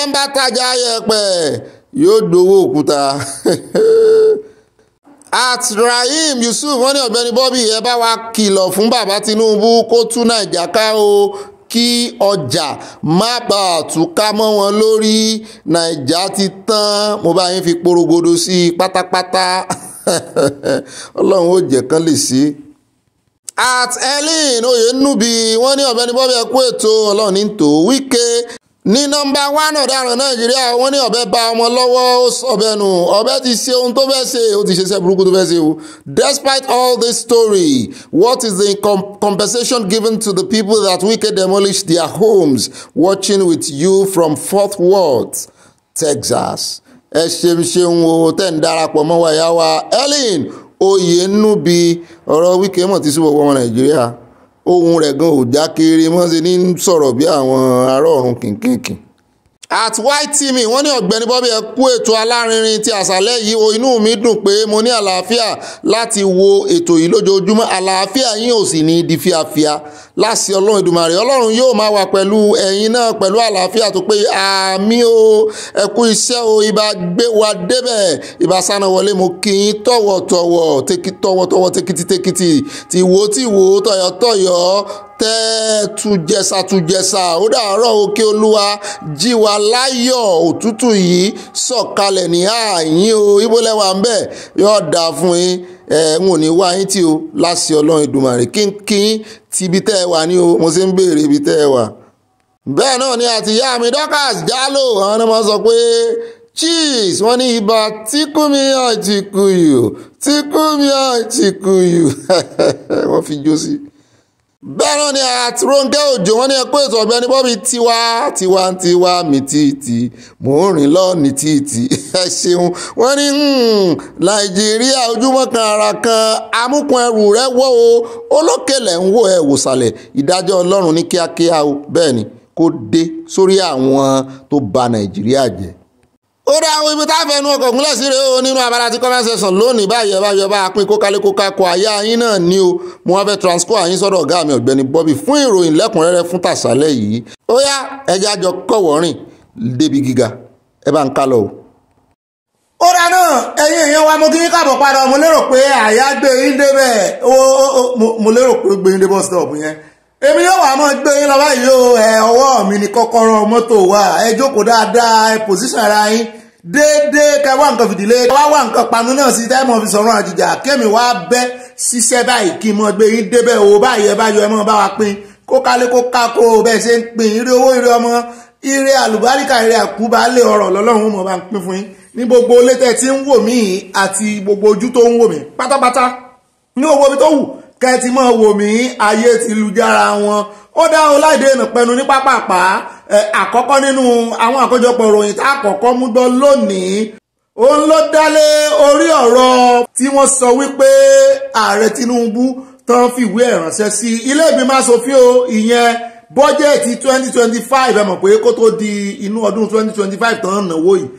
ẹ ń bá tajà yẹ̀pẹ̀ yóò dowó òkúta *laughs* at rahim yusuf wọ́n ní ọ̀gbẹ́ni bobby ẹ bá wa kìlọ̀ fún bàbá tinubu kó tú nàìjà ká o kí ọjà má bàa túká mọ́ wọn lórí nàìjà ti tán mo bá yín fi porogodo sí i pátápátá *laughs* ọlọ́run ó jẹ́ kán lè ṣe at ellen oyenubi wọ́n ní ọ̀bẹ́ni Bobby ẹ̀kú ètò ọlọ́run ní tò Wike ní nọ́mbà one, ọ̀daràn nàìjíríà wọ́n ní ọ̀bẹ bá ọmọ lọ́wọ́ ó sọ̀bẹ nù ọ̀bẹ ti ṣe ohun tó fẹ́ ṣe ó ti ṣe iṣẹ́ burúkú tó fẹ́ ṣe o despite all this story what is the compensation given to the people that Wike demolished their homes watching with you from fourth Worth Texas ẹ ṣeun ṣeun o tẹ̀ ń darapọ̀ mọ́ wa ìyá wa ellen oyè núbi ọ̀rọ̀ Wike mọ̀ ti súbọ̀ ọmọ Nàìjíríà ohun rẹ̀ gan ò já kéré mọ́ ṣe ní sọ̀rọ̀ bí àwọn ará ọ̀run kìnkìnkìn at ytv wọ́n ní ọ̀gbẹ́ni Bobby ẹ kú ètò alárinrin ti àṣálẹ́ yìí o inú mi dùn pé mo ní àlàáfíà láti wo ètò yìí lójoojúmọ́ àlàáfíà yín ò sì ní di fíafíà láti ọlọ́run ìdùmarè ọlọ́run yóò máa wà pẹ̀lú ẹ̀yin náà pẹ̀lú àlàáfíà tó pé àmì o ẹ kú iṣẹ́ o ibà gbé wa débẹ̀ ibà sáná wọlé mo kí yín tọ̀wọ̀tọ̀wọ̀ tọ̀wọ̀tọ̀wọ̀ tekititekiti tìwó tìwó tọ̀yọ̀tọ̀yọ̀ tẹ́tùjẹsà tùjẹsà ó dàárọ̀ òkè olúwa jí wa láyọ̀ òtútù yìí sọ̀kalẹ̀ ní àyín o ibolẹ́wà ń bẹ̀ yóò dáa fún yín ẹ̀ ń ò ní wá yín tí o láṣẹ ọlọ́run ìdùmàrè kínkín ti ibi tẹ́ ẹ wà ní o mo ṣe ń béèrè ibi tẹ́ ẹ wà. bẹ́ẹ̀ náà ni àtìyá mi Dorcas Jalo àwọn ọmọ sọ pé cheese wọ́n ní ibà tíkúmi àtìkùyù tíkúmi àtìkùyù *laughs* wọ́n fi jó sí i bẹ́ẹ̀ ni àti Rónkẹ́ Òjó wọn ni ẹ pé ètò Ọ̀gbẹ́ni Bobby tiwa tiwa tiwa mi títì mò ń rìn lọ ní títì *laughs* ẹ ṣeun wọn ní hmm, Nàìjíríà ojúmọ́ kan ara kan amúkun ẹrù rẹ wọ́ o olókèlè ń wò ẹ wòsàlẹ̀ ìdájọ́ Ọlọ́run ní kíákíá o bẹ́ẹ̀ ni kó dé sórí àwọn tó bà Nàìjíríà jẹ́. ó dá àwọn ibi a inú ọkọ̀ gúnlẹ̀ sí nínú abala ti comment section lónìí báyìí ọba yọba apin kókálekóká kọ ayé ayín náà ni o mo wá fẹ́ transco ayín sọ́dọ̀ ọ̀gá mi ọ̀gbẹ́ni Bobby fún ìròyìn lẹ́kùnrẹ́rẹ́ fún tàṣálẹ̀ yìí ó yá ẹja kọ̀wọ́rìn débi gíga ó náà èèyàn wa mo kí padà mo lérò pé àyà gbé yín débẹ̀ mo lérò pé gbé yín èmi yóò wà mọ́ gbé yín lọ báyìí o ẹ ọwọ́ mi ni kọ́kọ́rọ́ mọ́tò wa ẹ jókòó dáadáa ẹ pòsíṣàn ara yín déédéé ká wá nǹkan fìdílé wá wá nǹkan panu náà sí táìmọ̀ fi sọ̀rọ̀ àjìjà kémi wá bẹ́ ṣiṣẹ́ báyìí kí n mọ́ gbé yín débẹ̀ o báyìí ẹ bá yọ ẹ mọ́ bá wa pín kó kálé kó kákó bẹ́ẹ̀ ṣe ń pín ire owó ire ọmọ ire àlùbáríkà ire àkúbálé ọ̀rọ̀ lọ́lọ́run mọ̀ bá ń pín fún yín ní gbogbo létẹ̀ tí ń wò mí àti gbogbo ojú tó ń wò mí pátápátá ní gbogbo ibi tó wù kẹ́tì mọ́ wò mí ayé ti lu jára wọn ó dá o láìdé ìnà pẹnu ní pápápá àkọ́kọ́ nínú àwọn àkójọpọ̀ ìròyìn tá àkọ́kọ́ mú gbọ́ lónìí òun ló dálé orí ọ̀rọ̀ tí wọ́n sọ wípé ààrẹ Tinubu tán fìwé ẹ̀ ránṣẹ́ sí ilé ìgbìmọ̀ asòfin o ìyẹn bọ́jẹ̀tì 2025 ẹ mọ̀ pé kó tó di inú ọdún 2025 tán náwó yìí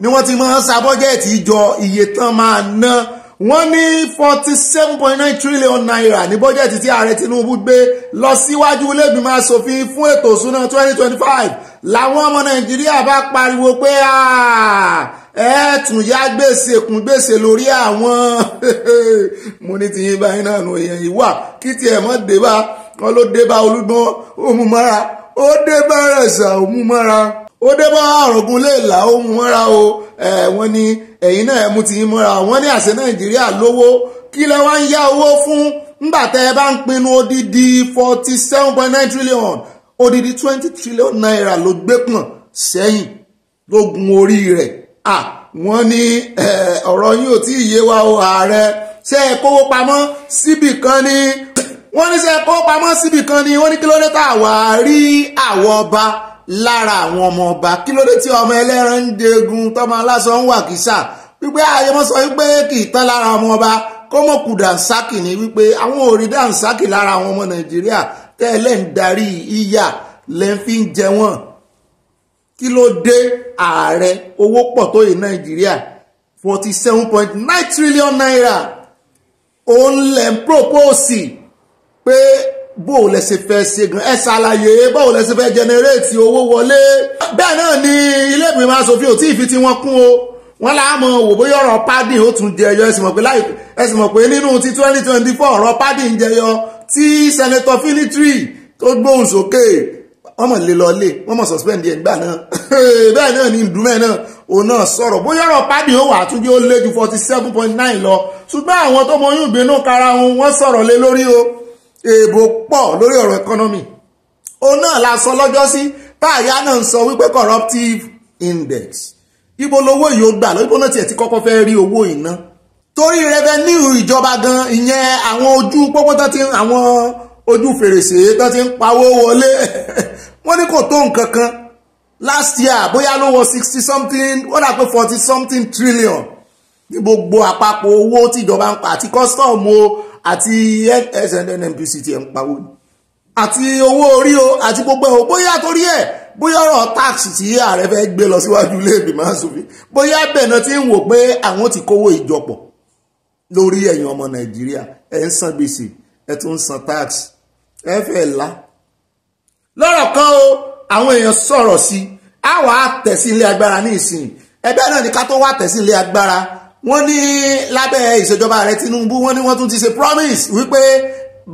ni wọ́n ti máa ń sa bọ́jẹ̀tì jọ iye tán máa ná wọ́n ní forty seven point nine trillion naira ní bọ́jẹ̀tì tí ààrẹ Tinubu gbé lọ síwájú lẹ́gbìmọ̀ asòfin fún ètò ìsúná twenty twenty five làwọn ọmọ Nàìjíríà bá pariwo pé ẹ tún yá gbèsè kún gbèsè lórí àwọn *laughs* mo ní tìyín báyìí náà nù èèyàn yìí wà kí tiẹ̀ mọ́ dé bá wọn ló dé bá olúgbọ́n òmùmọ́ra ó dé bá rẹ̀ sà òmùmọ́ra ó dé bá àrògùn lè là ó múra o wọ́n ní ẹ̀yin náà ẹ mú ti yín múra wọ́n ní àṣẹ nàìjíríà lówó kí lẹ wá ń yá owó fún nígbà tẹ ẹ bá ń pinnu odidi forty seven point nine trillion odidi twenty trillion naira ló gbé pọ̀n sẹ́yìn ló gun orí rẹ̀ à wọ́n ní ọ̀rọ̀ yín ò tí ì yé wa o ààrẹ ṣe é kówó pamọ́ síbì kan ní wọ́n ní ṣe é kówó pamọ́ síbì kan ní wọ́n ní kí ló dé tá àwa rí àwọ̀ ọba lára àwọn ọmọ ọba kí ló dé tí ọmọ ẹlẹ́ran ń degun tọmọ aláṣọ ń wà kìsà wípé ààyè mọ́ sọ wípé kì í tán lára ọmọ ọba kó mọ̀ kù dànsákì ni wípé àwọn ò rí dànsákì lára àwọn ọmọ nàìjíríà tẹ́lẹ̀ ń darí ìyà lẹ́ fi ń jẹ wọ́n kí ló dé ààrẹ owó pọ̀ tó yìí nàìjíríà forty seven point nine trillion naira òun lẹ̀ ń propose pé bó o lẹ ṣe fẹ́ ṣe gan ẹ ṣàlàyé bó o lẹ ṣe fẹ́ jẹnẹrétì owó wọlé. bẹ́ẹ̀ náà ni ilé ìgbìmọ̀ asòfin ò tí ì fi ti wọn kún o wọ́n láàmú wò bóyá ọ̀rọ̀ pádìn ó tún jẹyọ ẹ sì mọ̀ pé láì ẹ sì mọ̀ pé nínú ti twenty twenty four ọ̀rọ̀ pádìn jẹyọ tí sẹ́nẹ́tọ̀ fílítírì tó gbóhùn sókè wọ́n mọ̀ lé lọlé wọ́n mọ̀ suspend ẹ̀ gbà náà *laughs* bẹ́ẹ̀ náà ni ìdúmẹ̀ náà òun náà sọ̀rọ̀ bóyá ọ̀rọ̀ pádì ó wà tún jẹ́ ó lé ju forty seven point nine lọ ṣùgbọ́n àwọn tó mọ oyún ìgbénú kara wọn sọ̀rọ̀ lé lórí o èèbò pọ̀ lórí ọ̀rọ̀ economy òun náà la sọ lọ́jọ́ sí táàyà náà ń sọ wípé corruptive index ibo lowó yìí ó gbà lóyún náà tiẹ̀ ti kọ́kọ́ fẹ́ rí owó ìná torí revenue ìjọba gan ìyẹn àwọn ojú pópó tán ti àwọn ojú fèrèsé tán ti ń pawó wọlé *laughs* wọ́n ní kò tó nǹkan kan last year bóyá ló wọ sixty something ó dà pé forty something trillion ní gbogbo àpapọ̀ owó tíjọba ń pa àti custom o àti SNNPC ti ẹ̀ ń pawó ni àti owó orí o àti gbogbo ẹ̀ bóyá torí ẹ̀ bóyá ọ̀rọ̀ tax tí ààrẹ fẹ́ gbé lọ síwájú ilé ìgbìmọ̀ asòfin bóyá bẹ̀ẹ̀nà ti ń wò pé àwọn ti kówó ìjọpọ̀ lórí ẹ̀yin ọmọ nàìjíríà ẹ̀ ń san gbèsè ẹ̀ tún ń san tax ẹ̀ fẹ́ la. lọ́rọ̀ kan o àwọn èèyàn sọ̀rọ̀ sí i a wàá tẹ̀sí ilé agbára ní ìsìn ẹgbẹ́ náà ni ká tó wá tẹ̀sí ilé agbára wọ́n ní lábẹ́ ìṣèjọba ààrẹ Tinubu wọ́n ní wọ́n tún ti ṣe promise wípé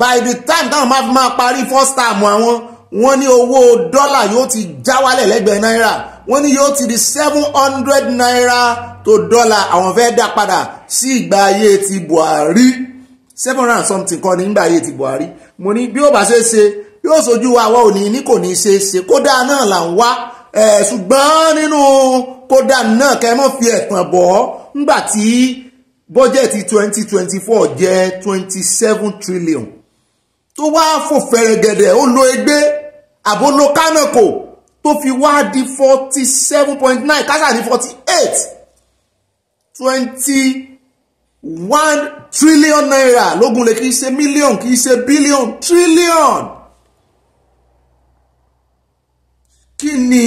by the time táwọn máa fi máa parí first term àwọn wọ́n ní owó dọ́là yóò ti já wálẹ̀ lẹ́gbẹ̀ẹ́ náírà wọ́n ní yóò ti di seven hundred naira to dollar àwọn fẹ́ dá padà sí ìgbà ayé ti Buhari seven hundred and something kọ́ ní ìgbà ayé ti Buhari mo ní bí ó bá ṣe ṣe yóò sojú wa wa ò ní ní kò ní ṣe é ṣe kódà náà là ń wá ṣùgbọ́n nínú kódà náà kẹ́ mọ́ fi ẹ̀tàn bọ̀ ọ́ ńgbà tí bọ́jẹ̀tì 2024 twenty four jẹ́ twenty seven trillion tó wá fò fẹ̀rẹ̀gẹ̀dẹ̀ ó lo ẹgbẹ́ àbólò kánàkò tó fi wá di 47.9, seven point nine kásà ní forty eight trillion naira lógun lè kì í ṣe mílíọ̀n kì í ṣe bílíọ̀n trillion kí ni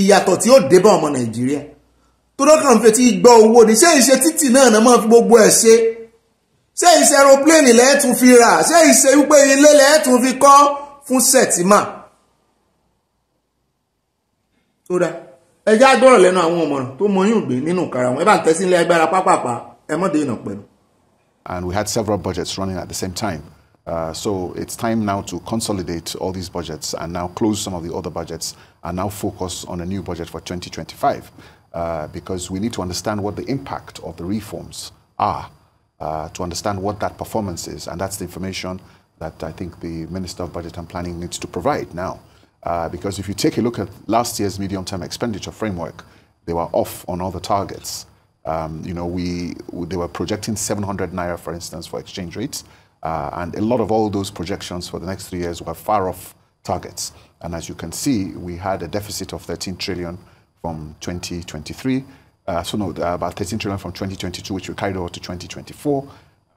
ìyàtọ̀ tí ó dé bá ọmọ nàìjíríà tó dọ́kàn fetí gbọ́ owó ni ṣé ìṣe títì náà náà máa fi gbogbo ẹ̀ ṣe ṣé ìṣe aeroplane lẹ́ẹ̀tún fi rà ṣé ìṣe wípé ilé lẹ́ẹ̀tún fi kọ́ fún sẹ̀tìmà tó dáa ẹjá gbọ́rọ̀ lẹ́nu àwọn ọmọràn tó mọyún gbé nínú ìkara wọn ẹ bá ń tẹ́sí ilé agbára pápápá ẹ mọ́ dènà pẹ̀lú. And we had several budgets running at the same time. Uh, so it's time now to consolidate all these budgets and now close some of the other budgets and now focus on a new budget for 2025. Uh, because we need to understand what the impact of the reforms are uh, to understand what that performance is. And that's the information that I think the Minister of Budget and Planning needs to provide now. Uh, because if you take a look at last year's medium-term expenditure framework, they were off on all the targets. Um, you know, we, they were projecting 700 naira, for instance, for exchange rates. Uh, and a lot of all those projections for the next three years were far off targets. And as you can see, we had a deficit of 13 trillion from 2023. Uh, so no, uh, about 13 trillion from 2022, which we carried over to 2024.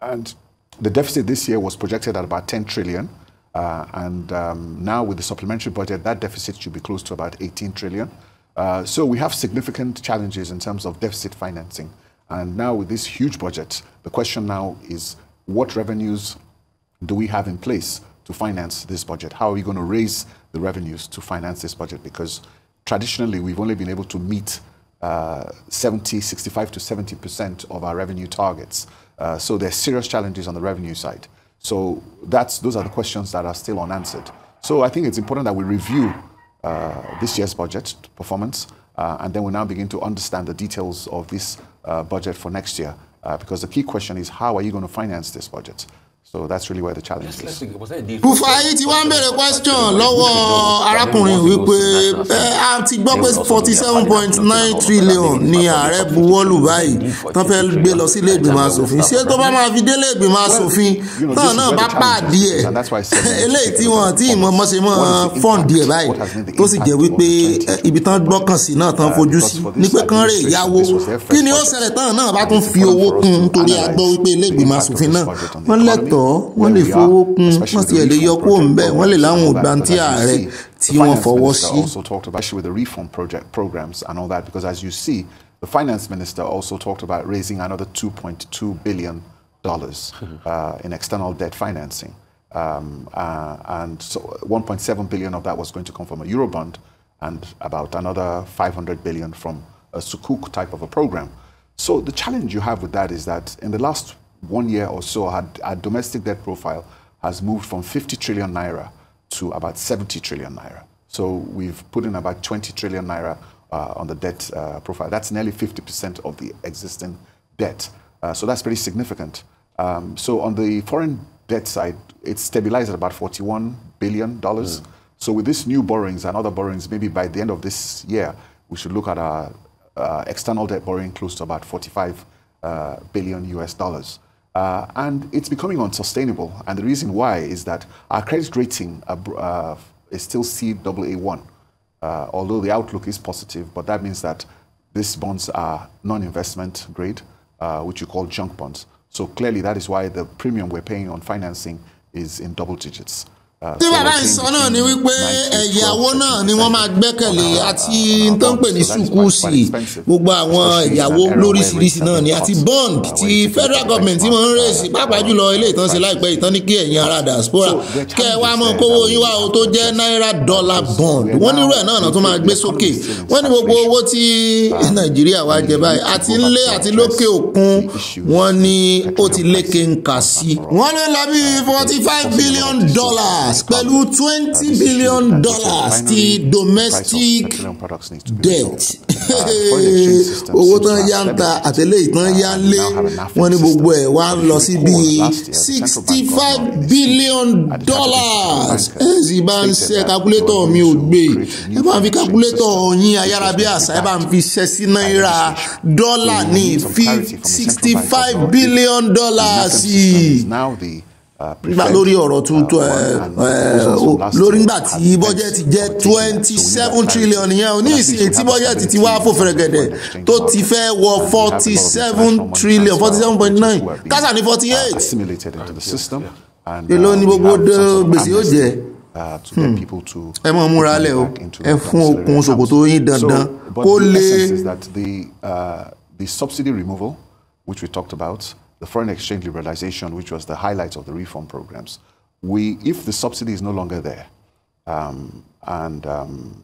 And the deficit this year was projected at about 10 trillion. Uh, and um, now with the supplementary budget, that deficit should be close to about 18 trillion. Uh, so we have significant challenges in terms of deficit financing. And now with this huge budget, the question now is what revenues do we have in place to finance this budget? How are we going to raise the revenues to finance this budget? Because traditionally, we've only been able to meet uh, 70, 65 to 70 percent of our revenue targets. Uh, so there's serious challenges on the revenue side. So that's those are the questions that are still unanswered. So I think it's important that we review uh, this year's budget performance, uh, and then we now begin to understand the details of this uh, budget for next year, uh, because the key question is how are you going to finance this budget? so that's really where the challenge is. Rufai ti wá ń question lọ́wọ́ arákùnrin wípé eh, a ti gbọ́ pé forty seven point nine trillion ni ààrẹ buwọ́lù báyìí tán fẹ́ gbé lọ sí ilé ìgbìmọ̀ asòfin ṣé tó bá máa fi délé ìgbìmọ̀ asòfin náà náà bá pàdé ẹ̀ *laughs* eléyìí tí wọ́n tí ìmọ̀ mọ́ṣe mọ́ fọ́ǹdì ẹ̀ báyìí tó sì jẹ́ wípé eh, ibi tán gbọ́kàn sí náà tán uh, fojú sí ni pé kán rè yáwó kí ni ó ṣẹlẹ̀ tán náà bá tún fi owó kún torí a wípé ilé ìgbìmọ̀ asòfin náà wọ́n lẹ́t tọ́ wọ́n lè fowó kún wọ́n sì lè yọ ń bẹ̀ wọ́n lè láwọn ògbáǹtí ààrẹ tí wọ́n fọwọ́ sí. also talked about with the reform programs and all that because as you see the finance minister also talked about raising another 2.2 billion dollars uh, in external debt financing um, uh, and so 1.7 billion of that was going to come from a eurobond and about another 500 billion from a sukuk type of a program. So the challenge you have with that is that in the last one year or so, our, our domestic debt profile has moved from 50 trillion naira to about 70 trillion naira. So we've put in about 20 trillion naira uh, on the debt uh, profile. That's nearly 50% of the existing debt. Uh, so that's pretty significant. Um, so on the foreign debt side, it's stabilized at about $41 billion. Mm. So with these new borrowings and other borrowings, maybe by the end of this year, we should look at our uh, external debt borrowing close to about 45 uh, billion US dollars. Uh, and it's becoming unsustainable. And the reason why is that our credit rating uh, uh is still CAA1, uh, although the outlook is positive, but that means that these bonds are non-investment grade, uh, which you call junk bonds. So clearly that is why the premium we're paying on financing is in double digits. Uh, tí bàbá ìsọ náà ni wípé ẹ̀yàwó náà ni wọ́n máa gbẹ́kẹ̀lé àti uh, tó ń pè ní sùkúùsì gbogbo àwọn ẹ̀yàwó lóríṣiríṣi náà ni àti bond ti federal government tí wọ́n ń rèsì pàápàá jùlọ ilé ìtàn ṣe láìpẹ́ ìtàn ní kí ẹ̀yin ará diaspora kẹ́ ẹ wá mọ kówó yín wá o tó jẹ́ náírà dọ́là bond wọ́n ní rẹ̀ náà tó máa gbé sókè wọ́n ní gbogbo owó tí nàìjíríà wá jẹ báyìí àti nlé àti lókè òkun wọ́n ní ó ti lékè ń kà sí. wọ́n lè lọ bí forty five billion dollars dollars pẹ̀lú twenty billion dollars ti domestic debt *laughs* ah, owó tán yá ń ta àtẹlé ìtàn yá ń lé wọ́n ní gbogbo ẹ̀ wá ń lọ sí bíi sixty five billion dollars ẹ sì bá ń ṣe calculator mi ò gbé ẹ bá ń fi calculator yín ayárabíàṣá ẹ bá ń fi ṣe sí náírà dọ́là ní sixty five billion dollars yìí. Uh, lórí uh, ọ̀rọ̀ tuntun uh, lórí ngbà tí bọ́jẹ́tì jẹ́ twenty seven trillion yẹn o ní ìsìn tí bọ́jẹ́tì ti wá fòfẹ̀rẹ̀gẹ̀dẹ̀ tó ti fẹ́ wọ forty seven trillion forty seven point nine kásà ní forty eight èló ni gbogbo gbèsè yóò jẹ́ hmm. ẹ mọ̀ múra lẹ̀ o ẹ fún okùn ṣòkòtò yín dandan kó lè. the subsidy removal which we talked about. the foreign exchange liberalization, which was the highlight of the reform programs, we, if the subsidy is no longer there, um, and um,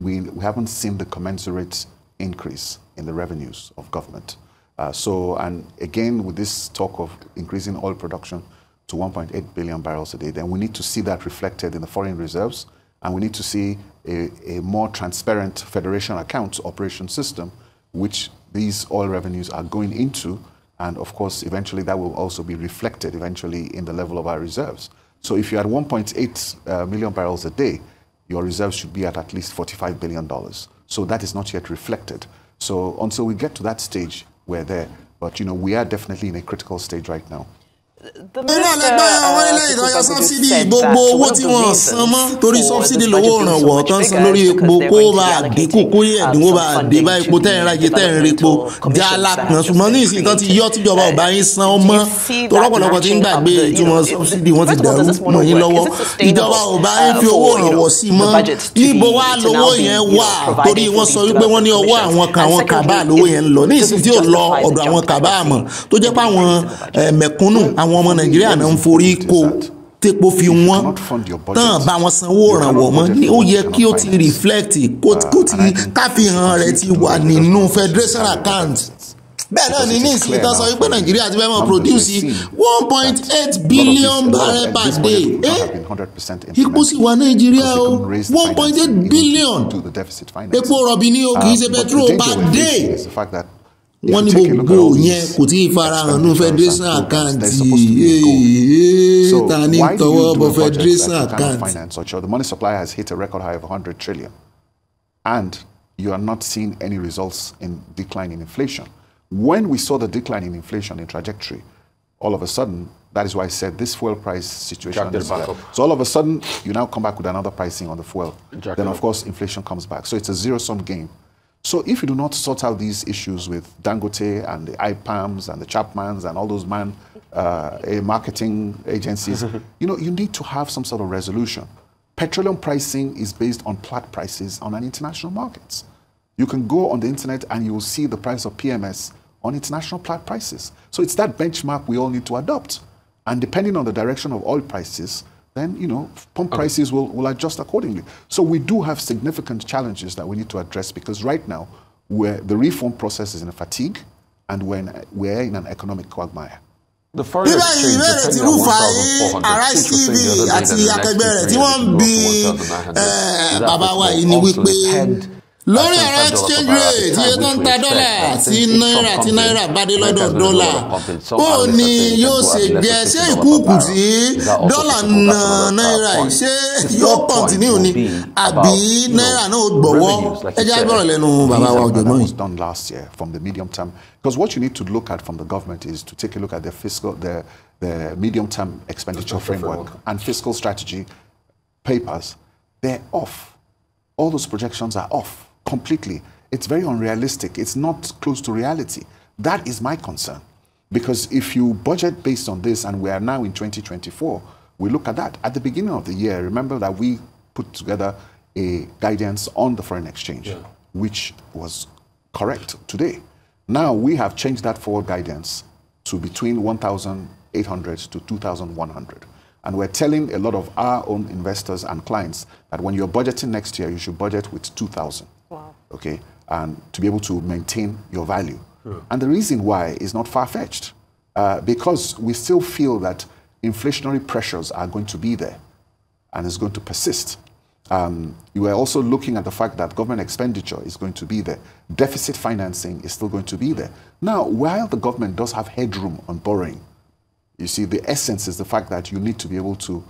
we, we haven't seen the commensurate increase in the revenues of government. Uh, so, and again, with this talk of increasing oil production to 1.8 billion barrels a day, then we need to see that reflected in the foreign reserves, and we need to see a, a more transparent federation accounts operation system, which these oil revenues are going into and of course, eventually that will also be reflected eventually in the level of our reserves. So if you're at 1.8 uh, million barrels a day, your reserves should be at at least $45 billion. So that is not yet reflected. So until we get to that stage, we're there. But you know, we are definitely in a critical stage right now. iná lẹgbẹ́ àwọn ilé ìdáyọ sọ́bsidì gbogbo owó tí wọ́n san mọ́ torí sọ́bsidì lówó ìrànwọ́ tó ń san lórí epo kó bá dínkù kó yẹ ẹ̀dínwó uh, bá dé bá epo tẹ́ ń rajẹ já lápọn ṣùgbọ́n ní ìsìn tán ti yọ tíjọba ọba yín san ó mọ́ tó rọ́pọ̀lọpọ̀ ń gbàgbé ìtumọ̀ sọ́bsidì wọ́n ti dẹ̀rú mọ́ yín lọ́wọ́ ìjọba ọba yín uh, fi owó ìrànwọ́ sí mọ́ àwọn ọmọ nàìjíríà náà ń forí kó tepo fi wọ́n tán bá wọn sanwó ìrànwọ́ mọ́ ní ó yẹ kí ó ti reflect kó uh, ti káfíhàn rẹ̀ ti wà nínú federation account bẹ́ẹ̀ náà ni ní ìsìn tán sọ wípé nàìjíríà ti fẹ́ mọ́ produce one point eight billion barrel per day eh? epo sì wà nàìjíríà o one point eight billion epo rọ̀bì ni o kì í ṣe uh, petrol per day. wọ́n ní gbogbo yẹn kò tí ì farahàn ní federation account ta ní tọwọ́ bọ federation account. The money supply has hit a record high of 100 trillion and you are not seeing any results in decline in inflation. When we saw the decline in inflation in trajectory, all of a sudden, that is why I said this fuel price situation. is back up. So all of a sudden, you now come back with another pricing on the fuel. Jack then, of course, inflation comes back. So it's a zero-sum game. So if you do not sort out these issues with Dangote and the IPAMs and the Chapmans and all those man uh, eh, marketing agencies, *laughs* you know, you need to have some sort of resolution. Petroleum pricing is based on plat prices on an international markets. You can go on the internet and you will see the price of PMS on international flat prices. So it's that benchmark we all need to adopt. And depending on the direction of oil prices, then you know pump prices will, will adjust accordingly. So we do have significant challenges that we need to address because right now we're the reform process is in a fatigue and we're in, we're in an economic quagmire. The the lórí ọ̀rọ̀ exchange rate iye tó ń ta dọ́là sí náírà tí náírà bá dé lọ́dọ̀ dọ́là ó ní yóò ṣe gbẹ ṣé ìkúùkù sí dọ́là na náírà yìí ṣé yóò kọ́ntínú ni àbí náírà náà ó gbọ̀wọ́ ẹ jẹ́ àgbọ̀rọ̀ lẹ́nu bàbá wa ọ̀jọ̀gbọ́n yìí. Because what you need to look at from the government is to take a look at the fiscal, the, the medium-term expenditure framework and fiscal strategy papers. They're off. All those projections are off completely. It's very unrealistic. It's not close to reality. That is my concern. Because if you budget based on this, and we are now in 2024, we look at that. At the beginning of the year, remember that we put together a guidance on the foreign exchange, yeah. which was correct today. Now we have changed that forward guidance to between 1,800 to 2,100. And we're telling a lot of our own investors and clients that when you're budgeting next year, you should budget with 2,000. Wow. Okay? And to be able to maintain your value. And the reason why is not far fetched uh, because we still feel that inflationary pressures are going to be there and it's going to persist. Um, you are also looking at the fact that government expenditure is going to be there. Deficit financing is still going to be there. Now, while the government does have headroom on borrowing, you see, the essence is the fact that you need to be able to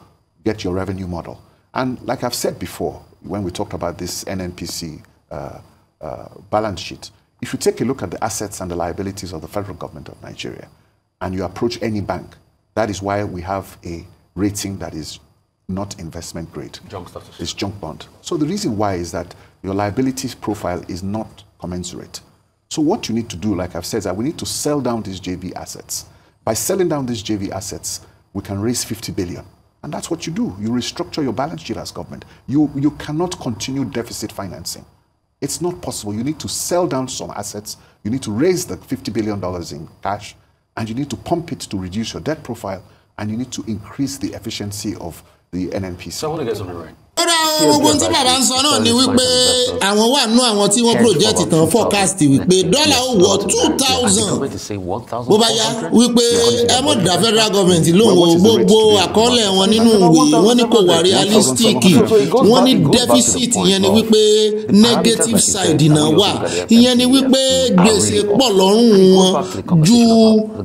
get your revenue model. And like I've said before, when we talked about this NNPC uh, uh, balance sheet, if you take a look at the assets and the liabilities of the federal government of Nigeria and you approach any bank, that is why we have a rating that is not investment grade. Junk status. It's junk bond. So the reason why is that your liabilities profile is not commensurate. So what you need to do, like I've said, is that we need to sell down these JV assets. By selling down these JV assets, we can raise 50 billion. And that's what you do. You restructure your balance sheet as government. You, you cannot continue deficit financing. It's not possible. You need to sell down some assets. You need to raise the $50 billion in cash, and you need to pump it to reduce your debt profile, and you need to increase the efficiency of the NNPC. So I want to get something right. kódà gbogbo tí bàbá ń sọ náà ni wípé àwọn wà nú àwọn tí wọ́n project tán forecast wípé dọ́là ó wọ two thousand bó bá yá wípé ẹ mọ̀ dá federal government lóhùn gbogbo àkọọ́lẹ̀ wọn nínú ìwé wọ́n ní kò wà realistic wọ́n ní deficit ìyẹn ni wípé negative side náà wà ìyẹn ni wípé gbèsè pọ̀ lọ́rùn wọn ju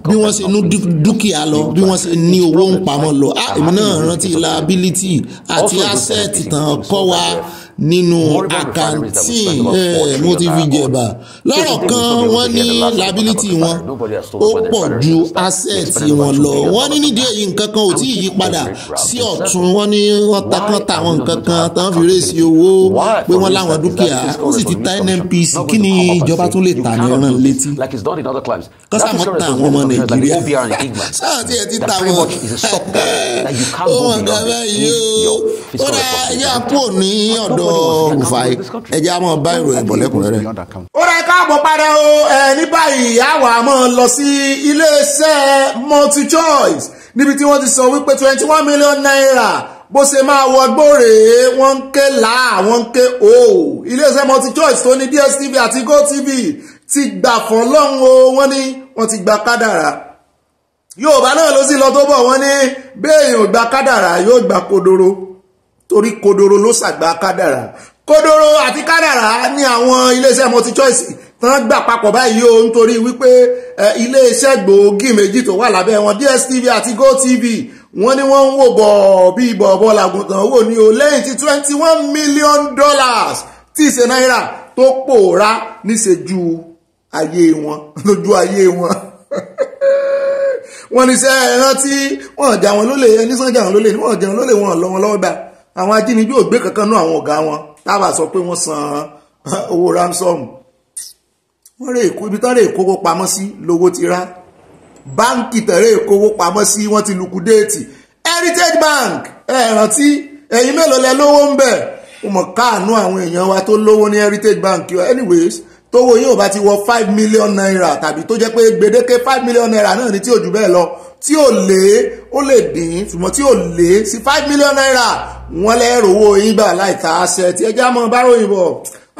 bí wọ́n ṣe ní dúkìá lọ bí wọ́n ṣe ní owó ń pamọ́ lọ èmi náà rántí liability àti asset ti tàn kọ́ wa nínú àkáǹtì mo ti eh, fi jẹ̀bà lọ́rọ̀ kan wọ́n ní liability wọn ó pọ̀ ju asset wọn lọ wọ́n ní nídìí èyí nǹkan kan ò tí ì yí padà sí ọ̀tún wọ́n ní wọ́n ta kán ta àwọn nǹkan kan táwọn fi rèé sí owó pé wọ́n láwọn dúkìá ó sì ti ta NNPC kí ni ìjọba tún lè tà ní ọ̀ràn létí kọ́sàmọ́ ta àwọn ọmọ Nàìjíríà sáà tí ẹ ti ta wọn ọmọ kan báyìí ó ó dá yá kúrò ní ọ̀dọ̀ Rufai oh, ẹjẹ́ a máa bá ìròyìn bọ̀ lẹ́kùnrẹ́rẹ́. ó rẹ káàbọ̀ padà o ẹ ní báyìí àwa máa lọ sí iléeṣẹ́ multichoice níbi tí wọ́n ti sọ wípé twenty one million naira bó ṣe máa wọ gbòòrè wọ́n ń ké làá wọ́n ń ké o iléeṣẹ́ multichoice tó ní DSTV àti GoTV ti gbà fún lọ́hùn o wọ́n ní wọ́n ti gba kádàrà Yorùbá náà ló sì lọ tó bọ̀ wọ́n ní béèyàn gba kádàrà yóò gba kodoro torí kodoro ló ṣàgbà kádàrà kodoro àti kádàrà ni àwọn iléeṣẹ́ multi choice tán gbà papọ̀ báyìí o nítorí wípé iléeṣẹ́ gbòógì méjì tó wà lábẹ́ wọn DSTV àti GoTV wọ́n ní wọ́n ń wò bọ̀ bí bọ̀bọ̀ làgùntàn wò ní o lẹ́yìn tí twenty one million dollars tí ìṣe náírà tó pòórá níṣẹ́jú ayé wọn lójú ayé wọn *laughs* wọ́n ní sẹ́ ẹ rántí wọ́n jà wọn lólè ẹni sàn jà wọn lólè wọ́n jà wọn lólè wọn lọ́wọ́ lọ́wọ́ báyìí àwọn ajínigbé ò gbé kankan náà àwọn ọ̀gá wọn tábà sọ pé wọ́n san *laughs* owó ransom wọ́n rè kó ibi tán rè kówó pamọ́ sí lówó ti rá báńkì tẹ̀rẹ̀ kówó pamọ́ sí wọ́n ti lukudeeti Heritage Bank ẹ rántí ẹ̀yin mélòó lẹ lówó ń bẹ̀ ó mọ̀ káàánú àwọn èèyàn wa tó lówó ní Heritage Bank anyways tówó yóò bá ti wọ five million naira tàbí tó jẹ́ pé gbèdéke five million naira náà ni tí ò jù bẹ́ẹ̀ lọ tí ò lé ó lè dín ṣùgbọ́n tí ò lé sí five million naira wọ́n lẹ́rọ owó yín gbà láìka àṣẹ tí ẹjẹ́ àmọ́ bárò ìbọ̀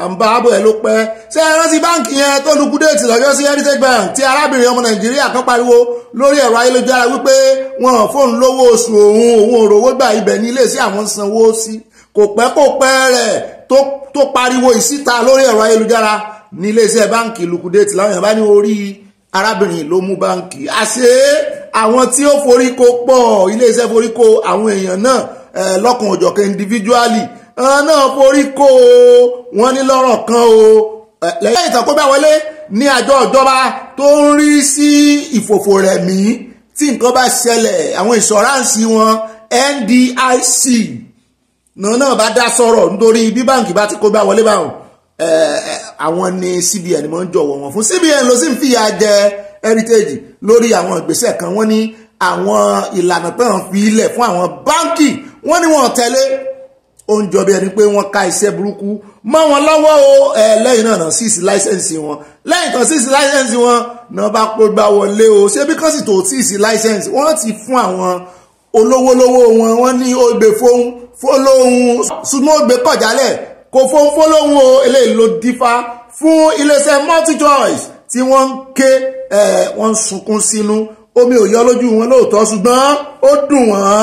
àǹbá ààbò ẹ̀ ló pẹ́ ṣé ẹ rántí báǹkì yẹn tó lu kúdéètì lọ́jọ́ sí heritage bank tí arábìnrin ọmọ nàìjíríà kan pariwo lórí ẹ̀rọ ayélujára wípé wọn ò fóun lówó oṣù òun òun òrówó gbà ibẹ̀ ní iléeṣẹ́ àwọn sanwó sí kò pẹ́ kò pẹ́ rẹ̀ tó pariwo ìsíta lórí ẹ̀rọ ayélujára ní iléeṣẹ́ báǹkì lukudéètì láwọn èèyàn bá ní orí arábìnrin ló mú báǹkì àṣẹ àwọn tí ó foríko pọ̀ iléeṣẹ́ foríko àwọn èèyàn náà lọ́kùn òjọ̀kan individually náà foríko wọ́n ní lọ́rọ̀ kan o lẹ́yìn ìtàkóbá wọlé ní àjọ ìjọba tó ń rí sí ìfòfò rẹ̀ mí tí nǹkan bá ṣẹlẹ̀ àwọn ìṣọ́ráǹsì wọn NDIC náà bá dá sọ̀rọ̀ nítorí bí báǹkì bá ti kó bá wọlé báwọn àwọn ni CBN mọ́ ń jọ̀wọ́ wọn fún CBN ló sì ń fìyà jẹ heritage lórí àwọn ìgbésẹ̀ kan wọ́n ní àwọn ìlànà tó ń fi ilẹ̀ fún àwọn báńkì wọ́n ní wọ́n tẹ̀lé ó ń jọ bí ẹni pé wọ́n ka iṣẹ́ burúkú mọ́ wọn lọ́wọ́ o ẹ lẹ́yìn náà náà síìsì láìsẹ̀nsì wọn lẹ́yìn kan síìsì láìsẹ̀nsì wọn náà bá pé gbà wọlé o ṣé bí kan sì tó síìsì láìsẹ̀nsì wọ́n ti fún àwọn olówó lówó wọn wọ́n ní ogbe fóun fólóhun súnmọ́ ogbe kọ̀jálẹ̀ kò fóun fólóhun o eléyìí ló dífá fún iléeṣẹ́ multi choice tí wọ́n ń ké wọ́n ń sunkún sínú omi ò yọ lójú wọn lóòótọ́ ṣùgbọ́n ó dùn wọ́n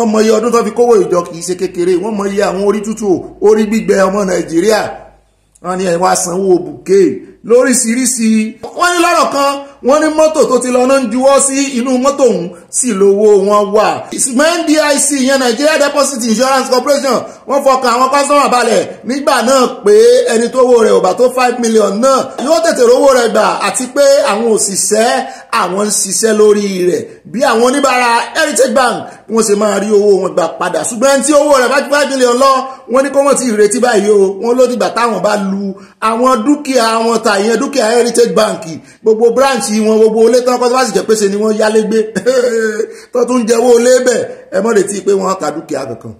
ọmọ iye ọdún tó fi kówó ìjọ kì í ṣe kékeré wọ́n mọ iye àwọn orí tútù orí gbígbẹ ọmọ nàìjíríà wọ́n ní ẹ wá sanwó lóríṣiríṣi wọ́n ní lọ́rọ̀ kan wọ́n ní mọ́tò tó ti lọ náà ń juwọ́ sí inú mọ́tò ọ̀hún sì lówó wọn wà. ìsìnkú ndic ìyẹn nigeria deposit insurance corporation wọ́n fọkàn àwọn kọ́sọ́mà balẹ̀ nígbà náà pé ẹni tó wó rẹ̀ ò bá tó five million náà yóò tètè rówó rẹ̀ gbà àti pé àwọn òṣìṣẹ́ àwọn ń ṣiṣẹ́ lórí rẹ̀ bí àwọn oníbàárà heritage bank wọ́n ṣe máa rí owó wọn gbà padà ṣùgbọ́n tí owó rẹ̀ bá ti five million lọ wọ́n ní kó wọ́n ti retí báyìí o wọ́n ló dìgbà táwọn bá lu àwọn dúkìá wọn tà ìyẹn dúkìá heritage bank gbogbo branch fúláàtì wọn gbogbo ilé tán kọ́ tó bá sì jẹ́ pèsè ni wọ́n yálégbé *laughs* tó tún jẹ́wọ́ ilé bẹ̀ ẹ mọ́ retí pé wọ́n ta dúkìá kankan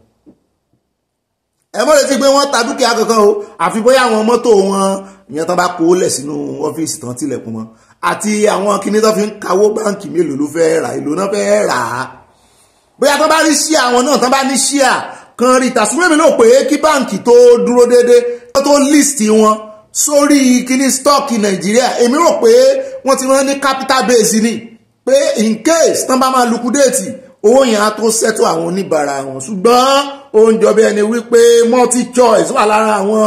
ẹ mọ́ retí pé wọ́n ta dúkìá kankan o àfi bóyá àwọn mọ́tò wọn ìyẹn tán bá kó lẹ̀ sínú ọ́fíìsì tán tilẹ̀kùn mọ́ àti àwọn kinní tán fi ń kawó báǹkì mélòó ló fẹ́ rà èlò náà fẹ́ rà á bóyá tán bá rí ṣíà àwọn náà tán bá ní ṣíà kan rí tàṣùmẹ́mi náà pé kí báǹkì tó dúró déédéé tó list wọn sórí kíní stọ́ọ̀kì nàìjíríà èmi rò pé wọ́n ti rán ní capital base ni pé in case tán bá máa lukudéètì owó yẹn á tó sẹ́tọ̀ àwọn oníbàárà wọn ṣùgbọ́n ó ń jọ bí ẹni wípé multi choice wà lára àwọn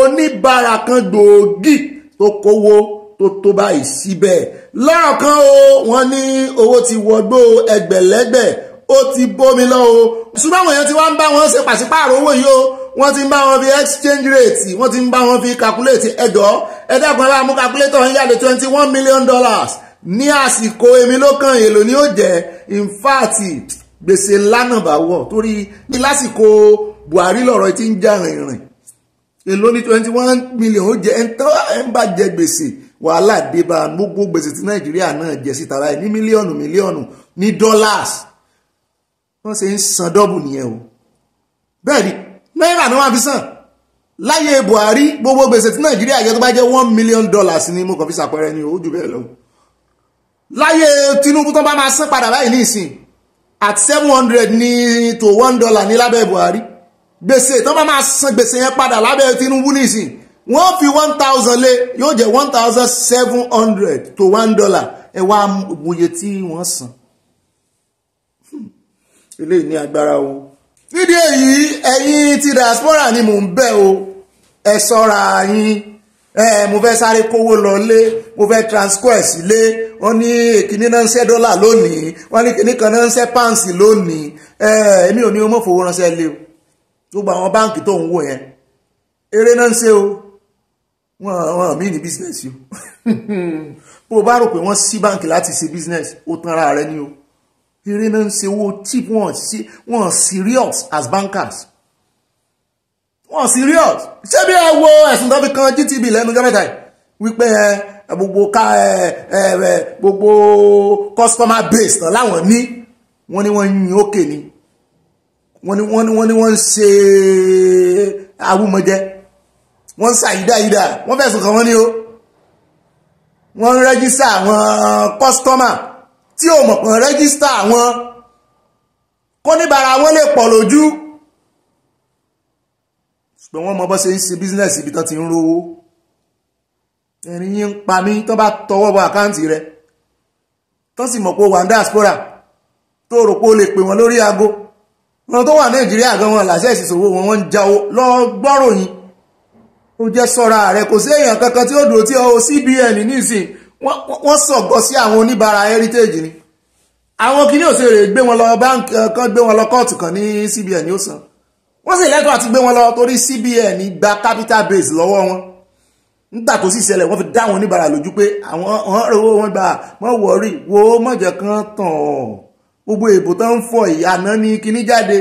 oníbàárà kan gbòógì tó kówó tó tó báyìí síbẹ̀ lọ́rọ̀ kan o wọ́n ní owó ti wọgbó ẹgbẹ̀lẹ́gbẹ̀ ó ti bómi lọ o ṣùgbọ́n àwọn èèyàn ti wá ń bá wọn ṣe pàṣípààrọ̀ owó yìí o wọ́n ti ń bá wọn fi exchange rate wọ́n ti ń bá wọn fi calculate ẹ̀dọ́ ẹ̀dẹ́kun ẹ̀ bá mú calculator yín jáde twenty one million dollars ní àsìkò èmi ló kàn èlò ni ó jẹ́ in fact gbèsè ńlá náà bá wọ̀ torí ní lásìkò Buhari lọ́rọ̀ ti ń já rìnrìn èlò ní twenty one million ó jẹ́ ẹ̀ ń bá jẹ gbèsè wàhálà dé bá gbogbo gbèsè tí Nàìjíríà náà jẹ síta láì ní mílíọ̀nù mílíọ̀nù ní dollars wọ́n ṣe ń san dọ́bù nìyẹn o bẹ́ẹ̀ ni náírà ni wọ́n fi san láyé Buhari gbogbo gbèsè tí Nàìjíríà jẹ tó bá jẹ one million dollars ni mo kàn fi ṣàpẹẹrẹ ni ó jù bẹ́ẹ̀ lọ láyé Tinubu tó bá máa san padà báyìí ní ìsìn at seven hundred ní to one dollar ní lábẹ́ Buhari gbèsè tó bá máa san gbèsè yẹn padà lábẹ́ Tinubu ní ìsìn wọ́n fi one thousand lé yóò jẹ́ one thousand seven hundred to one dollar ẹ wá wòye tí wọ́n san hmm. eléyìí ní agbára o nídìí èyí ẹ̀yin ti diaspora ni mò ń bẹ̀ o ẹ sọ́ra yín mo fẹ́ sáré kówó lọlé mo fẹ́ transcoil sílé wọ́n ní èkíní náà ń ṣe dọ́là lónìí wọ́n ní kíní kan náà ń ṣe pàǹsì lónìí èmi ò ní o mọ̀ fowó ránṣẹ́ lé o gbogbo àwọn báǹkì tó ń wò yẹn eré náà ń ṣe o wọ́n mí ní bísínẹ́sì o *laughs* bó o bá rò pé wọ́n ṣí báǹkì láti ṣe bísínẹ́sì ó tanra rẹ ni o eré náà ń ṣe owó cheap wọ́n ṣe wọ́n serious as bankers wọ́n serious ṣé bí ẹ wo ẹ̀sùn tó fi kan GTB lẹ́nu ọjọ́ mẹ́ta wípé ẹ gbogbo ká ẹ ẹ gbogbo customer base tán láwọn ní wọ́n ní wọ́n yin òkè ni wọ́n ní wọ́n ní wọ́n ní wọ́n ń ṣe awúmọ̀jẹ wọ́n ń ṣàyídáyídá wọ́n fẹ̀sùn kàn wọ́n ní o wọ́n ń àwọn customer tí ò mọ̀ pọ̀ rẹ́gísítà wọn kó níbàárà wọn lè pọ̀ lójú ṣùgbọ́n wọ́n mọ bọ́ ṣe ń ṣe bísínẹ́sì ibi tán ti ń rówó ẹ̀rín yín ń pa mí tán bá tọwọ́ bọ àkáǹtì rẹ tán sì mọ̀ pé wà ń diaspora tó rò pé o lè pè wọ́n lórí aago wọn tó wà nàìjíríà gan wọn làṣẹ ìṣòwò wọn wọn ń jáwó lọ gbọ́ròyìn ó jẹ́ sọ́ra rẹ kò sí èèyàn kankan tí ó dúró tí ó CBN nísìn wọ́n sọ̀gọ́ sí àwọn oníbàárà heritage ni àwọn kìíní òṣèré gbé wọn lọ báńkì eh, kan gbé wọn lọ kóòtù kan ní CBN ní ó san wọ́n sì lẹ́tọ̀ọ́ àti gbé wọn lọ torí CBN gba capital base lọ́wọ́ wọn nígbà tó sì ṣẹlẹ̀ wọ́n fi dá àwọn oníbàárà lójú pé àwọn ọ̀hún owó wọn gbà wọ́n wọ̀ọ́rì wo mọ̀jẹ̀ kan tàn gbogbo èbò tó ń fọ ìyànà ní kíní jáde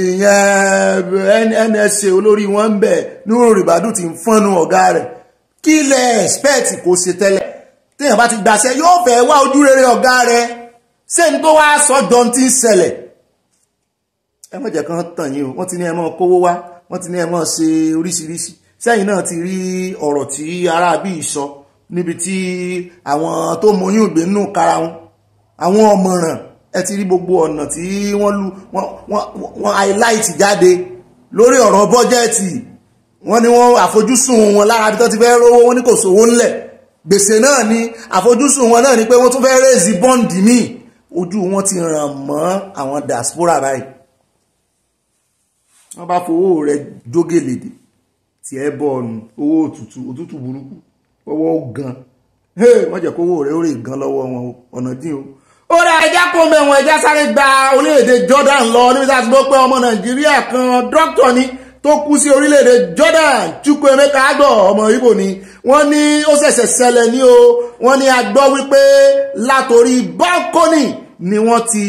ìyẹn eh, NSA olórí wọn ń bẹ̀ nínú rìbádùn ti ń fọ́nù ọ̀gá rẹ̀ kí lẹ expect kò ṣe tẹ́lẹ̀ téèyàn bá ti gbàṣẹ yóò fẹ́ wá ojúrere ọ̀gá rẹ̀ ṣé n tó wá sọ jọun tí ń ṣẹlẹ̀ ẹ mọ̀jẹ̀ kan tàn yín o wọ́n ti ní ẹ mọ́ kówó wá wọ́n ti ní ẹ mọ́ ṣe oríṣiríṣi sẹ́yìn náà ti rí ọ̀rọ̀ tí ará bí sọ níbi tí àwọn tó mọyún ìgbénú kára wọn àwọn ọ̀mọ̀ràn ẹ ti rí gbogbo ọ̀nà tí wọ́n lu wọ́n highlight jáde lórí ọ̀rọ̀ bọ́jẹ́ẹ̀tì wọ́n ní wọ́n àfojúsùn wọn lára bí tó ti fẹ́ rówó wọn ní kò sówó ńlẹ̀ gbèsè náà ni àfojúsùn wọn náà ni pé wọ́n tún fẹ́ẹ́ rèézì bọ́ǹdì míì ojú wọn ti ràn mọ́ àwọn diaspora báyìí wọ́n bá fowó rẹ̀ jógèlèdè tí ẹ bọ́ ọ̀nù owó òtútù òtútù burúkú ọwọ́ gan wọ́n jẹ́ kówó rẹ̀ ó rè gan lọ́wọ́ wọn ọ̀nà dín o ó rẹ ẹja kó mẹ́wọ̀n ẹja sáré gba orílẹ̀-èdè Jordan lọ níbi tá a ti gbọ́ pé ọmọ Nàìjíríà kan dókítà ni tó kú sí orílẹ̀-èdè Jordan Chukwuemeka Agbo ọmọ Ìgbò ni wọ́n ní ó ṣẹ̀ṣẹ̀ ṣẹlẹ̀ ní o wọ́n ní a gbọ́ wípé látòrí bákọ́nì ni wọ́n ti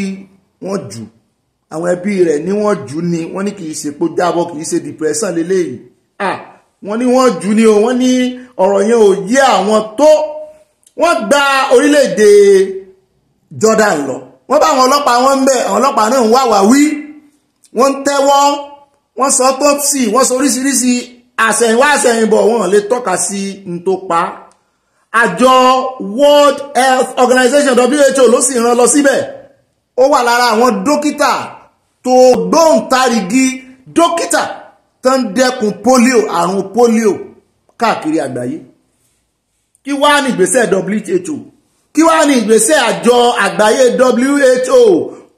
wọ́n jù àwọn ẹbí rẹ̀ ni wọ́n jù ni wọ́n ní kì í ṣe pé jábọ́ kì í ṣe depression lélẹ́yìí ah wọ́n ní wọ́n jù ni o wọ́n ní ọ̀rọ̀ yẹn ò yé àwọn tó wọ́n gba orílẹ̀-èdè Jordan lọ wọ́n bá àwọn ọlọ́pàá wọn ń bẹ̀ àwọn ọlọ́pàá náà ń wá wá wí wọ́n ń tẹ́wọ́ wọ́n sọ autopsy wọ́n sọ oríṣiríṣi àṣẹ̀yìnwá àṣẹ̀yìnbọ̀ wọn lè tọ́ka sí n tó pa àjọ World Health Organization WHO ló sì rán lọ síbẹ̀ ó wà lára àwọn dókítà tó gbóǹtarìgì dókítà tó ń dẹ́kun polio àrùn polio káàkiri àgbáyé kí wá ní ìgbésẹ̀ WHO kí wá ní ìgbésẹ̀ àjọ àgbáyé WHO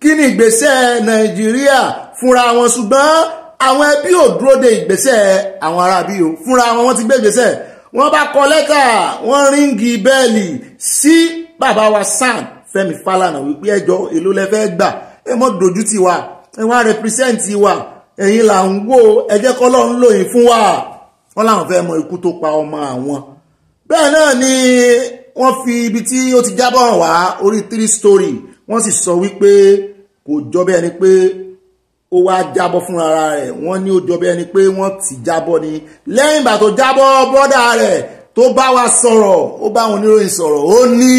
kí ni ìgbésẹ̀ Nàìjíríà fúnra wọn ṣùgbọ́n àwọn ẹbí ò dúró de ìgbésẹ̀ àwọn aráabí o fúnra wọn wọ́n ti gbé ìgbésẹ̀ wọ́n bá kọ lẹ́tà wọ́n ríǹgì bẹ́ẹ̀lì sí bàbá wa Sam Fẹ́mi Fálànà wípé ẹjọ́ èló lẹ fẹ́ gbà ẹ mọ́ dojú tì wá ẹ wá rẹpírísẹ́ǹtì wa ẹ̀yin là ń wò ẹjẹ́ kọ́lọ́ ń lòyìn fún wa wọ́n láwọn fẹ́ mọ ikú tó pa ọmọ àwọn bẹ́ẹ̀ náà ni wọ́n fi ibi tí ó ti jábọ̀ wá orí three story wọ́n sì sọ wípé kò jọ bẹ́ẹ̀ ni pé ó wá jábọ́ fún ara rẹ̀ wọ́n ní ó jọ ẹni pé wọ́n ti jábọ́ ni lẹ́yìn ìgbà tó jábọ́ bọ́dà rẹ̀ tó bá wa sọ̀rọ̀ ó bá àwọn oníròyìn sọ̀rọ̀ ó ní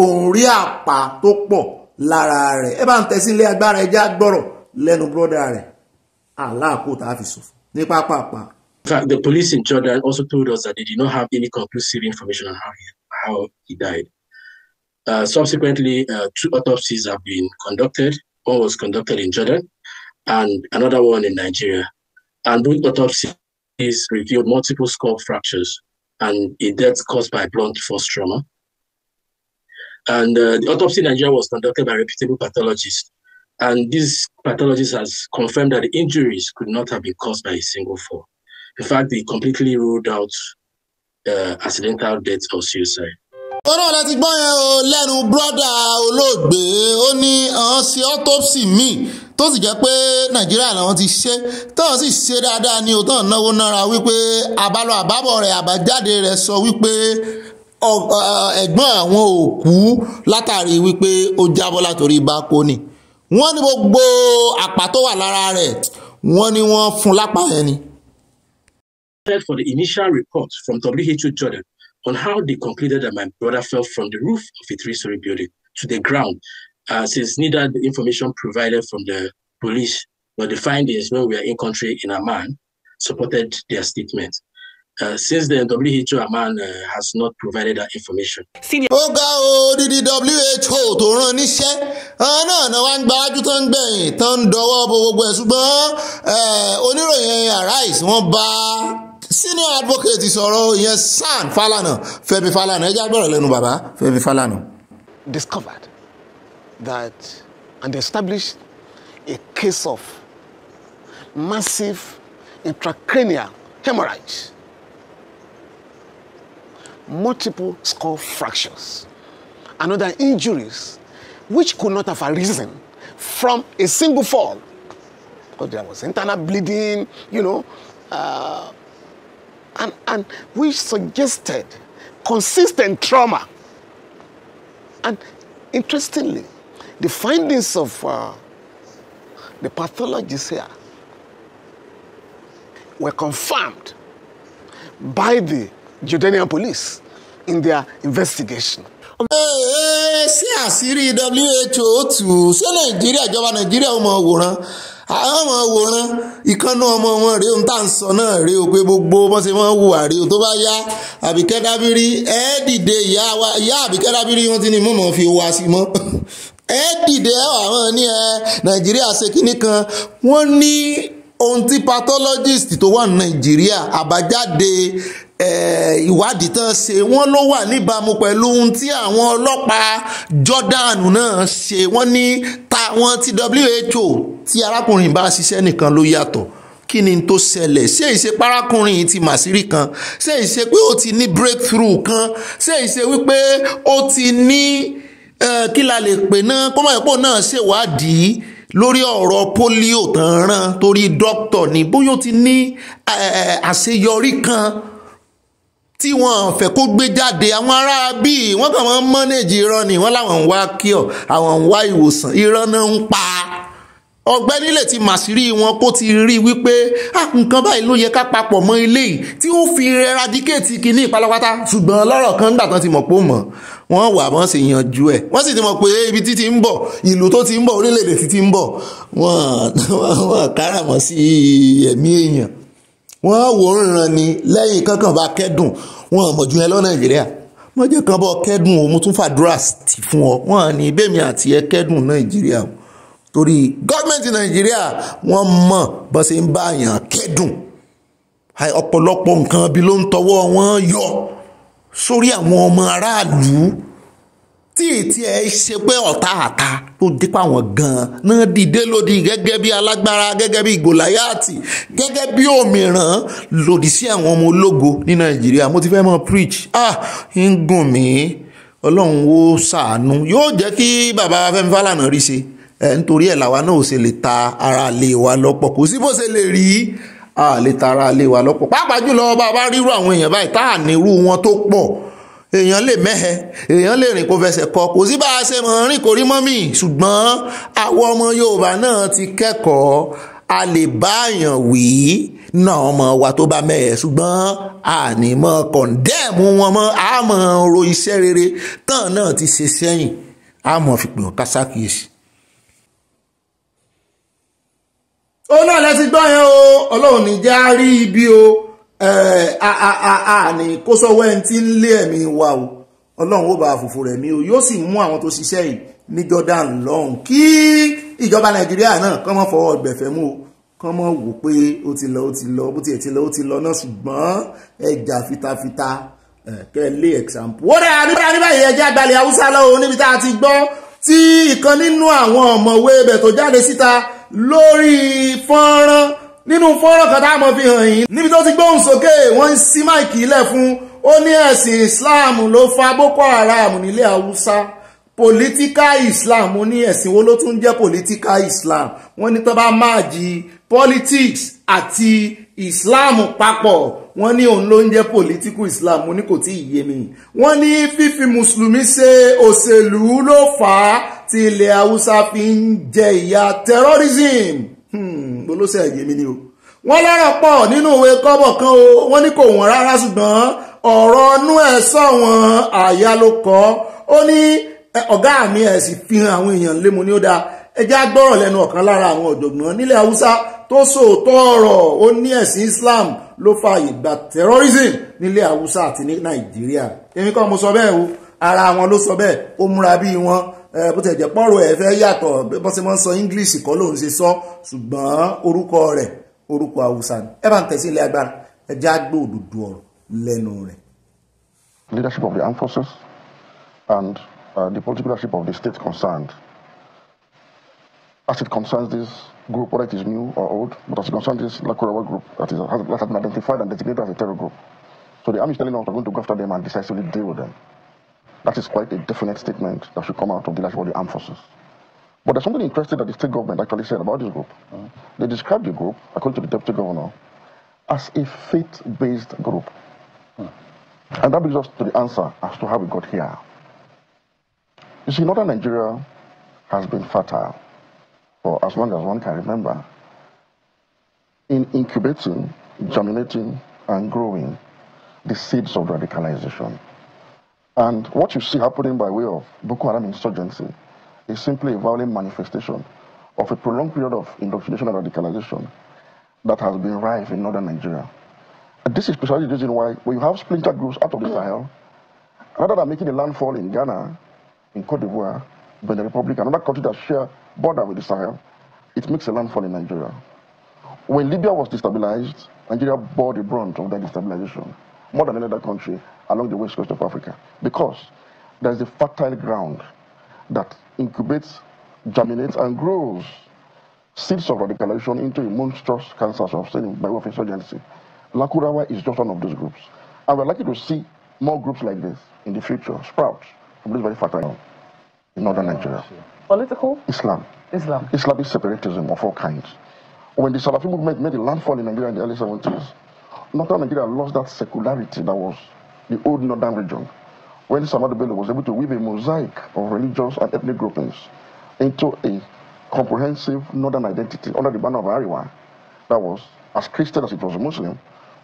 òun rí àpá tó pọ̀ lára rẹ̀ ẹ bá ń tẹ́sí ilé agbára ẹja gbọ́rọ̀ lẹ́nu bọ́dà rẹ̀ aláàkó tá a fi sòfò ní pápápá. In fact, the police in Jordan also told us that they did not have any conclusive information on how he, how he died. Uh, subsequently, uh, two autopsies have been conducted. One was conducted in Jordan and another one in Nigeria. And doing autopsies revealed multiple skull fractures and a death caused by blunt force trauma. And uh, the autopsy in Nigeria was conducted by reputable pathologist, And this pathologist has confirmed that the injuries could not have been caused by a single fall. In fact, they completely ruled out uh, accidental death or suicide. tọ́nà láti gbọ́ yẹn o lẹ́nu brọ́dà olóògbé ó ní àwọn ṣe autopsy míì tó sì jẹ́ pé nàìjíríà làwọn ti ṣe tọ́wọ́n sì ṣe dáadáa ní o tọ́wọ́n náwó nára wípé àbálọ àbábọ̀ rẹ̀ àbájáde rẹ̀ sọ wípé ẹ̀gbọ́n àwọn òkú látàrí wípé ó jábọ́ látòrí bákónì wọ́n ní gbogbo àpá tó wà lára rẹ̀ wọ́n ní wọ́n fún lápá yẹn ni. for the initial report from WHO Jordan on how they concluded that my brother fell from the roof of a three-story building to the ground, uh, since neither the information provided from the police nor the findings when we are in country in Amman supported their statement. Uh, since then, WHO Amman uh, has not provided that information. ó ga odidi WHO tó rán níṣẹ́ náà náà wá ń gba ájú tó ń gbẹ̀yìn tó ń dọwọ́ bo gbogbo ẹ̀ ṣùgbọ́n Arise wọ́n bá senior advocate sọ̀rọ̀ yẹn san Falana Fẹ́mi Falana ẹ já gbọ́rọ̀ lẹ́nu bàbá Fẹ́mi Falana. discovered that and established a case of massive intracranial hemorrhage multiple skull fractures and other injuries which could not have arisen from a single fall because there was internal bleeding you know uh, and, and which suggested consistent trauma. And interestingly, the findings of uh, the pathologists here were confirmed by the Jordanian police in their investigation. ṣé àṣírí WHO tù sí nàìjíríà ìjọba nàìjíríà ó mọ àwọn àwòrán ìkànnú ọmọ wọn rèé ohun tá à ń sọ náà rèé o pé gbogbo wọn ṣe máa ń hùwà rèé o tó bá yá àbíkẹ́ dábírí ẹ dìde ìyá wa ìyá àbíkẹ́ dábírí wọn ti ní mọ̀mọ́ fi wá sí mọ́ *laughs* ẹ dìde ẹ wà wọn ní ẹ nàìjíríà ṣe kinní kan wọ́n ní ohun tí pathologist tó wà ní nàìjíríà àbájáde eh, ìwádìí tán ṣe wọ́n ló wà níbàámu pẹ̀lú ohun tí àwọn ọlọ́pàá Jordan náà ṣe wọ́n ní táwọn ti WHO tí arákùnrin bá ṣiṣẹ́ nìkan ló yàtọ̀ kí ni tó ṣẹlẹ̀ ṣé ìṣe parákùnrin yìí ti màsírí kan ṣé ìṣe pé ó ti ní breakthrough kan ṣé ìṣe wípé ó ti ní eh, kí la lè pè náà kó mọ̀ ẹ́ pò náà ṣèwádìí lórí ọ̀rọ̀ pólíò tán rán torí dókítà ní bóyá ó ti ní àṣeyọrí kan tí wọ́n fẹ́ kó gbé jáde àwọn ará bíi wọ́n kàn máa ń mọ́nẹ́jì irọ́ ni wọ́n láwọn ń wá kíọ̀ àwọn ń wá ìwòsàn irọ́ náà ń pa ọ̀gbẹ́ni lè ti màsírí wọn kó ti rí wípé ah, nǹkan báyìí ló yẹ ká papọ̀ mọ́ ilé yìí tí ó fi eradicate kínní ìpalapata ṣùgbọ́n lọ́rọ̀ kan nígbà tán ti mọ̀ pé ó wọ́n wà wọ́n sì yanjú ẹ̀ wọ́n sì ti mọ̀ pé ibi títí ń bọ̀ ìlú tó ti ń bọ̀ orílẹ̀-èdè títí ń bọ̀ wọ́n káràmọ́ sí ẹ̀mí èèyàn wọ́n wò ó ràn ní lẹ́yìn kankan bá kẹ́dùn wọ́n mọ̀jú ẹ lọ Nàìjíríà wọ́n jẹ́ kan bọ́ kẹ́dùn o mo tún fàdúrà tì fún ọ wọ́n ní bẹ́ẹ̀mi àti ẹ kẹ́dùn Nàìjíríà o torí gọ́ọ̀mẹ̀ntì Nàìjíríà wọ́n mọ̀ bọ́n ṣe ń bá àyàn kẹ́dùn ọ̀pọ̀lọpọ̀ nǹkan bí ló ń tọwọ́ wọn yọ sórí àwọn ọmọ aráàlú tí ètí ẹ ṣe pé ọ̀tá àta ló dípa àwọn gan-an náà dìde lòdì gẹ́gẹ́ bí alágbára gẹ́gẹ́ bí gòláyàtì gẹ́gẹ́ bí òmíràn lòdì sí àwọn ọmọ ológo ní nàìjíríà mo ti fẹ́ mọ preach ah ń gùn mí ọlọ́run ó ṣàánú yóò jẹ́ kí bàbá Fẹ́mi Fálànà rí ṣe nítorí ẹ̀ làwa náà ò ṣe lè ta ara lè wa lọ́pọ̀ kò sí bó ṣe lè rí a lè tara lé wa lọ́pọ̀ pàápàá jùlọ bá a bá rírú àwọn èèyàn báyìí tá à nírú wọn tó pọ̀ èèyàn lè mẹ́hẹ èèyàn lè rìn kó fẹsẹ̀ kọ kò sí bá a ṣe mọ̀ rìn kò rí mọ́mì ṣùgbọ́n àwọn ọmọ Yorùbá náà ti kẹ́kọ̀ọ́ a lè bá àyàn wí náà ọmọ wa tó bá mẹ́hẹ ṣùgbọ́n àní mọ́ kọ̀ǹdẹ́ẹ̀mù wọn mọ́ àmọ́ ro iṣẹ́ rere tán náà ti ṣe sẹ́yìn àmọ́ fipò kásákìyèsí. òun náà lẹ́sìn gbọ́ yẹn o ọlọ́run ní já rí ibi o àní kó sọ́wọ́ ẹni tí ń lé ẹ̀mí wa o ọlọ́run ó bá àfòfò rẹ̀ mí o yóò sì mú àwọn tó ṣiṣẹ́ yìí ní Jordan lọ́hùn kí ìjọba Nàìjíríà náà kọ́ mọ́ fọwọ́ gbẹ̀fẹ́ mú o kọ́ mọ́ wò pé ó ti lọ ó ti lọ bó tiẹ̀ ti lọ ó ti lọ náà ṣùgbọ́n ẹja fitafita kẹ́ lé example. wọ́n rẹ̀ àníbàyẹ̀ ẹja àgbàlẹ̀ Haúsá lọ́wọ́ níbi tá a ti gbọ́ tí ìkan nínú àwọn ọ̀mọ̀wé ibẹ̀ tó jáde síta lórí fọ́nrán nínú fọ́nrán kan tá a mọ̀ fi hàn yín níbi tó ti gbóhùn sókè wọ́n ń sí máìkì ilẹ̀ fún ó ní ẹ̀sìn Islam ló fa Boko Haram nílẹ̀ Haúsá political Islam ó ní ẹ̀sìn wo ló tún jẹ́ political Islam wọ́n ní tó bá máa jí politics àti Islam papọ̀ wọ́n ní òun ló ń jẹ́ political islam mo ní kò tí ì yé mi wọ́n ní fífi mùsùlùmí ṣe òṣèlú ló fà á tí ilẹ̀ haúsá fi ń jẹ ìyà terrorism olóṣèlú hmm, ẹ̀yẹ mi ni o wọ́n lọ́rọ̀ pọ̀ nínú ìwé kọ́bọ̀ kan o wọ́n ní kò wọ́n rárá ṣùgbọ́n ọ̀rọ̀ inú ẹ̀ sọ̀wọ́n àyà ló kọ́ ó ní ọ̀gá mi ẹ̀ sì fi àwọn èèyàn lémo ní ó dáa ẹjẹ́ agbọ́rọ̀ lẹ́nu ọ̀kan lára àwọn ọ̀jọ̀gbọ́n nílẹ̀ haúsá tó sòótọ́ ọ̀rọ̀ ó ní ẹ̀sìn islam ló fa ìgbà terrorism nílẹ̀ haúsá àti ní nàìjíríà èmi kọ́ mo sọ bẹ́ẹ̀ o ara wọn ló sọ bẹ́ẹ̀ ó múra bí wọn bó tẹ̀ pọ́rọ̀ ẹ̀ fẹ́ yàtọ̀ bó ṣe máa ń sọ english kọ́ ló ń ṣe sọ ṣùgbọ́n orúkọ rẹ̀ orúkọ haúsá ni ẹ bá ń tẹ̀sí ilé agbára ẹjẹ́ agbó òdòdó ọ̀rọ̀ lẹ́nu rẹ̀. leadership of the armed forces and uh, the political leadership of the state concerned as it concerns this group, whether it is new or old, but as it concerns this Lakurawa group that, is, that has been identified and designated as a terror group. So the army is telling us we're going to go after them and decisively deal with them. That is quite a definite statement that should come out of the Lashwadi like, Armed Forces. But there's something interesting that the state government actually said about this group. Mm-hmm. They described the group, according to the deputy governor, as a faith-based group. Mm-hmm. And that brings us to the answer as to how we got here. You see, northern Nigeria has been fertile or as long as one can remember, in incubating, germinating, and growing the seeds of radicalization. And what you see happening by way of Boko Haram insurgency is simply a violent manifestation of a prolonged period of indoctrination and radicalization that has been rife in northern Nigeria. And this is precisely the reason why when you have splinter groups out of the Sahel, rather than making a landfall in Ghana, in Cote d'Ivoire, the Republic, another country that share border with the Sahel, it makes a landfall in Nigeria. When Libya was destabilized, Nigeria bore the brunt of that destabilization more than any other country along the west coast of Africa because there is a fertile ground that incubates, germinates, and grows seeds of radicalization into a monstrous cancer sin by way of insurgency. Lakurawa is just one of those groups. And we're likely to see more groups like this in the future sprout from this very fertile ground northern Nigeria. Political? Islam. Islam. Islamic separatism of all kinds. When the Salafi movement made a landfall in Nigeria in the early 70s, northern Nigeria lost that secularity that was the old northern region. When Samadu Bello was able to weave a mosaic of religious and ethnic groupings into a comprehensive northern identity under the banner of Ariwa, that was as Christian as it was a Muslim,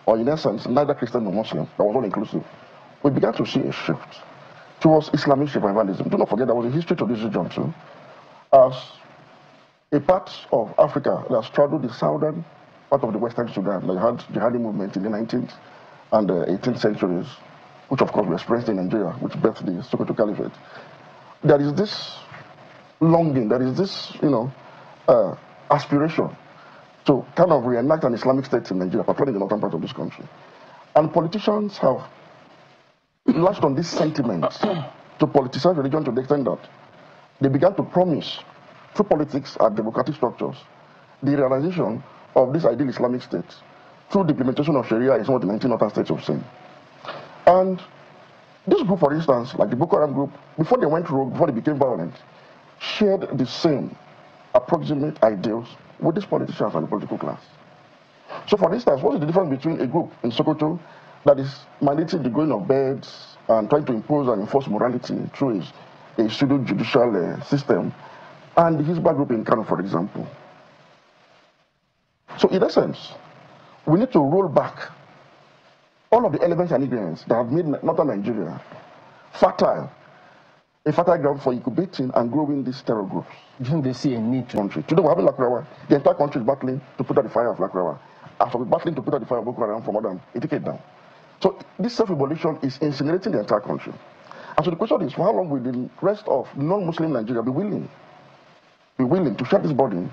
or in essence, neither Christian nor Muslim, that was all inclusive, we began to see a shift towards Islamic survivalism. Do not forget there was a history to this region too, as a part of Africa that straddled the southern part of the Western Sudan. They had jihadi movement in the 19th and 18th centuries, which of course we expressed in Nigeria, which birthed the Sokoto Caliphate. There is this longing, there is this, you know, uh, aspiration to kind of reenact an Islamic state in Nigeria, particularly in the northern part of this country. And politicians have latched on this sentiment to politicize religion to the extent that they began to promise through politics and democratic structures the realization of this ideal Islamic state through the implementation of Sharia in some of the 19 other states of sin. And this group, for instance, like the Boko Haram group, before they went rogue, before they became violent, shared the same approximate ideals with these politicians and the political class. So, for instance, what is the difference between a group in Sokoto that is mandating the going of beds and trying to impose and enforce morality through a, a pseudo judicial uh, eh, system, and his back group in Kano, for example. So, in essence, we need to roll back all of the elements and ingredients that have made northern Nigeria fertile, a fertile ground for incubating and growing these terror groups. Do they see a need to? Country. Today we have Lakrawa. The entire country is battling to put out the fire of Lakrawa. After we battling to put out the fire of Boko Haram for more than a decade down. So this self-revolution is incinerating the entire country. And so the question is, for how long will the rest of non-Muslim Nigeria be willing, be willing to share this burden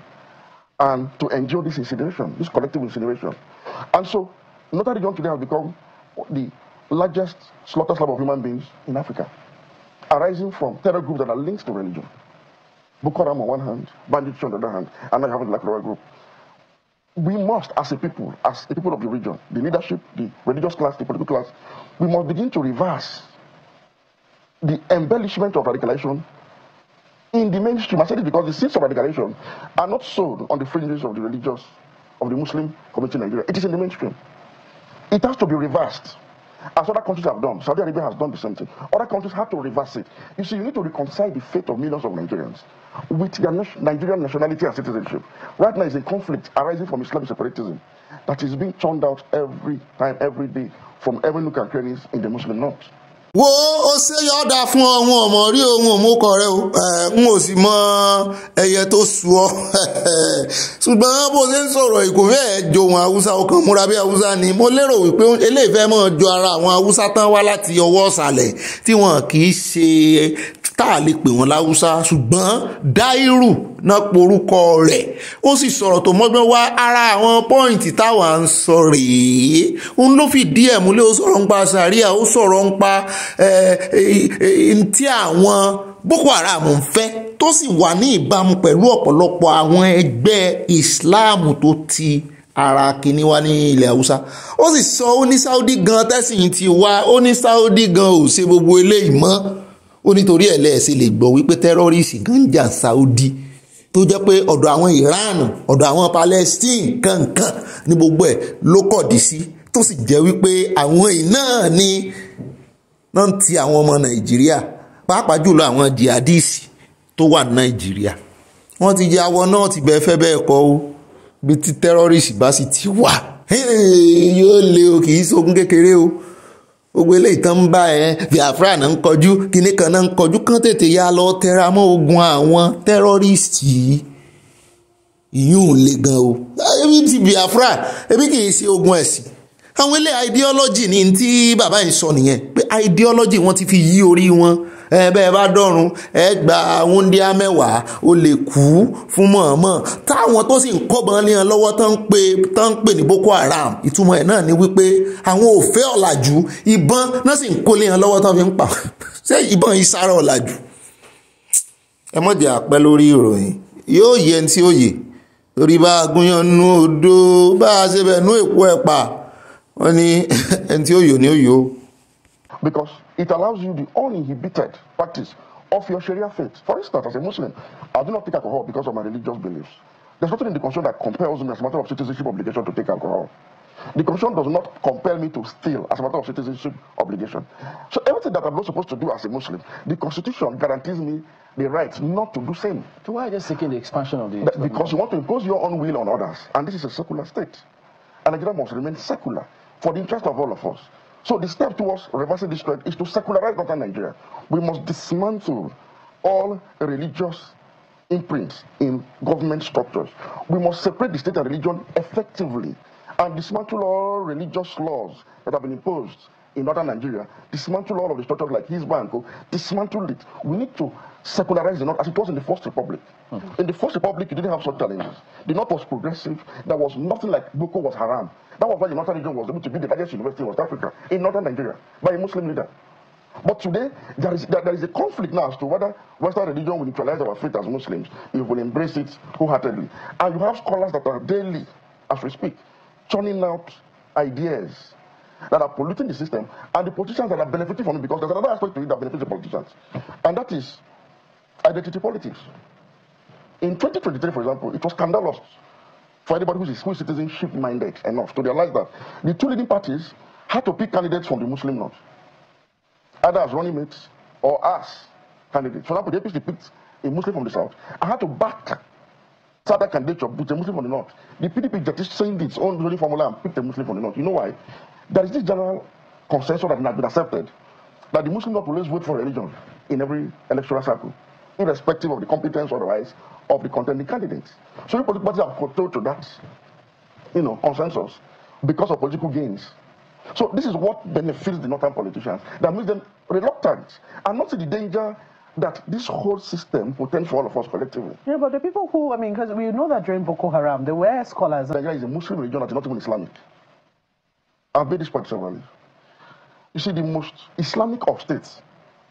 and to endure this incineration, this collective incineration? And so Northern region today has become the largest slaughter slab of human beings in Africa, arising from terror groups that are linked to religion. Boko Haram on one hand, banditry on the other hand, and I have like Royal Group we must, as a people, as a people of the region, the leadership, the religious class, the political class, we must begin to reverse the embellishment of radicalization in the mainstream. I said it because the seeds of radicalization are not sown on the fringes of the religious, of the Muslim community in Nigeria. It is in the mainstream. It has to be reversed, as other countries have done. Saudi Arabia has done the same thing. Other countries have to reverse it. You see, you need to reconcile the fate of millions of Nigerians with their Nigerian nationality and citizenship. Right now is a conflict arising from Islamic separatism that is being churned out every time, every day from every nook and crannies in the Muslim north. wo ó ṣe yọ̀ọ̀dà fún ọ wọn rí ohun òmùkọ rẹ n ò sì mọ ẹyẹ tó sú ọ *laughs* ṣùgbọ́n bó ṣe ń sọ̀rọ̀ ìkòwé jo wọn haúsá ọkàn múra bí haúsá ni mo lérò wípé eléyìí fẹ́ mọ́ jo ara àwọn haúsá tán wá láti ọwọ́ ọ̀sàlẹ̀ tí wọn kì í ṣe tá a lè pè wọ́n láwùsá ṣùgbọ́n dáírù náà porúkọ rẹ̀ ó sì sọ̀rọ̀ tó mọ́gbọ́n wá ara àwọn pọ́ìntì táwa ń sọ rèé ń ló fìdí ẹ̀ múlẹ̀ ó sọ̀rọ̀ ń pa sàríà ó sọ̀rọ̀ ń pa tí àwọn Boko Haram ń fẹ́ tó sì wà ní ìbámu pẹ̀lú ọ̀pọ̀lọpọ̀ àwọn ẹgbẹ́ Islam tó ti ara kìíní wá ní ilẹ̀ haúsá ó sì sọ ó ní Saudi gan tẹ́sìn ti wá ó ní Saudi gan ò ṣe gbogbo eléyìí mọ́ ó nítorí ẹ̀ lẹ́ẹ̀sẹ̀ lè gbọ́ wípé tẹ́rọ́rìsì kan ń jà Saudi tó jẹ́ pé ọ̀dọ̀ àwọn Iran ọ̀dọ̀ àwọn Palestine kankan ní gbogbo ẹ̀ ló kọ̀dí sí tó sì jẹ́ wípé àwọn èyí náà ni náà ti àwọn ọmọ Nàìjíríà pàápàá jùlọ àwọn jihadisi tó wà ní Nàìjíríà wọ́n ti ya awọ náà ti bẹ́ẹ̀ fẹ́ bẹ́ẹ̀ kọ́ o bí ti tẹ́rọ́rìsì bá sì ti wà *laughs* yóò lé o kì í ṣogun kékeré o gbogbo eléyìí tán ń bá ẹ Biafra náà ń kọjú kinní kan náà ń kọjú kán tètè yá lọ tẹra mọ́ ogun àwọn tẹ́rọ́rìstì yìí ìyún le gan o ebi ti Biafra ebi kì í ṣe ogun ẹ̀sìn àwọn ilé ideology ni tí bàbá yìí sọ nìyẹn pé ideology wọn ti fi yí orí wọn bẹ́ẹ̀ bá dọ̀run ẹ gba wúndíá mẹ́wàá o lè kú fún mọ̀ọ́mọ̀ táwọn tó sì ń kọ́bọ̀n lé wọn lọ́wọ́ tán ń pè ní Boko Haram ìtumọ̀ ẹ̀ náà ni wípé àwọn ò fẹ́ ọ̀làjú ìbọn náà sì ń kó lé wọn lọ́wọ́ tán fi ń pa *laughs* ṣé ìbọn yìí sára ọ̀làjú. ẹ mọ̀ jẹ́ àpẹ́ lórí ìròyìn yóò yẹ ẹni tí ó yè torí bá a gúnyan nú odó bá a ṣe bẹ̀ nú èkó ẹ̀ pa wọ́n ní ẹni tí ó yò ní ó yò. because it allows you the uninhibited practice of your Sharia faith. For instance, as a Muslim, I do not take alcohol because of my religious beliefs. There's nothing in the constitution that compels me as a matter of citizenship obligation to take alcohol. The constitution does not compel me to steal as a matter of citizenship obligation. So everything that I'm not supposed to do as a Muslim, the constitution guarantees me the right not to do same. So why are you seeking the expansion of the? Because you want to impose your own will on others, and this is a secular state. And Nigeria must remain secular for the interest of all of us. So the step towards reversing this trend is to secularize northern Nigeria. We must dismantle all religious imprints in government structures. We must separate the state and religion effectively and dismantle all religious laws that have been imposed in northern Nigeria, dismantle all of the structures like Hizbanko, dismantle it. We need to secularized the North as it was in the First Republic. Mm. In the First Republic, you didn't have such challenges. The North was progressive. There was nothing like Boko was haram. That was why the Northern region was able to be the largest university in West Africa, in Northern Nigeria, by a Muslim leader. But today, there is, there, there is a conflict now as to whether Western religion will neutralize our faith as Muslims, if we will embrace it wholeheartedly. And you have scholars that are daily, as we speak, churning out ideas that are polluting the system and the politicians that are benefiting from it because there's another aspect to it that benefits the politicians. And that is identity politics. In 2023, for example, it was scandalous for anybody who is, who is citizenship minded enough to realize that the two leading parties had to pick candidates from the Muslim North, either as running mates or as candidates. For example, the APC picked a Muslim from the South and had to back Sada candidature with a Muslim from the North. The PDP just signed its own running formula and picked a Muslim from the North. You know why? There is this general consensus that has been accepted that the Muslim North always vote for religion in every electoral cycle irrespective of the competence or otherwise of the contending candidates. So political parties are curtailed to that, you know, consensus because of political gains. So this is what benefits the northern politicians. That makes them reluctant and not see the danger that this whole system portends for all of us collectively. Yeah, but the people who, I mean, because we know that during Boko Haram, there were scholars. Nigeria is a Muslim religion that is not even Islamic. I've made this point several You see, the most Islamic of states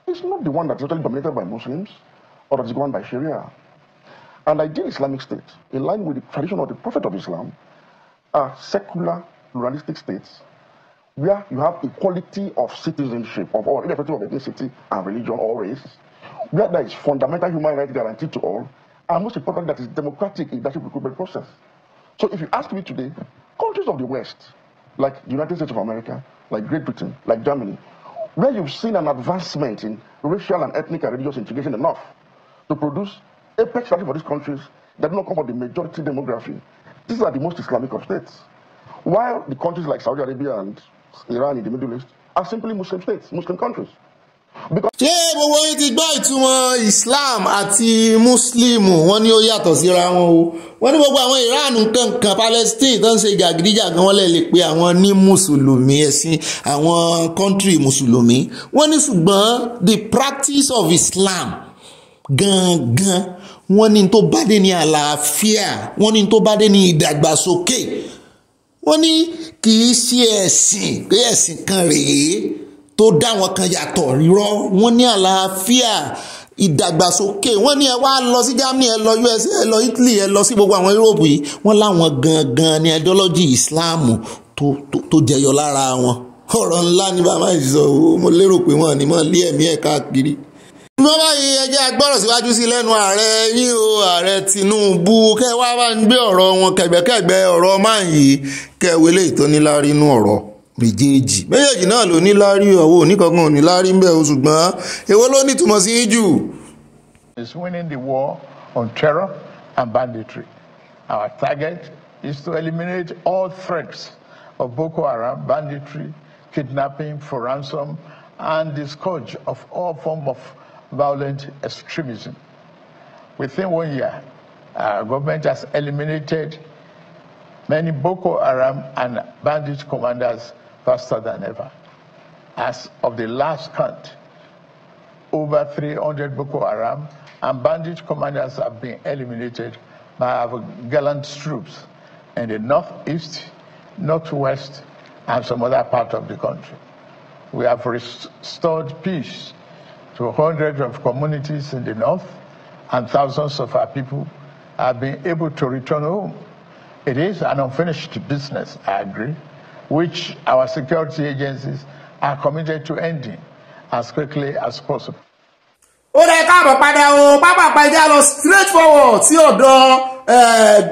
is not the one that's totally dominated by Muslims or that is governed by Sharia. And ideal Islamic state, in line with the tradition of the Prophet of Islam, are secular, pluralistic states where you have equality of citizenship of all, irrespective of ethnicity and religion or race, where there is fundamental human rights guaranteed to all, and most important, that is democratic in that recruitment process. So if you ask me today, countries of the West, like the United States of America, like Great Britain, like Germany, where you've seen an advancement in racial and ethnic and religious integration enough to produce apex strategy for these countries that do not come from the majority demography. These are the most Islamic of states. While the countries like Saudi Arabia and Iran in the Middle East are simply Muslim states, Muslim countries. ṣé gbogbo yín ti gbọ́ ìtumọ̀ Islam àti Muslim wọ́n ní ó yàtọ̀ síra wọn o wọ́n ní gbogbo àwọn Iran kankan Palestine tó ń ṣe gàgídíjàgan wọ́n lè lè pe àwọn ní mùsùlùmí ẹ̀sìn àwọn kọ́ńtírì mùsùlùmí wọ́n ní ṣùgbọ́n the practice of Islam gangan wọ́n ní tó bá dé ní àlàáfíà wọ́n ní tó bá dé ní ìdàgbàsókè wọ́n ní kì í ṣe ẹ̀sìn pé ẹ̀sìn kan rèé tó dá wọn kan yàtọ̀ rírọ́ wọ́n ní àlàáfíà ìdàgbàsókè wọ́n ní ẹ wá lọ sí Germany ẹ lọ USA ẹ lọ Italy ẹ lọ sí gbogbo àwọn Europe yìí wọ́n láwọn gangan ní ideology Islam tó tó tó jẹyọ lára wọn ọ̀rọ̀ ńlá ni bàbá yìí sọ mo lérò pé wọ́n ní mọ́ lé ẹ̀mí ẹ̀ káàkiri mọ́ báyìí ẹ jẹ́ agbọ́rọ̀ síwájú sí lẹ́nu ààrẹ yín o ààrẹ Tinubu kẹ́ wá bá ń gbé ọ̀rọ̀ wọn kẹ̀gbẹ́kẹ̀gbẹ́ ọ̀rọ̀ máa yìí kẹ́ wọlé ìtónilárí inú ọ̀rọ̀ méjèèjì méjèèjì náà ló ní lárí oníkankan òní ń bẹ o ṣùgbọ́n èwo ló ní túmọ̀ sí jù. is winning the war on terror and banditry. Our target is to eliminate all threats of Boko Haram, banditry, kidnapping for ransom, and the scourge of all forms of violent extremism. Within one year, our uh, government has eliminated many Boko Haram and bandit commanders faster than ever. As of the last count, over 300 Boko Haram and bandit commanders have been eliminated by our gallant troops in the northeast, northwest, and some other part of the country. We have restored peace to hundreds of communities in the north, and thousands of our people have been able to return home. It is an unfinished business, I agree, which our security agencies are committed to ending as quickly as possible.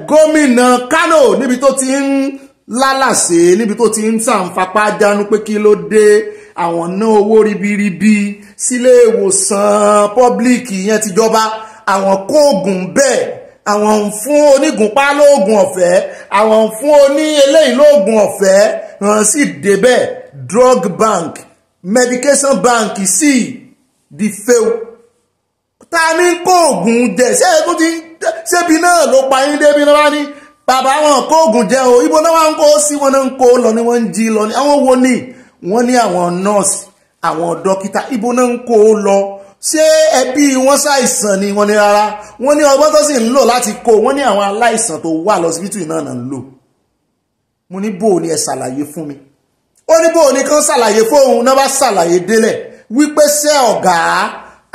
gómìnà Kano níbi tó ti ń lálàsé níbi tó ti ń sàǹfàpá jánu pé kí ló dé àwọn ná owó ribiribi sílé ìwòsàn pọ́blíkì yẹn tìjọba àwọn kóògùn bẹ́ẹ̀ àwọn ń fún onígunpá lóògùn ọ̀fẹ́ àwọn ń fún oní eléyìí lóògùn ọ̀fẹ́ hàn sí débẹ̀ drug bank medication bank sí di fail ta ní kóògùn jẹ ṣé ẹkún ti ṣébi náà ló pa yín débi náà ní bàbá wọn kóògùn jẹ o ibo náà wọn kó sí wọn náà ń kó lọ ni wọn ń jí lọ ni àwọn wo ni wọ́n ní àwọn nọ́ọ̀sì àwọn dókítà ibo náà ń kó o lọ ṣé ẹbí wọn ṣàìsàn ni wọ́n ní rárá wọ́n ní ọgbọ́n tó sì ń lò láti kó wọ́n ní àwọn aláìsàn tó wà lọ́sibítù náà náà ń lò mo ní bò ní ẹ ṣàlàyé fún mi ó ní bò ní kán ṣàlàyé fóun náà bá ṣàlàyé délẹ̀ wípé ṣé ọ̀gá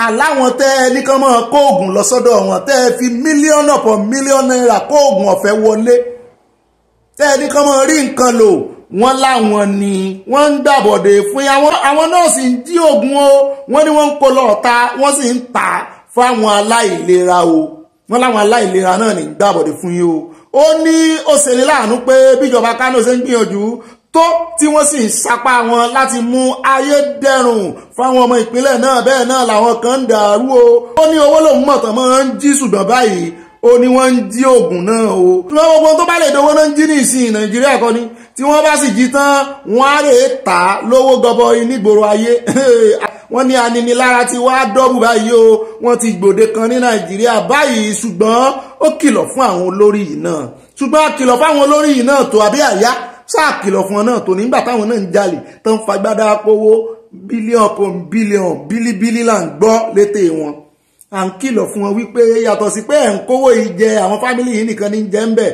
aláwọn tẹ́ ẹ ní kán máa kó oògùn lọ sọ́dọ̀ wọn tẹ́ ẹ fi mílíọ̀nù ọ̀pọ̀ mílíọ̀nù náírà kó oògùn ọ̀fẹ́ wọlé tẹ́ ẹ ní kán máa rí nǹkan lò wọ́n láwọn ni wọ́n ń gbàbọ̀dè fún àwọn nọ́ọ̀sì ń dí ògùn o wọ́n ní wọ́n ń kó lọ́ọ̀ta wọ́n sì ń tà fáwọn aláìlera o wọ́n láwọn aláìlera náà ní gbàbọ̀dè fún yín o ó ní ó ṣe ní láàánú pé bíjọba Kánò ṣe ń gbìyànjú tó tí wọ́n sì ń sapá wọn láti mú ayédẹrùn fáwọn ọmọ ìpínlẹ̀ náà bẹ́ẹ̀ náà làwọn kan ń dàrú o ó ní owó lòun mọ̀tàn máa ń jí ṣùgbọ́n báyìí ó ní wọ́n ń jí oògùn náà o. wọ́n gbogbo tó bá lè dowó náà ń jí ní ìsìn nàìjíríà kọ́ ni tí wọ́n bá sì jí tán wọ́n á lè tà á lówó gọbọi nígboro ayé *laughs* wọ́n ní aninilára ti wá dọ́bù báyìí o wọ́n ti gbòde kan ní nàìjíríà báyìí ṣùgbọ́n ó kìlọ̀ fún àwọn olórí yìí náà ṣùgbọ́n a kìlọ̀ fáwọn olórí yìí náà tó àbí àyá sáà kìlọ̀ fún ọ náà tó nígbà táwọn náà ń jalè tó fagbádá pówó bílíọ̀n kan bílíọ̀n bílíbílí là ń gbọ́ létè wọn à ń kìlọ̀ fún wọn wípé yàtọ̀ sí pé ẹ̀ ń kówó ìjẹ àwọn fámìlì yìí nìkan ní jẹ́ ń bẹ̀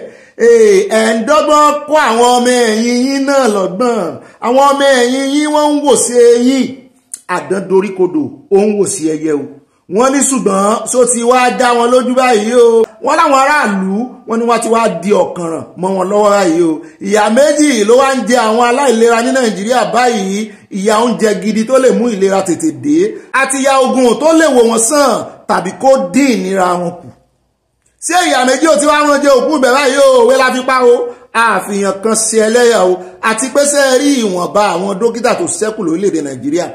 ẹ̀ ń dọ́gbọ́n kó àwọn ọmọ ẹ̀yìn yín náà lọ́gbọ́n àwọn ọmọ ẹ̀yìn yín wọ́n ń wò sí eyín àdán doríkodò ó ń wò sí ẹyẹ o wọ́n ní ṣùgbọ́n só ti wá dá wọn lójú báyìí o wọ́n láwọn aráàlú wọ́n ní wọ́n ti wá di ọ̀kànràn mọ́ wọn lọ́wọ́ báyìí o ìyà méjì ló wá ń jẹ àwọn aláìlera ní nàìjíríà báyìí ìyà oúnjẹ gidi tó lè mú ìlera tètè dé àti ìyà ogun tó lè wò wọ́n sàn tàbí kó dín ìnira wọn kù ṣé ìyá méjì ò ti wá rán jẹ òkú ìbẹ̀ báyìí ó òwe la fi pa o àfihàn kan ṣe ẹlẹ́yà o àti pé ṣe rí ìwọ̀nba àwọn dókítà tó ṣẹ́kù lórílẹ̀‐èdè nàìjíríà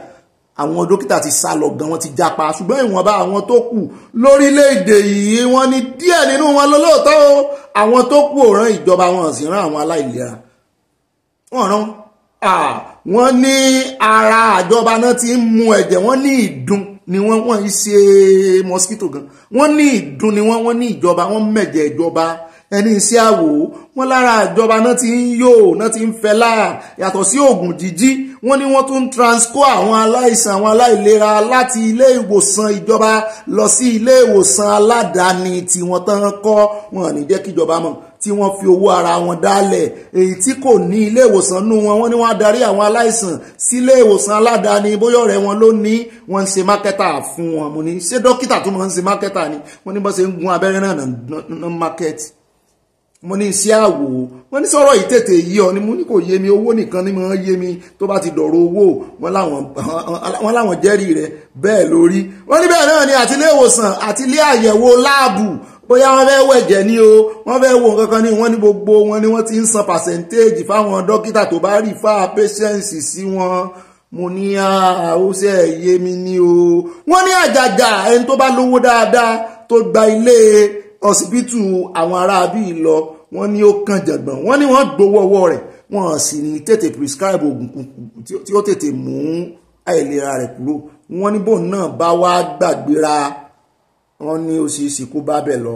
àwọn dókítà ti sá lọ gan wọn ti japa ṣùgbọ́n ìwọ̀nba àwọn tó kù lórílẹ̀‐èdè yìí wọ́n ní díẹ̀ nínú wọn lọ́lọ́ọ̀tọ́ o àwọn tó kù ò rán ìjọba wọn sì rán àwọn aláìlera wọ́n rán wọ́n ní ara àjọba náà ti ń mu ẹ̀jẹ̀ wọ́n ní ìdun ni wọ́n wọ́n ṣe mosquito gan wọ́n ní ìdun ni wọ́n wọ́n ní ìjọba wọ́n mẹ̀jẹ̀ ìjọba ẹni iṣẹ́ àwò wọ́n lára ìjọba náà ti ń yò náà ti ń fẹ́ láà yàtọ̀ sí oògùn jíjí wọ́n ní wọ́n tún transco àwọn aláìsàn àwọn aláìlera láti ilé ìwòsàn ìjọba lọ sí ilé ìwòsàn aládàáni tí wọ́n tán kọ́ wọn ní jẹ́ kíjọba mọ̀ tí wọ́n fi owó ara wọn dálẹ̀ èyí tí kò ní ilé ìwòsàn nú wọn wọ́n ní wọ́n á darí àwọn aláìsàn sí ilé ìwòsàn aládàáni bóyá ọ̀rẹ́ wọn ló ní wọ́n ń ṣe mákẹ́tà fún wọn mo ní ṣé dókítà tó máa ń ṣe mákẹ́tà ni wọ́n ní bó ṣe ń gun abẹ́rẹ́ náà ná mákẹ́tì mo ní iṣẹ́ àwò wọ́n ní sọ̀rọ̀ yìí tètè yí ọ ni mo ní kò yé mi owó nìkan ni mo ń yé mi tó bá ti dọ̀rọ̀ owó wọ́n láwọn jẹ́rìí rẹ̀ bẹ́ẹ̀ lórí wọ́n ní bẹ́ẹ̀ náà ni àti ilé ìwòsàn àti ilé àyẹ̀wò láàbù bóyá wọ́n fẹ́ wẹ̀jẹ̀ ni o wọ́n fẹ́ wo nǹkan kan ní wọ́n ní gbogbo wọn ni wọ́n ti ń san percentage fáwọn dókítà tó bá rí fa patients sí wọn mo ní àhóṣe ẹ̀yẹ mi ni o wọ́n ní àjàjà ẹni tó bá lówó dáadáa tó gba ilé ọsibítù àwọn aráabí lọ wọ́n ní ó kàn jàgbọ̀n wọ́n ní wọ́n gbowó ọwọ́ rẹ̀ wọ́n sì ní tètè prescribe oògùn tí ó tètè mú àìlera rẹ̀ kúrò wọ́n ní bóun náà bá wá gbàgbéra wọ́n ní ó sì sì kó bá bẹ̀ lọ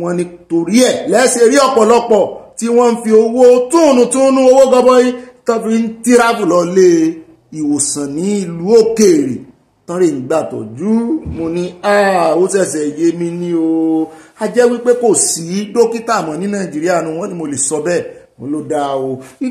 wọ́n ní torí ẹ̀ lẹ́sẹ̀ rí ọ̀pọ̀lọpọ̀ tí wọ́n ń fi owó túnùtúnù owó gọbọi tó fi ń tíráàbù lọ lé ìwòsàn ní ìlú òkèèrè tán lè gbà tọ́jú mo ní ó ṣẹ̀ṣẹ̀ yé mi ní o a jẹ́ wípé kò sí dókítà mọ́ ní nàìjíríà nu wọ́n ni mo lè sọ bẹ́ẹ̀ mo ló dáa o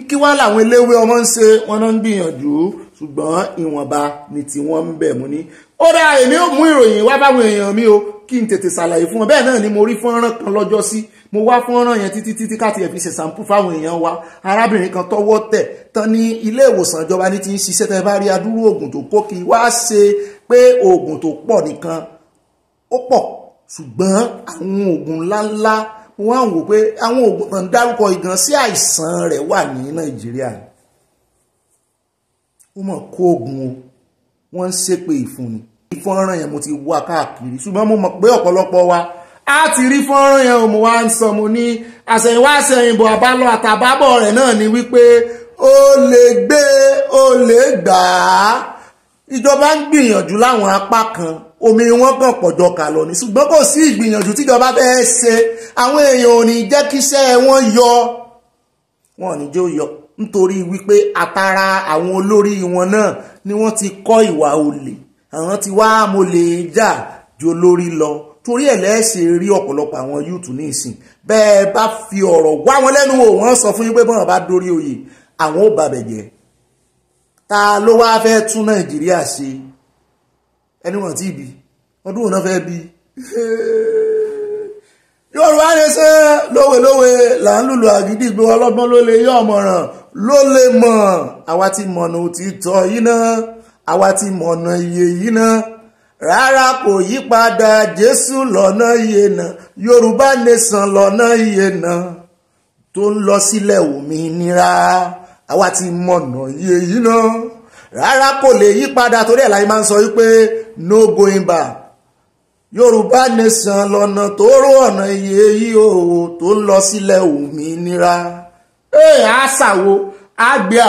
kí wá làwọn eléwé ọmọ ń ṣe wọn náà ń gbìyànjú ṣùgbọ́n ìwọ̀nba ni tí wọ́n ń bẹ̀ mo ní ó dáa èmi ò mú ìròyìn wá báwọn èèyàn mi o kí n tètè ṣàlàyé fún wọn bẹ́ẹ̀ náà ni mo rí fọ́nrán kan lọ́jọ́ sí mo wá fọ́nrán yẹn títí títí káti ẹ̀ fi ṣe sàǹpù fáwọn èèyàn wa arábìnrin kan tọ́wọ́ tẹ̀ tán ní ilé ìwòsàn ìjọba ní ti ń ṣiṣẹ́ tẹ́ bá rí adúrú oògùn tó kó kí wá ṣe pé oògùn tó pọ̀ nìkan ó pọ̀ ṣùgbọ́n àwọn oògùn ńláńlá wọ́n wò pé àwọn oògùn kan dárúkọ ìgan sí àìsàn rẹ̀ wà ní Nàìjíríà ó mọ̀ kó oògùn o ń ṣépè ìfúnni fọ́nrán yẹn mo ti wá káàkiri ṣùgbọ́n mo mọ̀ pé ọ̀pọ̀lọpọ̀ wa a ti rí fọ́nrán yẹn mo wá ń sọ mo ní àṣẹ̀yìnwá àṣẹ̀yìnbọ̀ àbálọ àtàbábọ̀ rẹ̀ náà ni wípé ó lè gbé ó lè gbà á ìjọba ń gbìyànjú láwọn apá kan omi wọn kàn pọ̀jọ kà lọ ní ṣùgbọ́n kò sí ìgbìyànjú tíjọba fẹ́ẹ́ ṣe àwọn èèyàn ò ní jẹ́ kíṣẹ́ wọn yọ wọn ò ní jẹ́ yọ nítorí wípé àtàrà àwọn olórí wọn náà ni wọ́n ti kọ́ ìwà olè àwọn ti wá mo lè jà ju olórí lọ torí ẹ̀ lẹ́ẹ̀ṣẹ̀ rí ọ̀pọ̀lọpọ̀ àwọn yúùtù ní ìsìn bẹ́ẹ̀ bá fi ọ̀rọ̀ wá wọn lẹ́nu wò wọ́n sọ fún yín pé bọ́n bá dórí oyè àwọn ò bàbẹ̀ jẹ́ ta ló wá fẹ́ tún nàìjíríà ṣe ẹni wọ́n ti bí ọdún òun náà fẹ́ bí *laughs* yorùbá ní ṣe lówelówe là ń lùlù àgídìgbò ọlọ́gbọ́n ló lè yọ ọmọràn ló lè mọ̀ àwa ti mọ̀nà òtítọ́ yìí náà àwa ti mọ̀nà iye yìí náà rárá kò yí padà jésù lọ́nà iye náà yorùbá nation lọ́nà iye náà tó ń lọ sílẹ̀ òmìnira àwa ti mọ̀nà iye yìí náà rárá kò lè yí padà torí ẹ̀ láyé máa ń sọ wípé no going back yorùbá nation lọ́nà tó ró ọ̀nà iye yìí o tó ń lọ sílẹ̀ òmìnira ẹ̀ á ṣàwo á gbé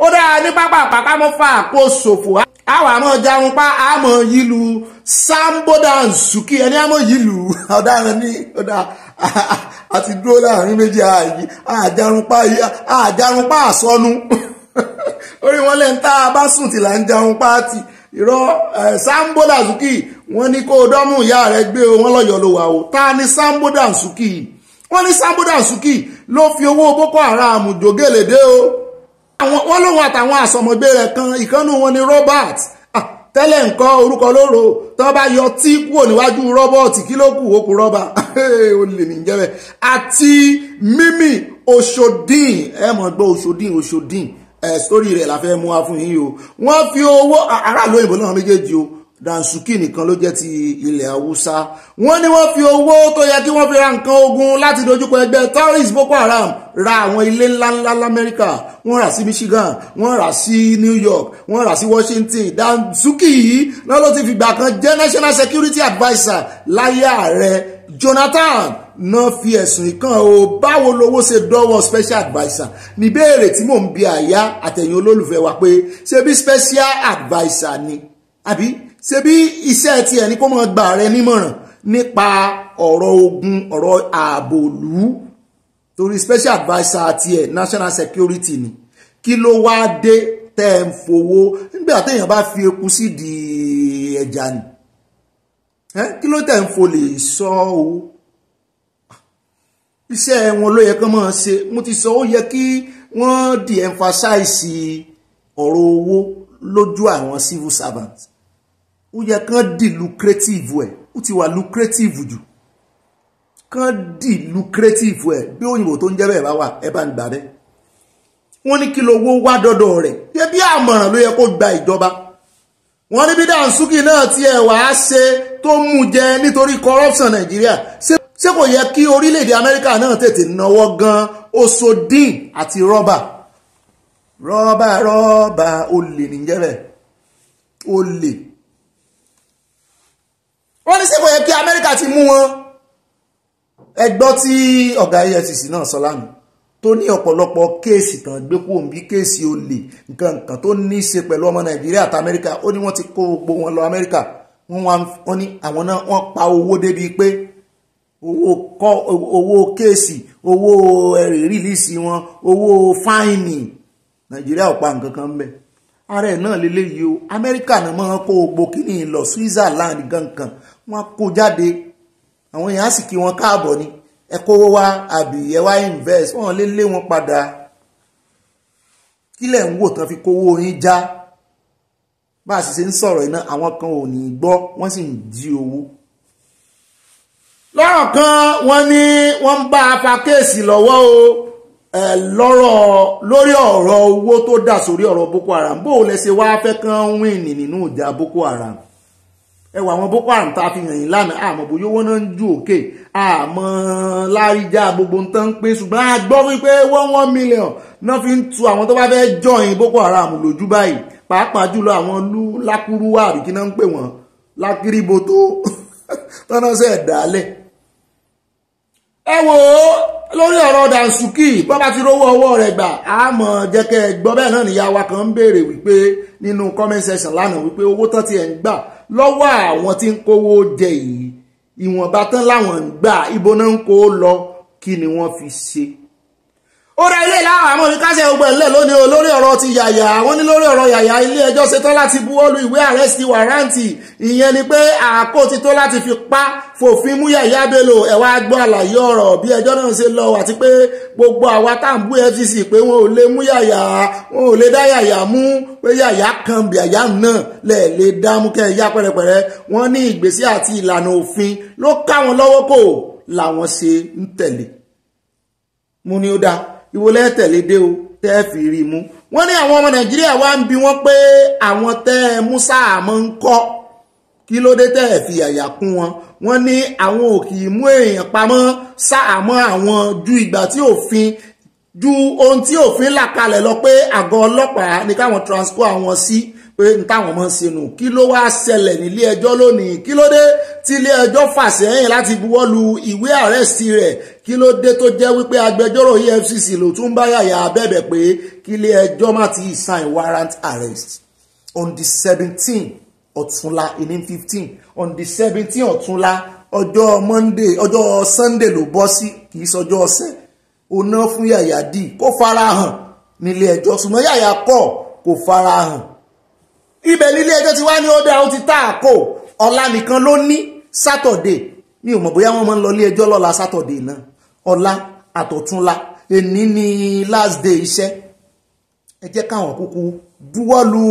ó dára ní pápá àpapamọ́ fa àpò ṣòfò àwọn àmọ́ jarun pa àmọ́ yìí lu samboda nsuki ẹni àmọ́ yìí lu *laughs* ọ̀daràn ní ọ̀dà àti dúró láàrin méjì àjàrúnpá àjàrúnpá àsọnù *laughs* orí wọn lẹ́nu tá a bá sùn tí là ń jarun pààtì irọ́ samboda nsuki wọ́n ní kó o dọ́mú ìyá rẹ gbé o wọ́n lọ́yọ̀ ló wà o ta ni samboda nsuki wọ́n ní samboda nsuki ló fi owó boko haram jògèlè dé o àwọn wọ́n lóun àtàwọn àsọmọgbé rẹ̀ kan ìkànnù wọn ni Robert ah, tẹ́lẹ̀ nǹkan orúkọ lóró tí wọ́n bá yọ tí kúrò níwájú rọ́bọ̀tì kí ló kù okùn rọ́bà *laughs* ó lè ní jẹ́ àti mímì oṣodin ẹ mọ̀ gbọ́ oṣodin oṣodin ẹ̀ sórí rẹ̀ la fẹ́ mú wa fún yín o wọ́n fi owó aráàlú òyìnbó náà méjèèjì o Dansuki nìkan ló jẹ́ ti ilẹ̀ Haúsá wọ́n ní wọ́n fi owó tó yẹ kí wọ́n fi ra nǹkan ogun láti dojúkọ ẹgbẹ́ terrorist Boko Haram ra àwọn ilé ńláńlá l'Amẹ́ríkà wọ́n rà sí Michigan wọ́n rà sí New York wọ́n rà sí Washington Dansuki yìí náà ló ti fìgbà kan jẹ́ national security adviser láyé ààrẹ Jonathan náà fi ẹ̀sùn ìkan o báwo lowó ṣe dọ́wọ́ special adviser ní béèrè tí mò ń bi àyà àtẹ̀yìn olólùfẹ́ wa pé ṣé special adviser ni àbí ṣe bí iṣẹ́ tiẹ̀ ní kó máa gba ààrẹ nímọ̀ràn nípa ọ̀rọ̀ ogun ọ̀rọ̀ ààbò ìlú torí special adviser tiẹ̀ national security ni kí ló wá dé tẹ́ ẹ̀ ń fowó nígbà téèyàn bá fi eku sídìí ẹja ni kí ló tẹ̀ ń fo lè sọ o iṣẹ́ wọn ló yẹ kán máa ṣe mo ti sọ ó yẹ kí wọ́n de emphasize ọ̀rọ̀ owó lójú àwọn civil servants ó yẹ kán dì lucrative ẹ̀ ó ti wà lucrative jù kán dì lucrative ẹ̀ bí òyìnbó tó ń jẹ́ bẹ́ẹ̀ bá wà ẹ bá ń gbà bẹ́ẹ̀ wọ́n ní kí lowó wá dọ́dọ̀ rẹ̀ yẹ bí àmọ̀ràn ló yẹ kó gba ìjọba wọ́n ní bí Dànsúkì náà ti ẹ̀ wá ṣe tó mú jẹ nítorí corruption Nàìjíríà ṣé kò yẹ kí orílẹ̀-èdè Amẹ́ríkà náà tètè náwó gan osodin àti rọ́bà rọ́bà rọ́bà olè nìjẹ́rẹ̀ olè wọ́n ní sípò yẹ kí amẹ́ríkà ti mú wọn ẹgbọ́ tí ọ̀gá efcc náà sọ lánàá tó ní ọ̀pọ̀lọpọ̀ kéèsì kan gbé kú òun bí kéèsì olè nǹkan nǹkan tó ní í ṣe pẹ̀lú ọmọ nàìjíríà àti amẹ́ríkà ó ní wọ́n ti kó gbogbo wọn lọ amẹ́ríkà wọ́n ní àwọn náà wọ́n pa owó débi pé owó kéèsì owó rìlíìsì wọn owó fáìnì nàìjíríà ò pa nǹkan kan mbẹ ààrẹ náà lélẹ́yìí o amẹ́ríkà náà máa kó gbogbo kíní lọ Switzerland gankan wọ́n kó jáde àwọn èèyàn á sì kí wọn káàbọ̀ ni ẹ kówó wá àbí ẹ wá invest wọ́n lè lé wọn padà kílẹ̀ ń wò tán fi kówó yín já bá a sì ṣe ń sọ̀rọ̀ iná àwọn kan ò ní gbọ́ wọ́n sì ń di owó lọ́rọ̀ kan wọ́n ní wọ́n ń bá afa kéèsì lọ́wọ́ o lọ́rọ̀ lórí ọ̀rọ̀ owó tó dà sórí ọ̀rọ̀ Boko Haram bó o lẹ ṣe wá fẹ́ kán wìn nínú ìjà Boko Haram ẹwà àwọn boko haram tá a fi yàn yín lánàá àmọ́ bóyá owó náà ń ju òkè àmọ́ láríjà gbogbo ń tán pé ṣùgbọ́n a gbọ́ wípé one one million náà fi ń tu àwọn tó bá fẹ́ jọyìn boko haram lójú báyìí pàápàá jùlọ àwọn lú lákúrúwà àbí kí náà ń pè wọ́n lákìrìbò tó *laughs* tọ́nà sẹ́ẹ̀ dálẹ̀. ẹ wo lórí ọ̀rọ̀ Dàńsùkì bọ́ba ti rówó ọwọ́ rẹ̀ gbà àmọ́ jẹ́ kẹ́ gbọ́ bẹ́ẹ̀ náà níyàwó kan ń béèrè wípé nínú comment section lánàá wípé owó tán ti ẹ̀ ń gbà lọ́wọ́ àwọn tí ń kówó jẹ yìí ìwọ̀nba tán láwọn ń gbà ibo náà ń kó lọ kí ni wọ́n fi ṣe Ora rẹ ilé ìlà àwọn amúnikásẹ̀ ogbẹ̀ ńlẹ̀ lónìí o lórí ọ̀rọ̀ ti yàyà àwọn ní lórí ọ̀rọ̀ yàyà ilé ẹjọ́ ṣetán láti buwọ́lu ìwé àrẹ́sì wàrántì ìyẹn ni pé àkó ti tó láti fi pa fòfin mú yàyà bello ẹ wá gbọ́ àlàyé ọ̀rọ̀ bí ẹjọ́ náà ṣe lọ àti pé gbogbo àwa tá à ń bú efcc pé wọn ò lè mú yàyà wọn ò lè dá yàyà mú pé yàyà kan bí yàyà náà lẹ̀ lè dá mú kẹ́ ẹ̀yà pẹ̀rẹ̀pẹ̀rẹ̀ wọn ní ìgbésí àti ìlànà òfin ló káwọn lọ́wọ́ kò làwọn ṣe ń tẹ̀lé mo ní ó dáa ìwọlẹ́ tẹ̀lé dé o tẹ́ ẹ fi rí i mú wọ́n ní àwọn ọmọ nàìjíríà wá ń bi wọ́n pé àwọn tẹ́ ẹ mú sáàmù ń kọ́ kí ló dé tẹ́ ẹ fi àyà kún wọn wọ́n ní àwọn ò kì í mú èèyàn pamọ́ sáàmù àwọn ju ìgbà tí òfin ju ohun tí òfin là kalẹ̀ lọ pé àgọ́ ọlọ́pàá ní káwọn transfer àwọn sí si pé n táwọn ọmọ sínú kí ló wá ṣẹlẹ̀ nílé ẹjọ́ lónìí kí ló dé tí ilé ẹjọ́ fà sẹ́yìn láti buwọ́ lu ìwé àrẹ́sì rẹ̀ kí ló dé tó jẹ́ wípé agbẹjọ́rò EFCC ló tún bá yàyà bẹ̀bẹ̀ pé kí ilé ẹjọ́ má ti sign warrant arrest on the seventeen ọ̀túnla ìní fifteen on the seventeen ọ̀túnla ọjọ́ Monday ọjọ́ Sunday ló bọ́ sí kì í sọjọ́ ọ̀sẹ̀ òun náà fún yàyà dì kó farahàn nílé ẹjọ́ ṣùgbọ́n yàyà kọ̀ kò farahàn ibẹ̀ nílé ẹjọ́ ti wá ní ọdẹ àwọn ti táàkò ọ̀la nìkan ló ní sátọ̀dé mi ò mọ̀ bóyá wọ́n máa ń lọ ilé ẹjọ́ lọ́la sátọ̀dé náà ọ̀la àtọ̀túnla èní ni last day iṣẹ́ ẹ jẹ́ káwọn kúkú buwọ́lu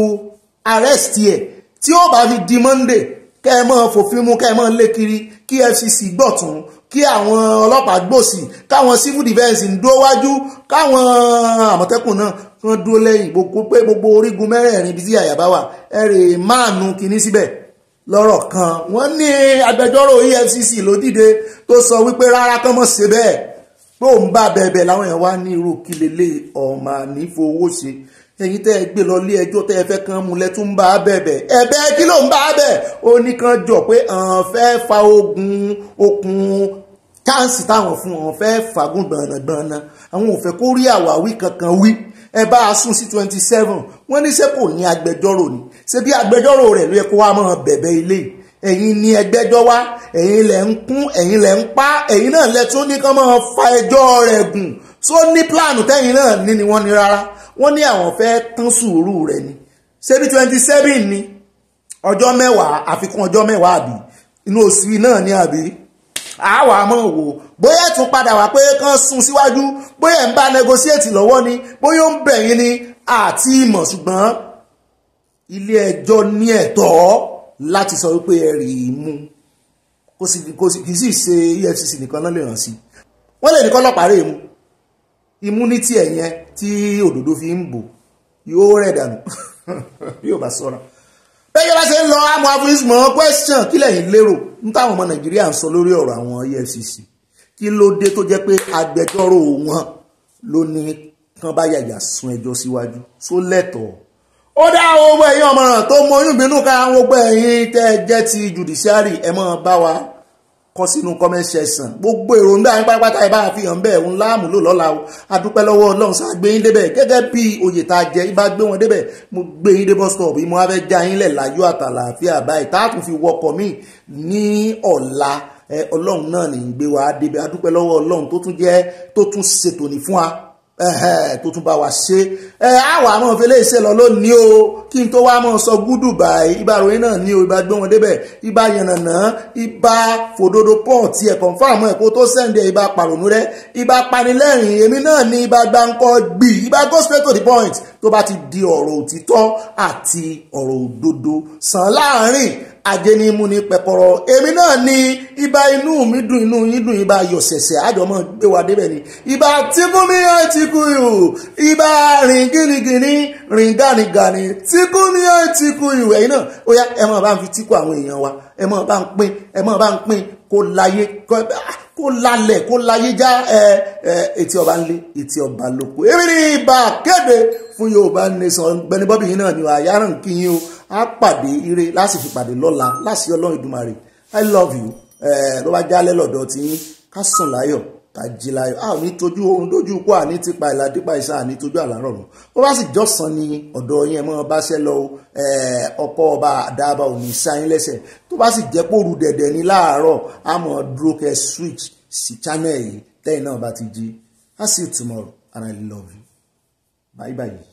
arrest ẹ̀ tí ó bá fi di monday kẹ́ ẹ máa fòfin mú kẹ́ ẹ máa lé kiri kí efcc gbọ̀tún kí àwọn ọlọ́pàá gbòsì káwọn civil defence ń dó wájú káwọn àmọ̀tẹ́kùn náà wọ́n dúró lẹ́yìn gbogbo pé gbogbo orígun mẹ́rẹ̀ẹ̀rin ibi tí àyàbá wà ẹ̀rẹ̀ máàánú kìíní síbẹ̀ lọ́rọ̀ kan wọ́n ní agbẹjọ́rò EFCC ló dìde tó sọ wípé rárá kán mọ̀ ṣe bẹ́ẹ̀ pé òun bá bẹ̀ẹ̀bẹ̀ láwọn èèyàn wá ní irú kí lélẹ̀ ọ̀mà nífowó ṣe ẹ̀yin tẹ́ ẹ gbé lọ lé ẹjọ́ tẹ́ ẹ fẹ́ kan mú lẹ́tún ń bá a bẹ̀bẹ̀ ẹ̀bẹ̀ kí ló ń bá a bẹ̀ ó ní kan jọ pé àwọn fẹ́ fa ogun okun chance táwọn fún wọn fẹ́ fagún gbọ̀nàgbọ̀nà àwọn ò fẹ́ kó rí àwáwí kankan wí ẹ bá a sún sí twenty seven wọ́n ní ṣé kò ní agbẹjọ́rò ni ṣé bí agbẹjọ́rò rẹ̀ ló yẹ kó wá máa bẹ̀bẹ̀ ilé ẹ̀yin ni ẹgbẹ́jọ́ wá ẹ̀yin lẹ̀ ń kún ẹ̀yin lẹ̀ ń pa ẹ̀yin náà lẹ tún ní kán máa fa ẹjọ́ rẹ̀ gùn tó ní pílànù tẹ́yìn náà ní ni wọ́n ní rárá wọ́n ní àwọn fẹ́ tán sùúrù rẹ̀ ni ṣé bí twenty seven ni ọjọ́ mẹ́wàá àfikún ọjọ́ mẹ́wàá àbí inú òsì náà ni àbí àwa mọ̀ wò bóyá tún padà wá pé kán sún síwájú bóyá ń bá negotiate lọ́wọ́ ni bóyá ń bẹ̀yìn ni àti ìmọ̀ ṣùgbọ́n ilé ẹjọ́ ní ẹ̀tọ́ láti sọ wípé ẹ̀rì mú kò sì kì í sì ṣe EFCC nìkan náà lè ràn sí wọ́n lè ní lọ́pàá rèé mu immunity ẹ̀yẹn tí òdòdó fi ń bò yóò rẹ̀ dànù *laughs* yóò bá sọ̀rọ̀ bẹ́ẹ̀ yọba ṣe ń lọ àmọ́ àfúrísìmọ̀ question kí lẹ́yìn lérò n táwọn ọmọ nàìjíríà ń sọ lórí ọ̀rọ̀ àwọn efcc kí ló dé tó jẹ́ pé agbẹjọ́rò wọn ló ní kán bá yàyà sún ẹjọ́ síwájú só lẹ́tọ̀ọ́ ó dá owó ẹ̀yìn ọmọràn tó mọ oyún ìbínú ká àwọn ẹ̀yìn tẹ́ ẹ jẹ́ ti judiciary ẹ máa bá wa kọ sínú comment section gbogbo èròǹgbà yín pátápátá ẹ fi hàn bẹ́ẹ̀ òun láàmú lò lọ́la o adúpẹ́ lọ́wọ́ ọlọ́run sá gbé yín débẹ̀ gẹ́gẹ́ bí oyè tá a jẹ ibà gbé wọn débẹ̀ mo gbé yín dé bus stop mo wá fẹ́ já yín lẹ̀ láyọ̀ àtàlàáfíà báyìí tá a tún fi wọkọ̀ míì ní ọ̀la ọlọ́run náà ní gbé wa débẹ̀ adúpẹ́ lọ́wọ́ ọlọ́run tó tún jẹ́ tó tún ṣètò ní fún wa tó tún bá wa ṣe ẹ àwọn àmọ́ fẹlẹ́ ìṣe lọ lónìí o kí n tó wá mọ̀ sọ gúdùbà ibà ròyìn náà ní o ibà gbé wọn débẹ̀ ibà yànnànà ibà fòdodo pọ̀ tiẹ̀ kọ̀ǹfàmù ẹ̀ kó tó sẹ́ǹdẹ̀ ibà pàrònú rẹ ibà panilẹ́rìn èmi náà ní ibà gbáǹkọ́ gbì ibà go straight to the point tó bá ti di ọ̀rọ̀ òtítọ́ àti ọ̀rọ̀ òdodo sàn láàrin ajẹnimu ní pẹpọrọ èmi náà ni ibà inú mi dùn inú yín dùn ibà yọ̀sẹ̀sẹ̀ àjọmọ́ gbé wa débẹ̀ ni ibà tí fún mi yàn ti kú yù ibà rìn gírígírí rìn gànìgànì tí kú mi yàn ti kú yù ẹ̀yin náà ó yá ẹ máa bá ń fi tíkù àwọn èèyàn wa ẹ máa bá ń pín ẹ máa bá ń pín kó láyé kó lálẹ̀ kó láyé já ẹ ẹ etí ọba ńlé etí ọba lóko èmi ni ibà kéde fún Yorùbá nation Ọ̀gbẹ́ni Bobby náà ni àyàrá ń kí yín o á pàdé ire láti fi pàdé lọ́la láti ọlọ́run ìdùmarè i love you eh, ló bá jálẹ̀ lọ́dọ̀ tí yín ká sùn láyọ̀ ká jí láyọ̀ a ò ní tojú oorun dójú ikú àní tipa ìlàdípa ìṣá àní tojú àlárọ̀ rùn bó bá sì jọ̀sán ni ọ̀dọ̀ yín ẹ̀ mọ́ ọba ṣẹ́ lọ eh, ọkọ̀ ọba àdáàbà ò ní sáyín lẹ́sẹ̀ tó bá sì jẹ́ pòru dẹ̀dẹ̀ ní láàárọ̀ a mọ̀ dúró switch sí channel yìí lẹ́yìn náà bá ti jí i see you tomorrow and i love you bye bye.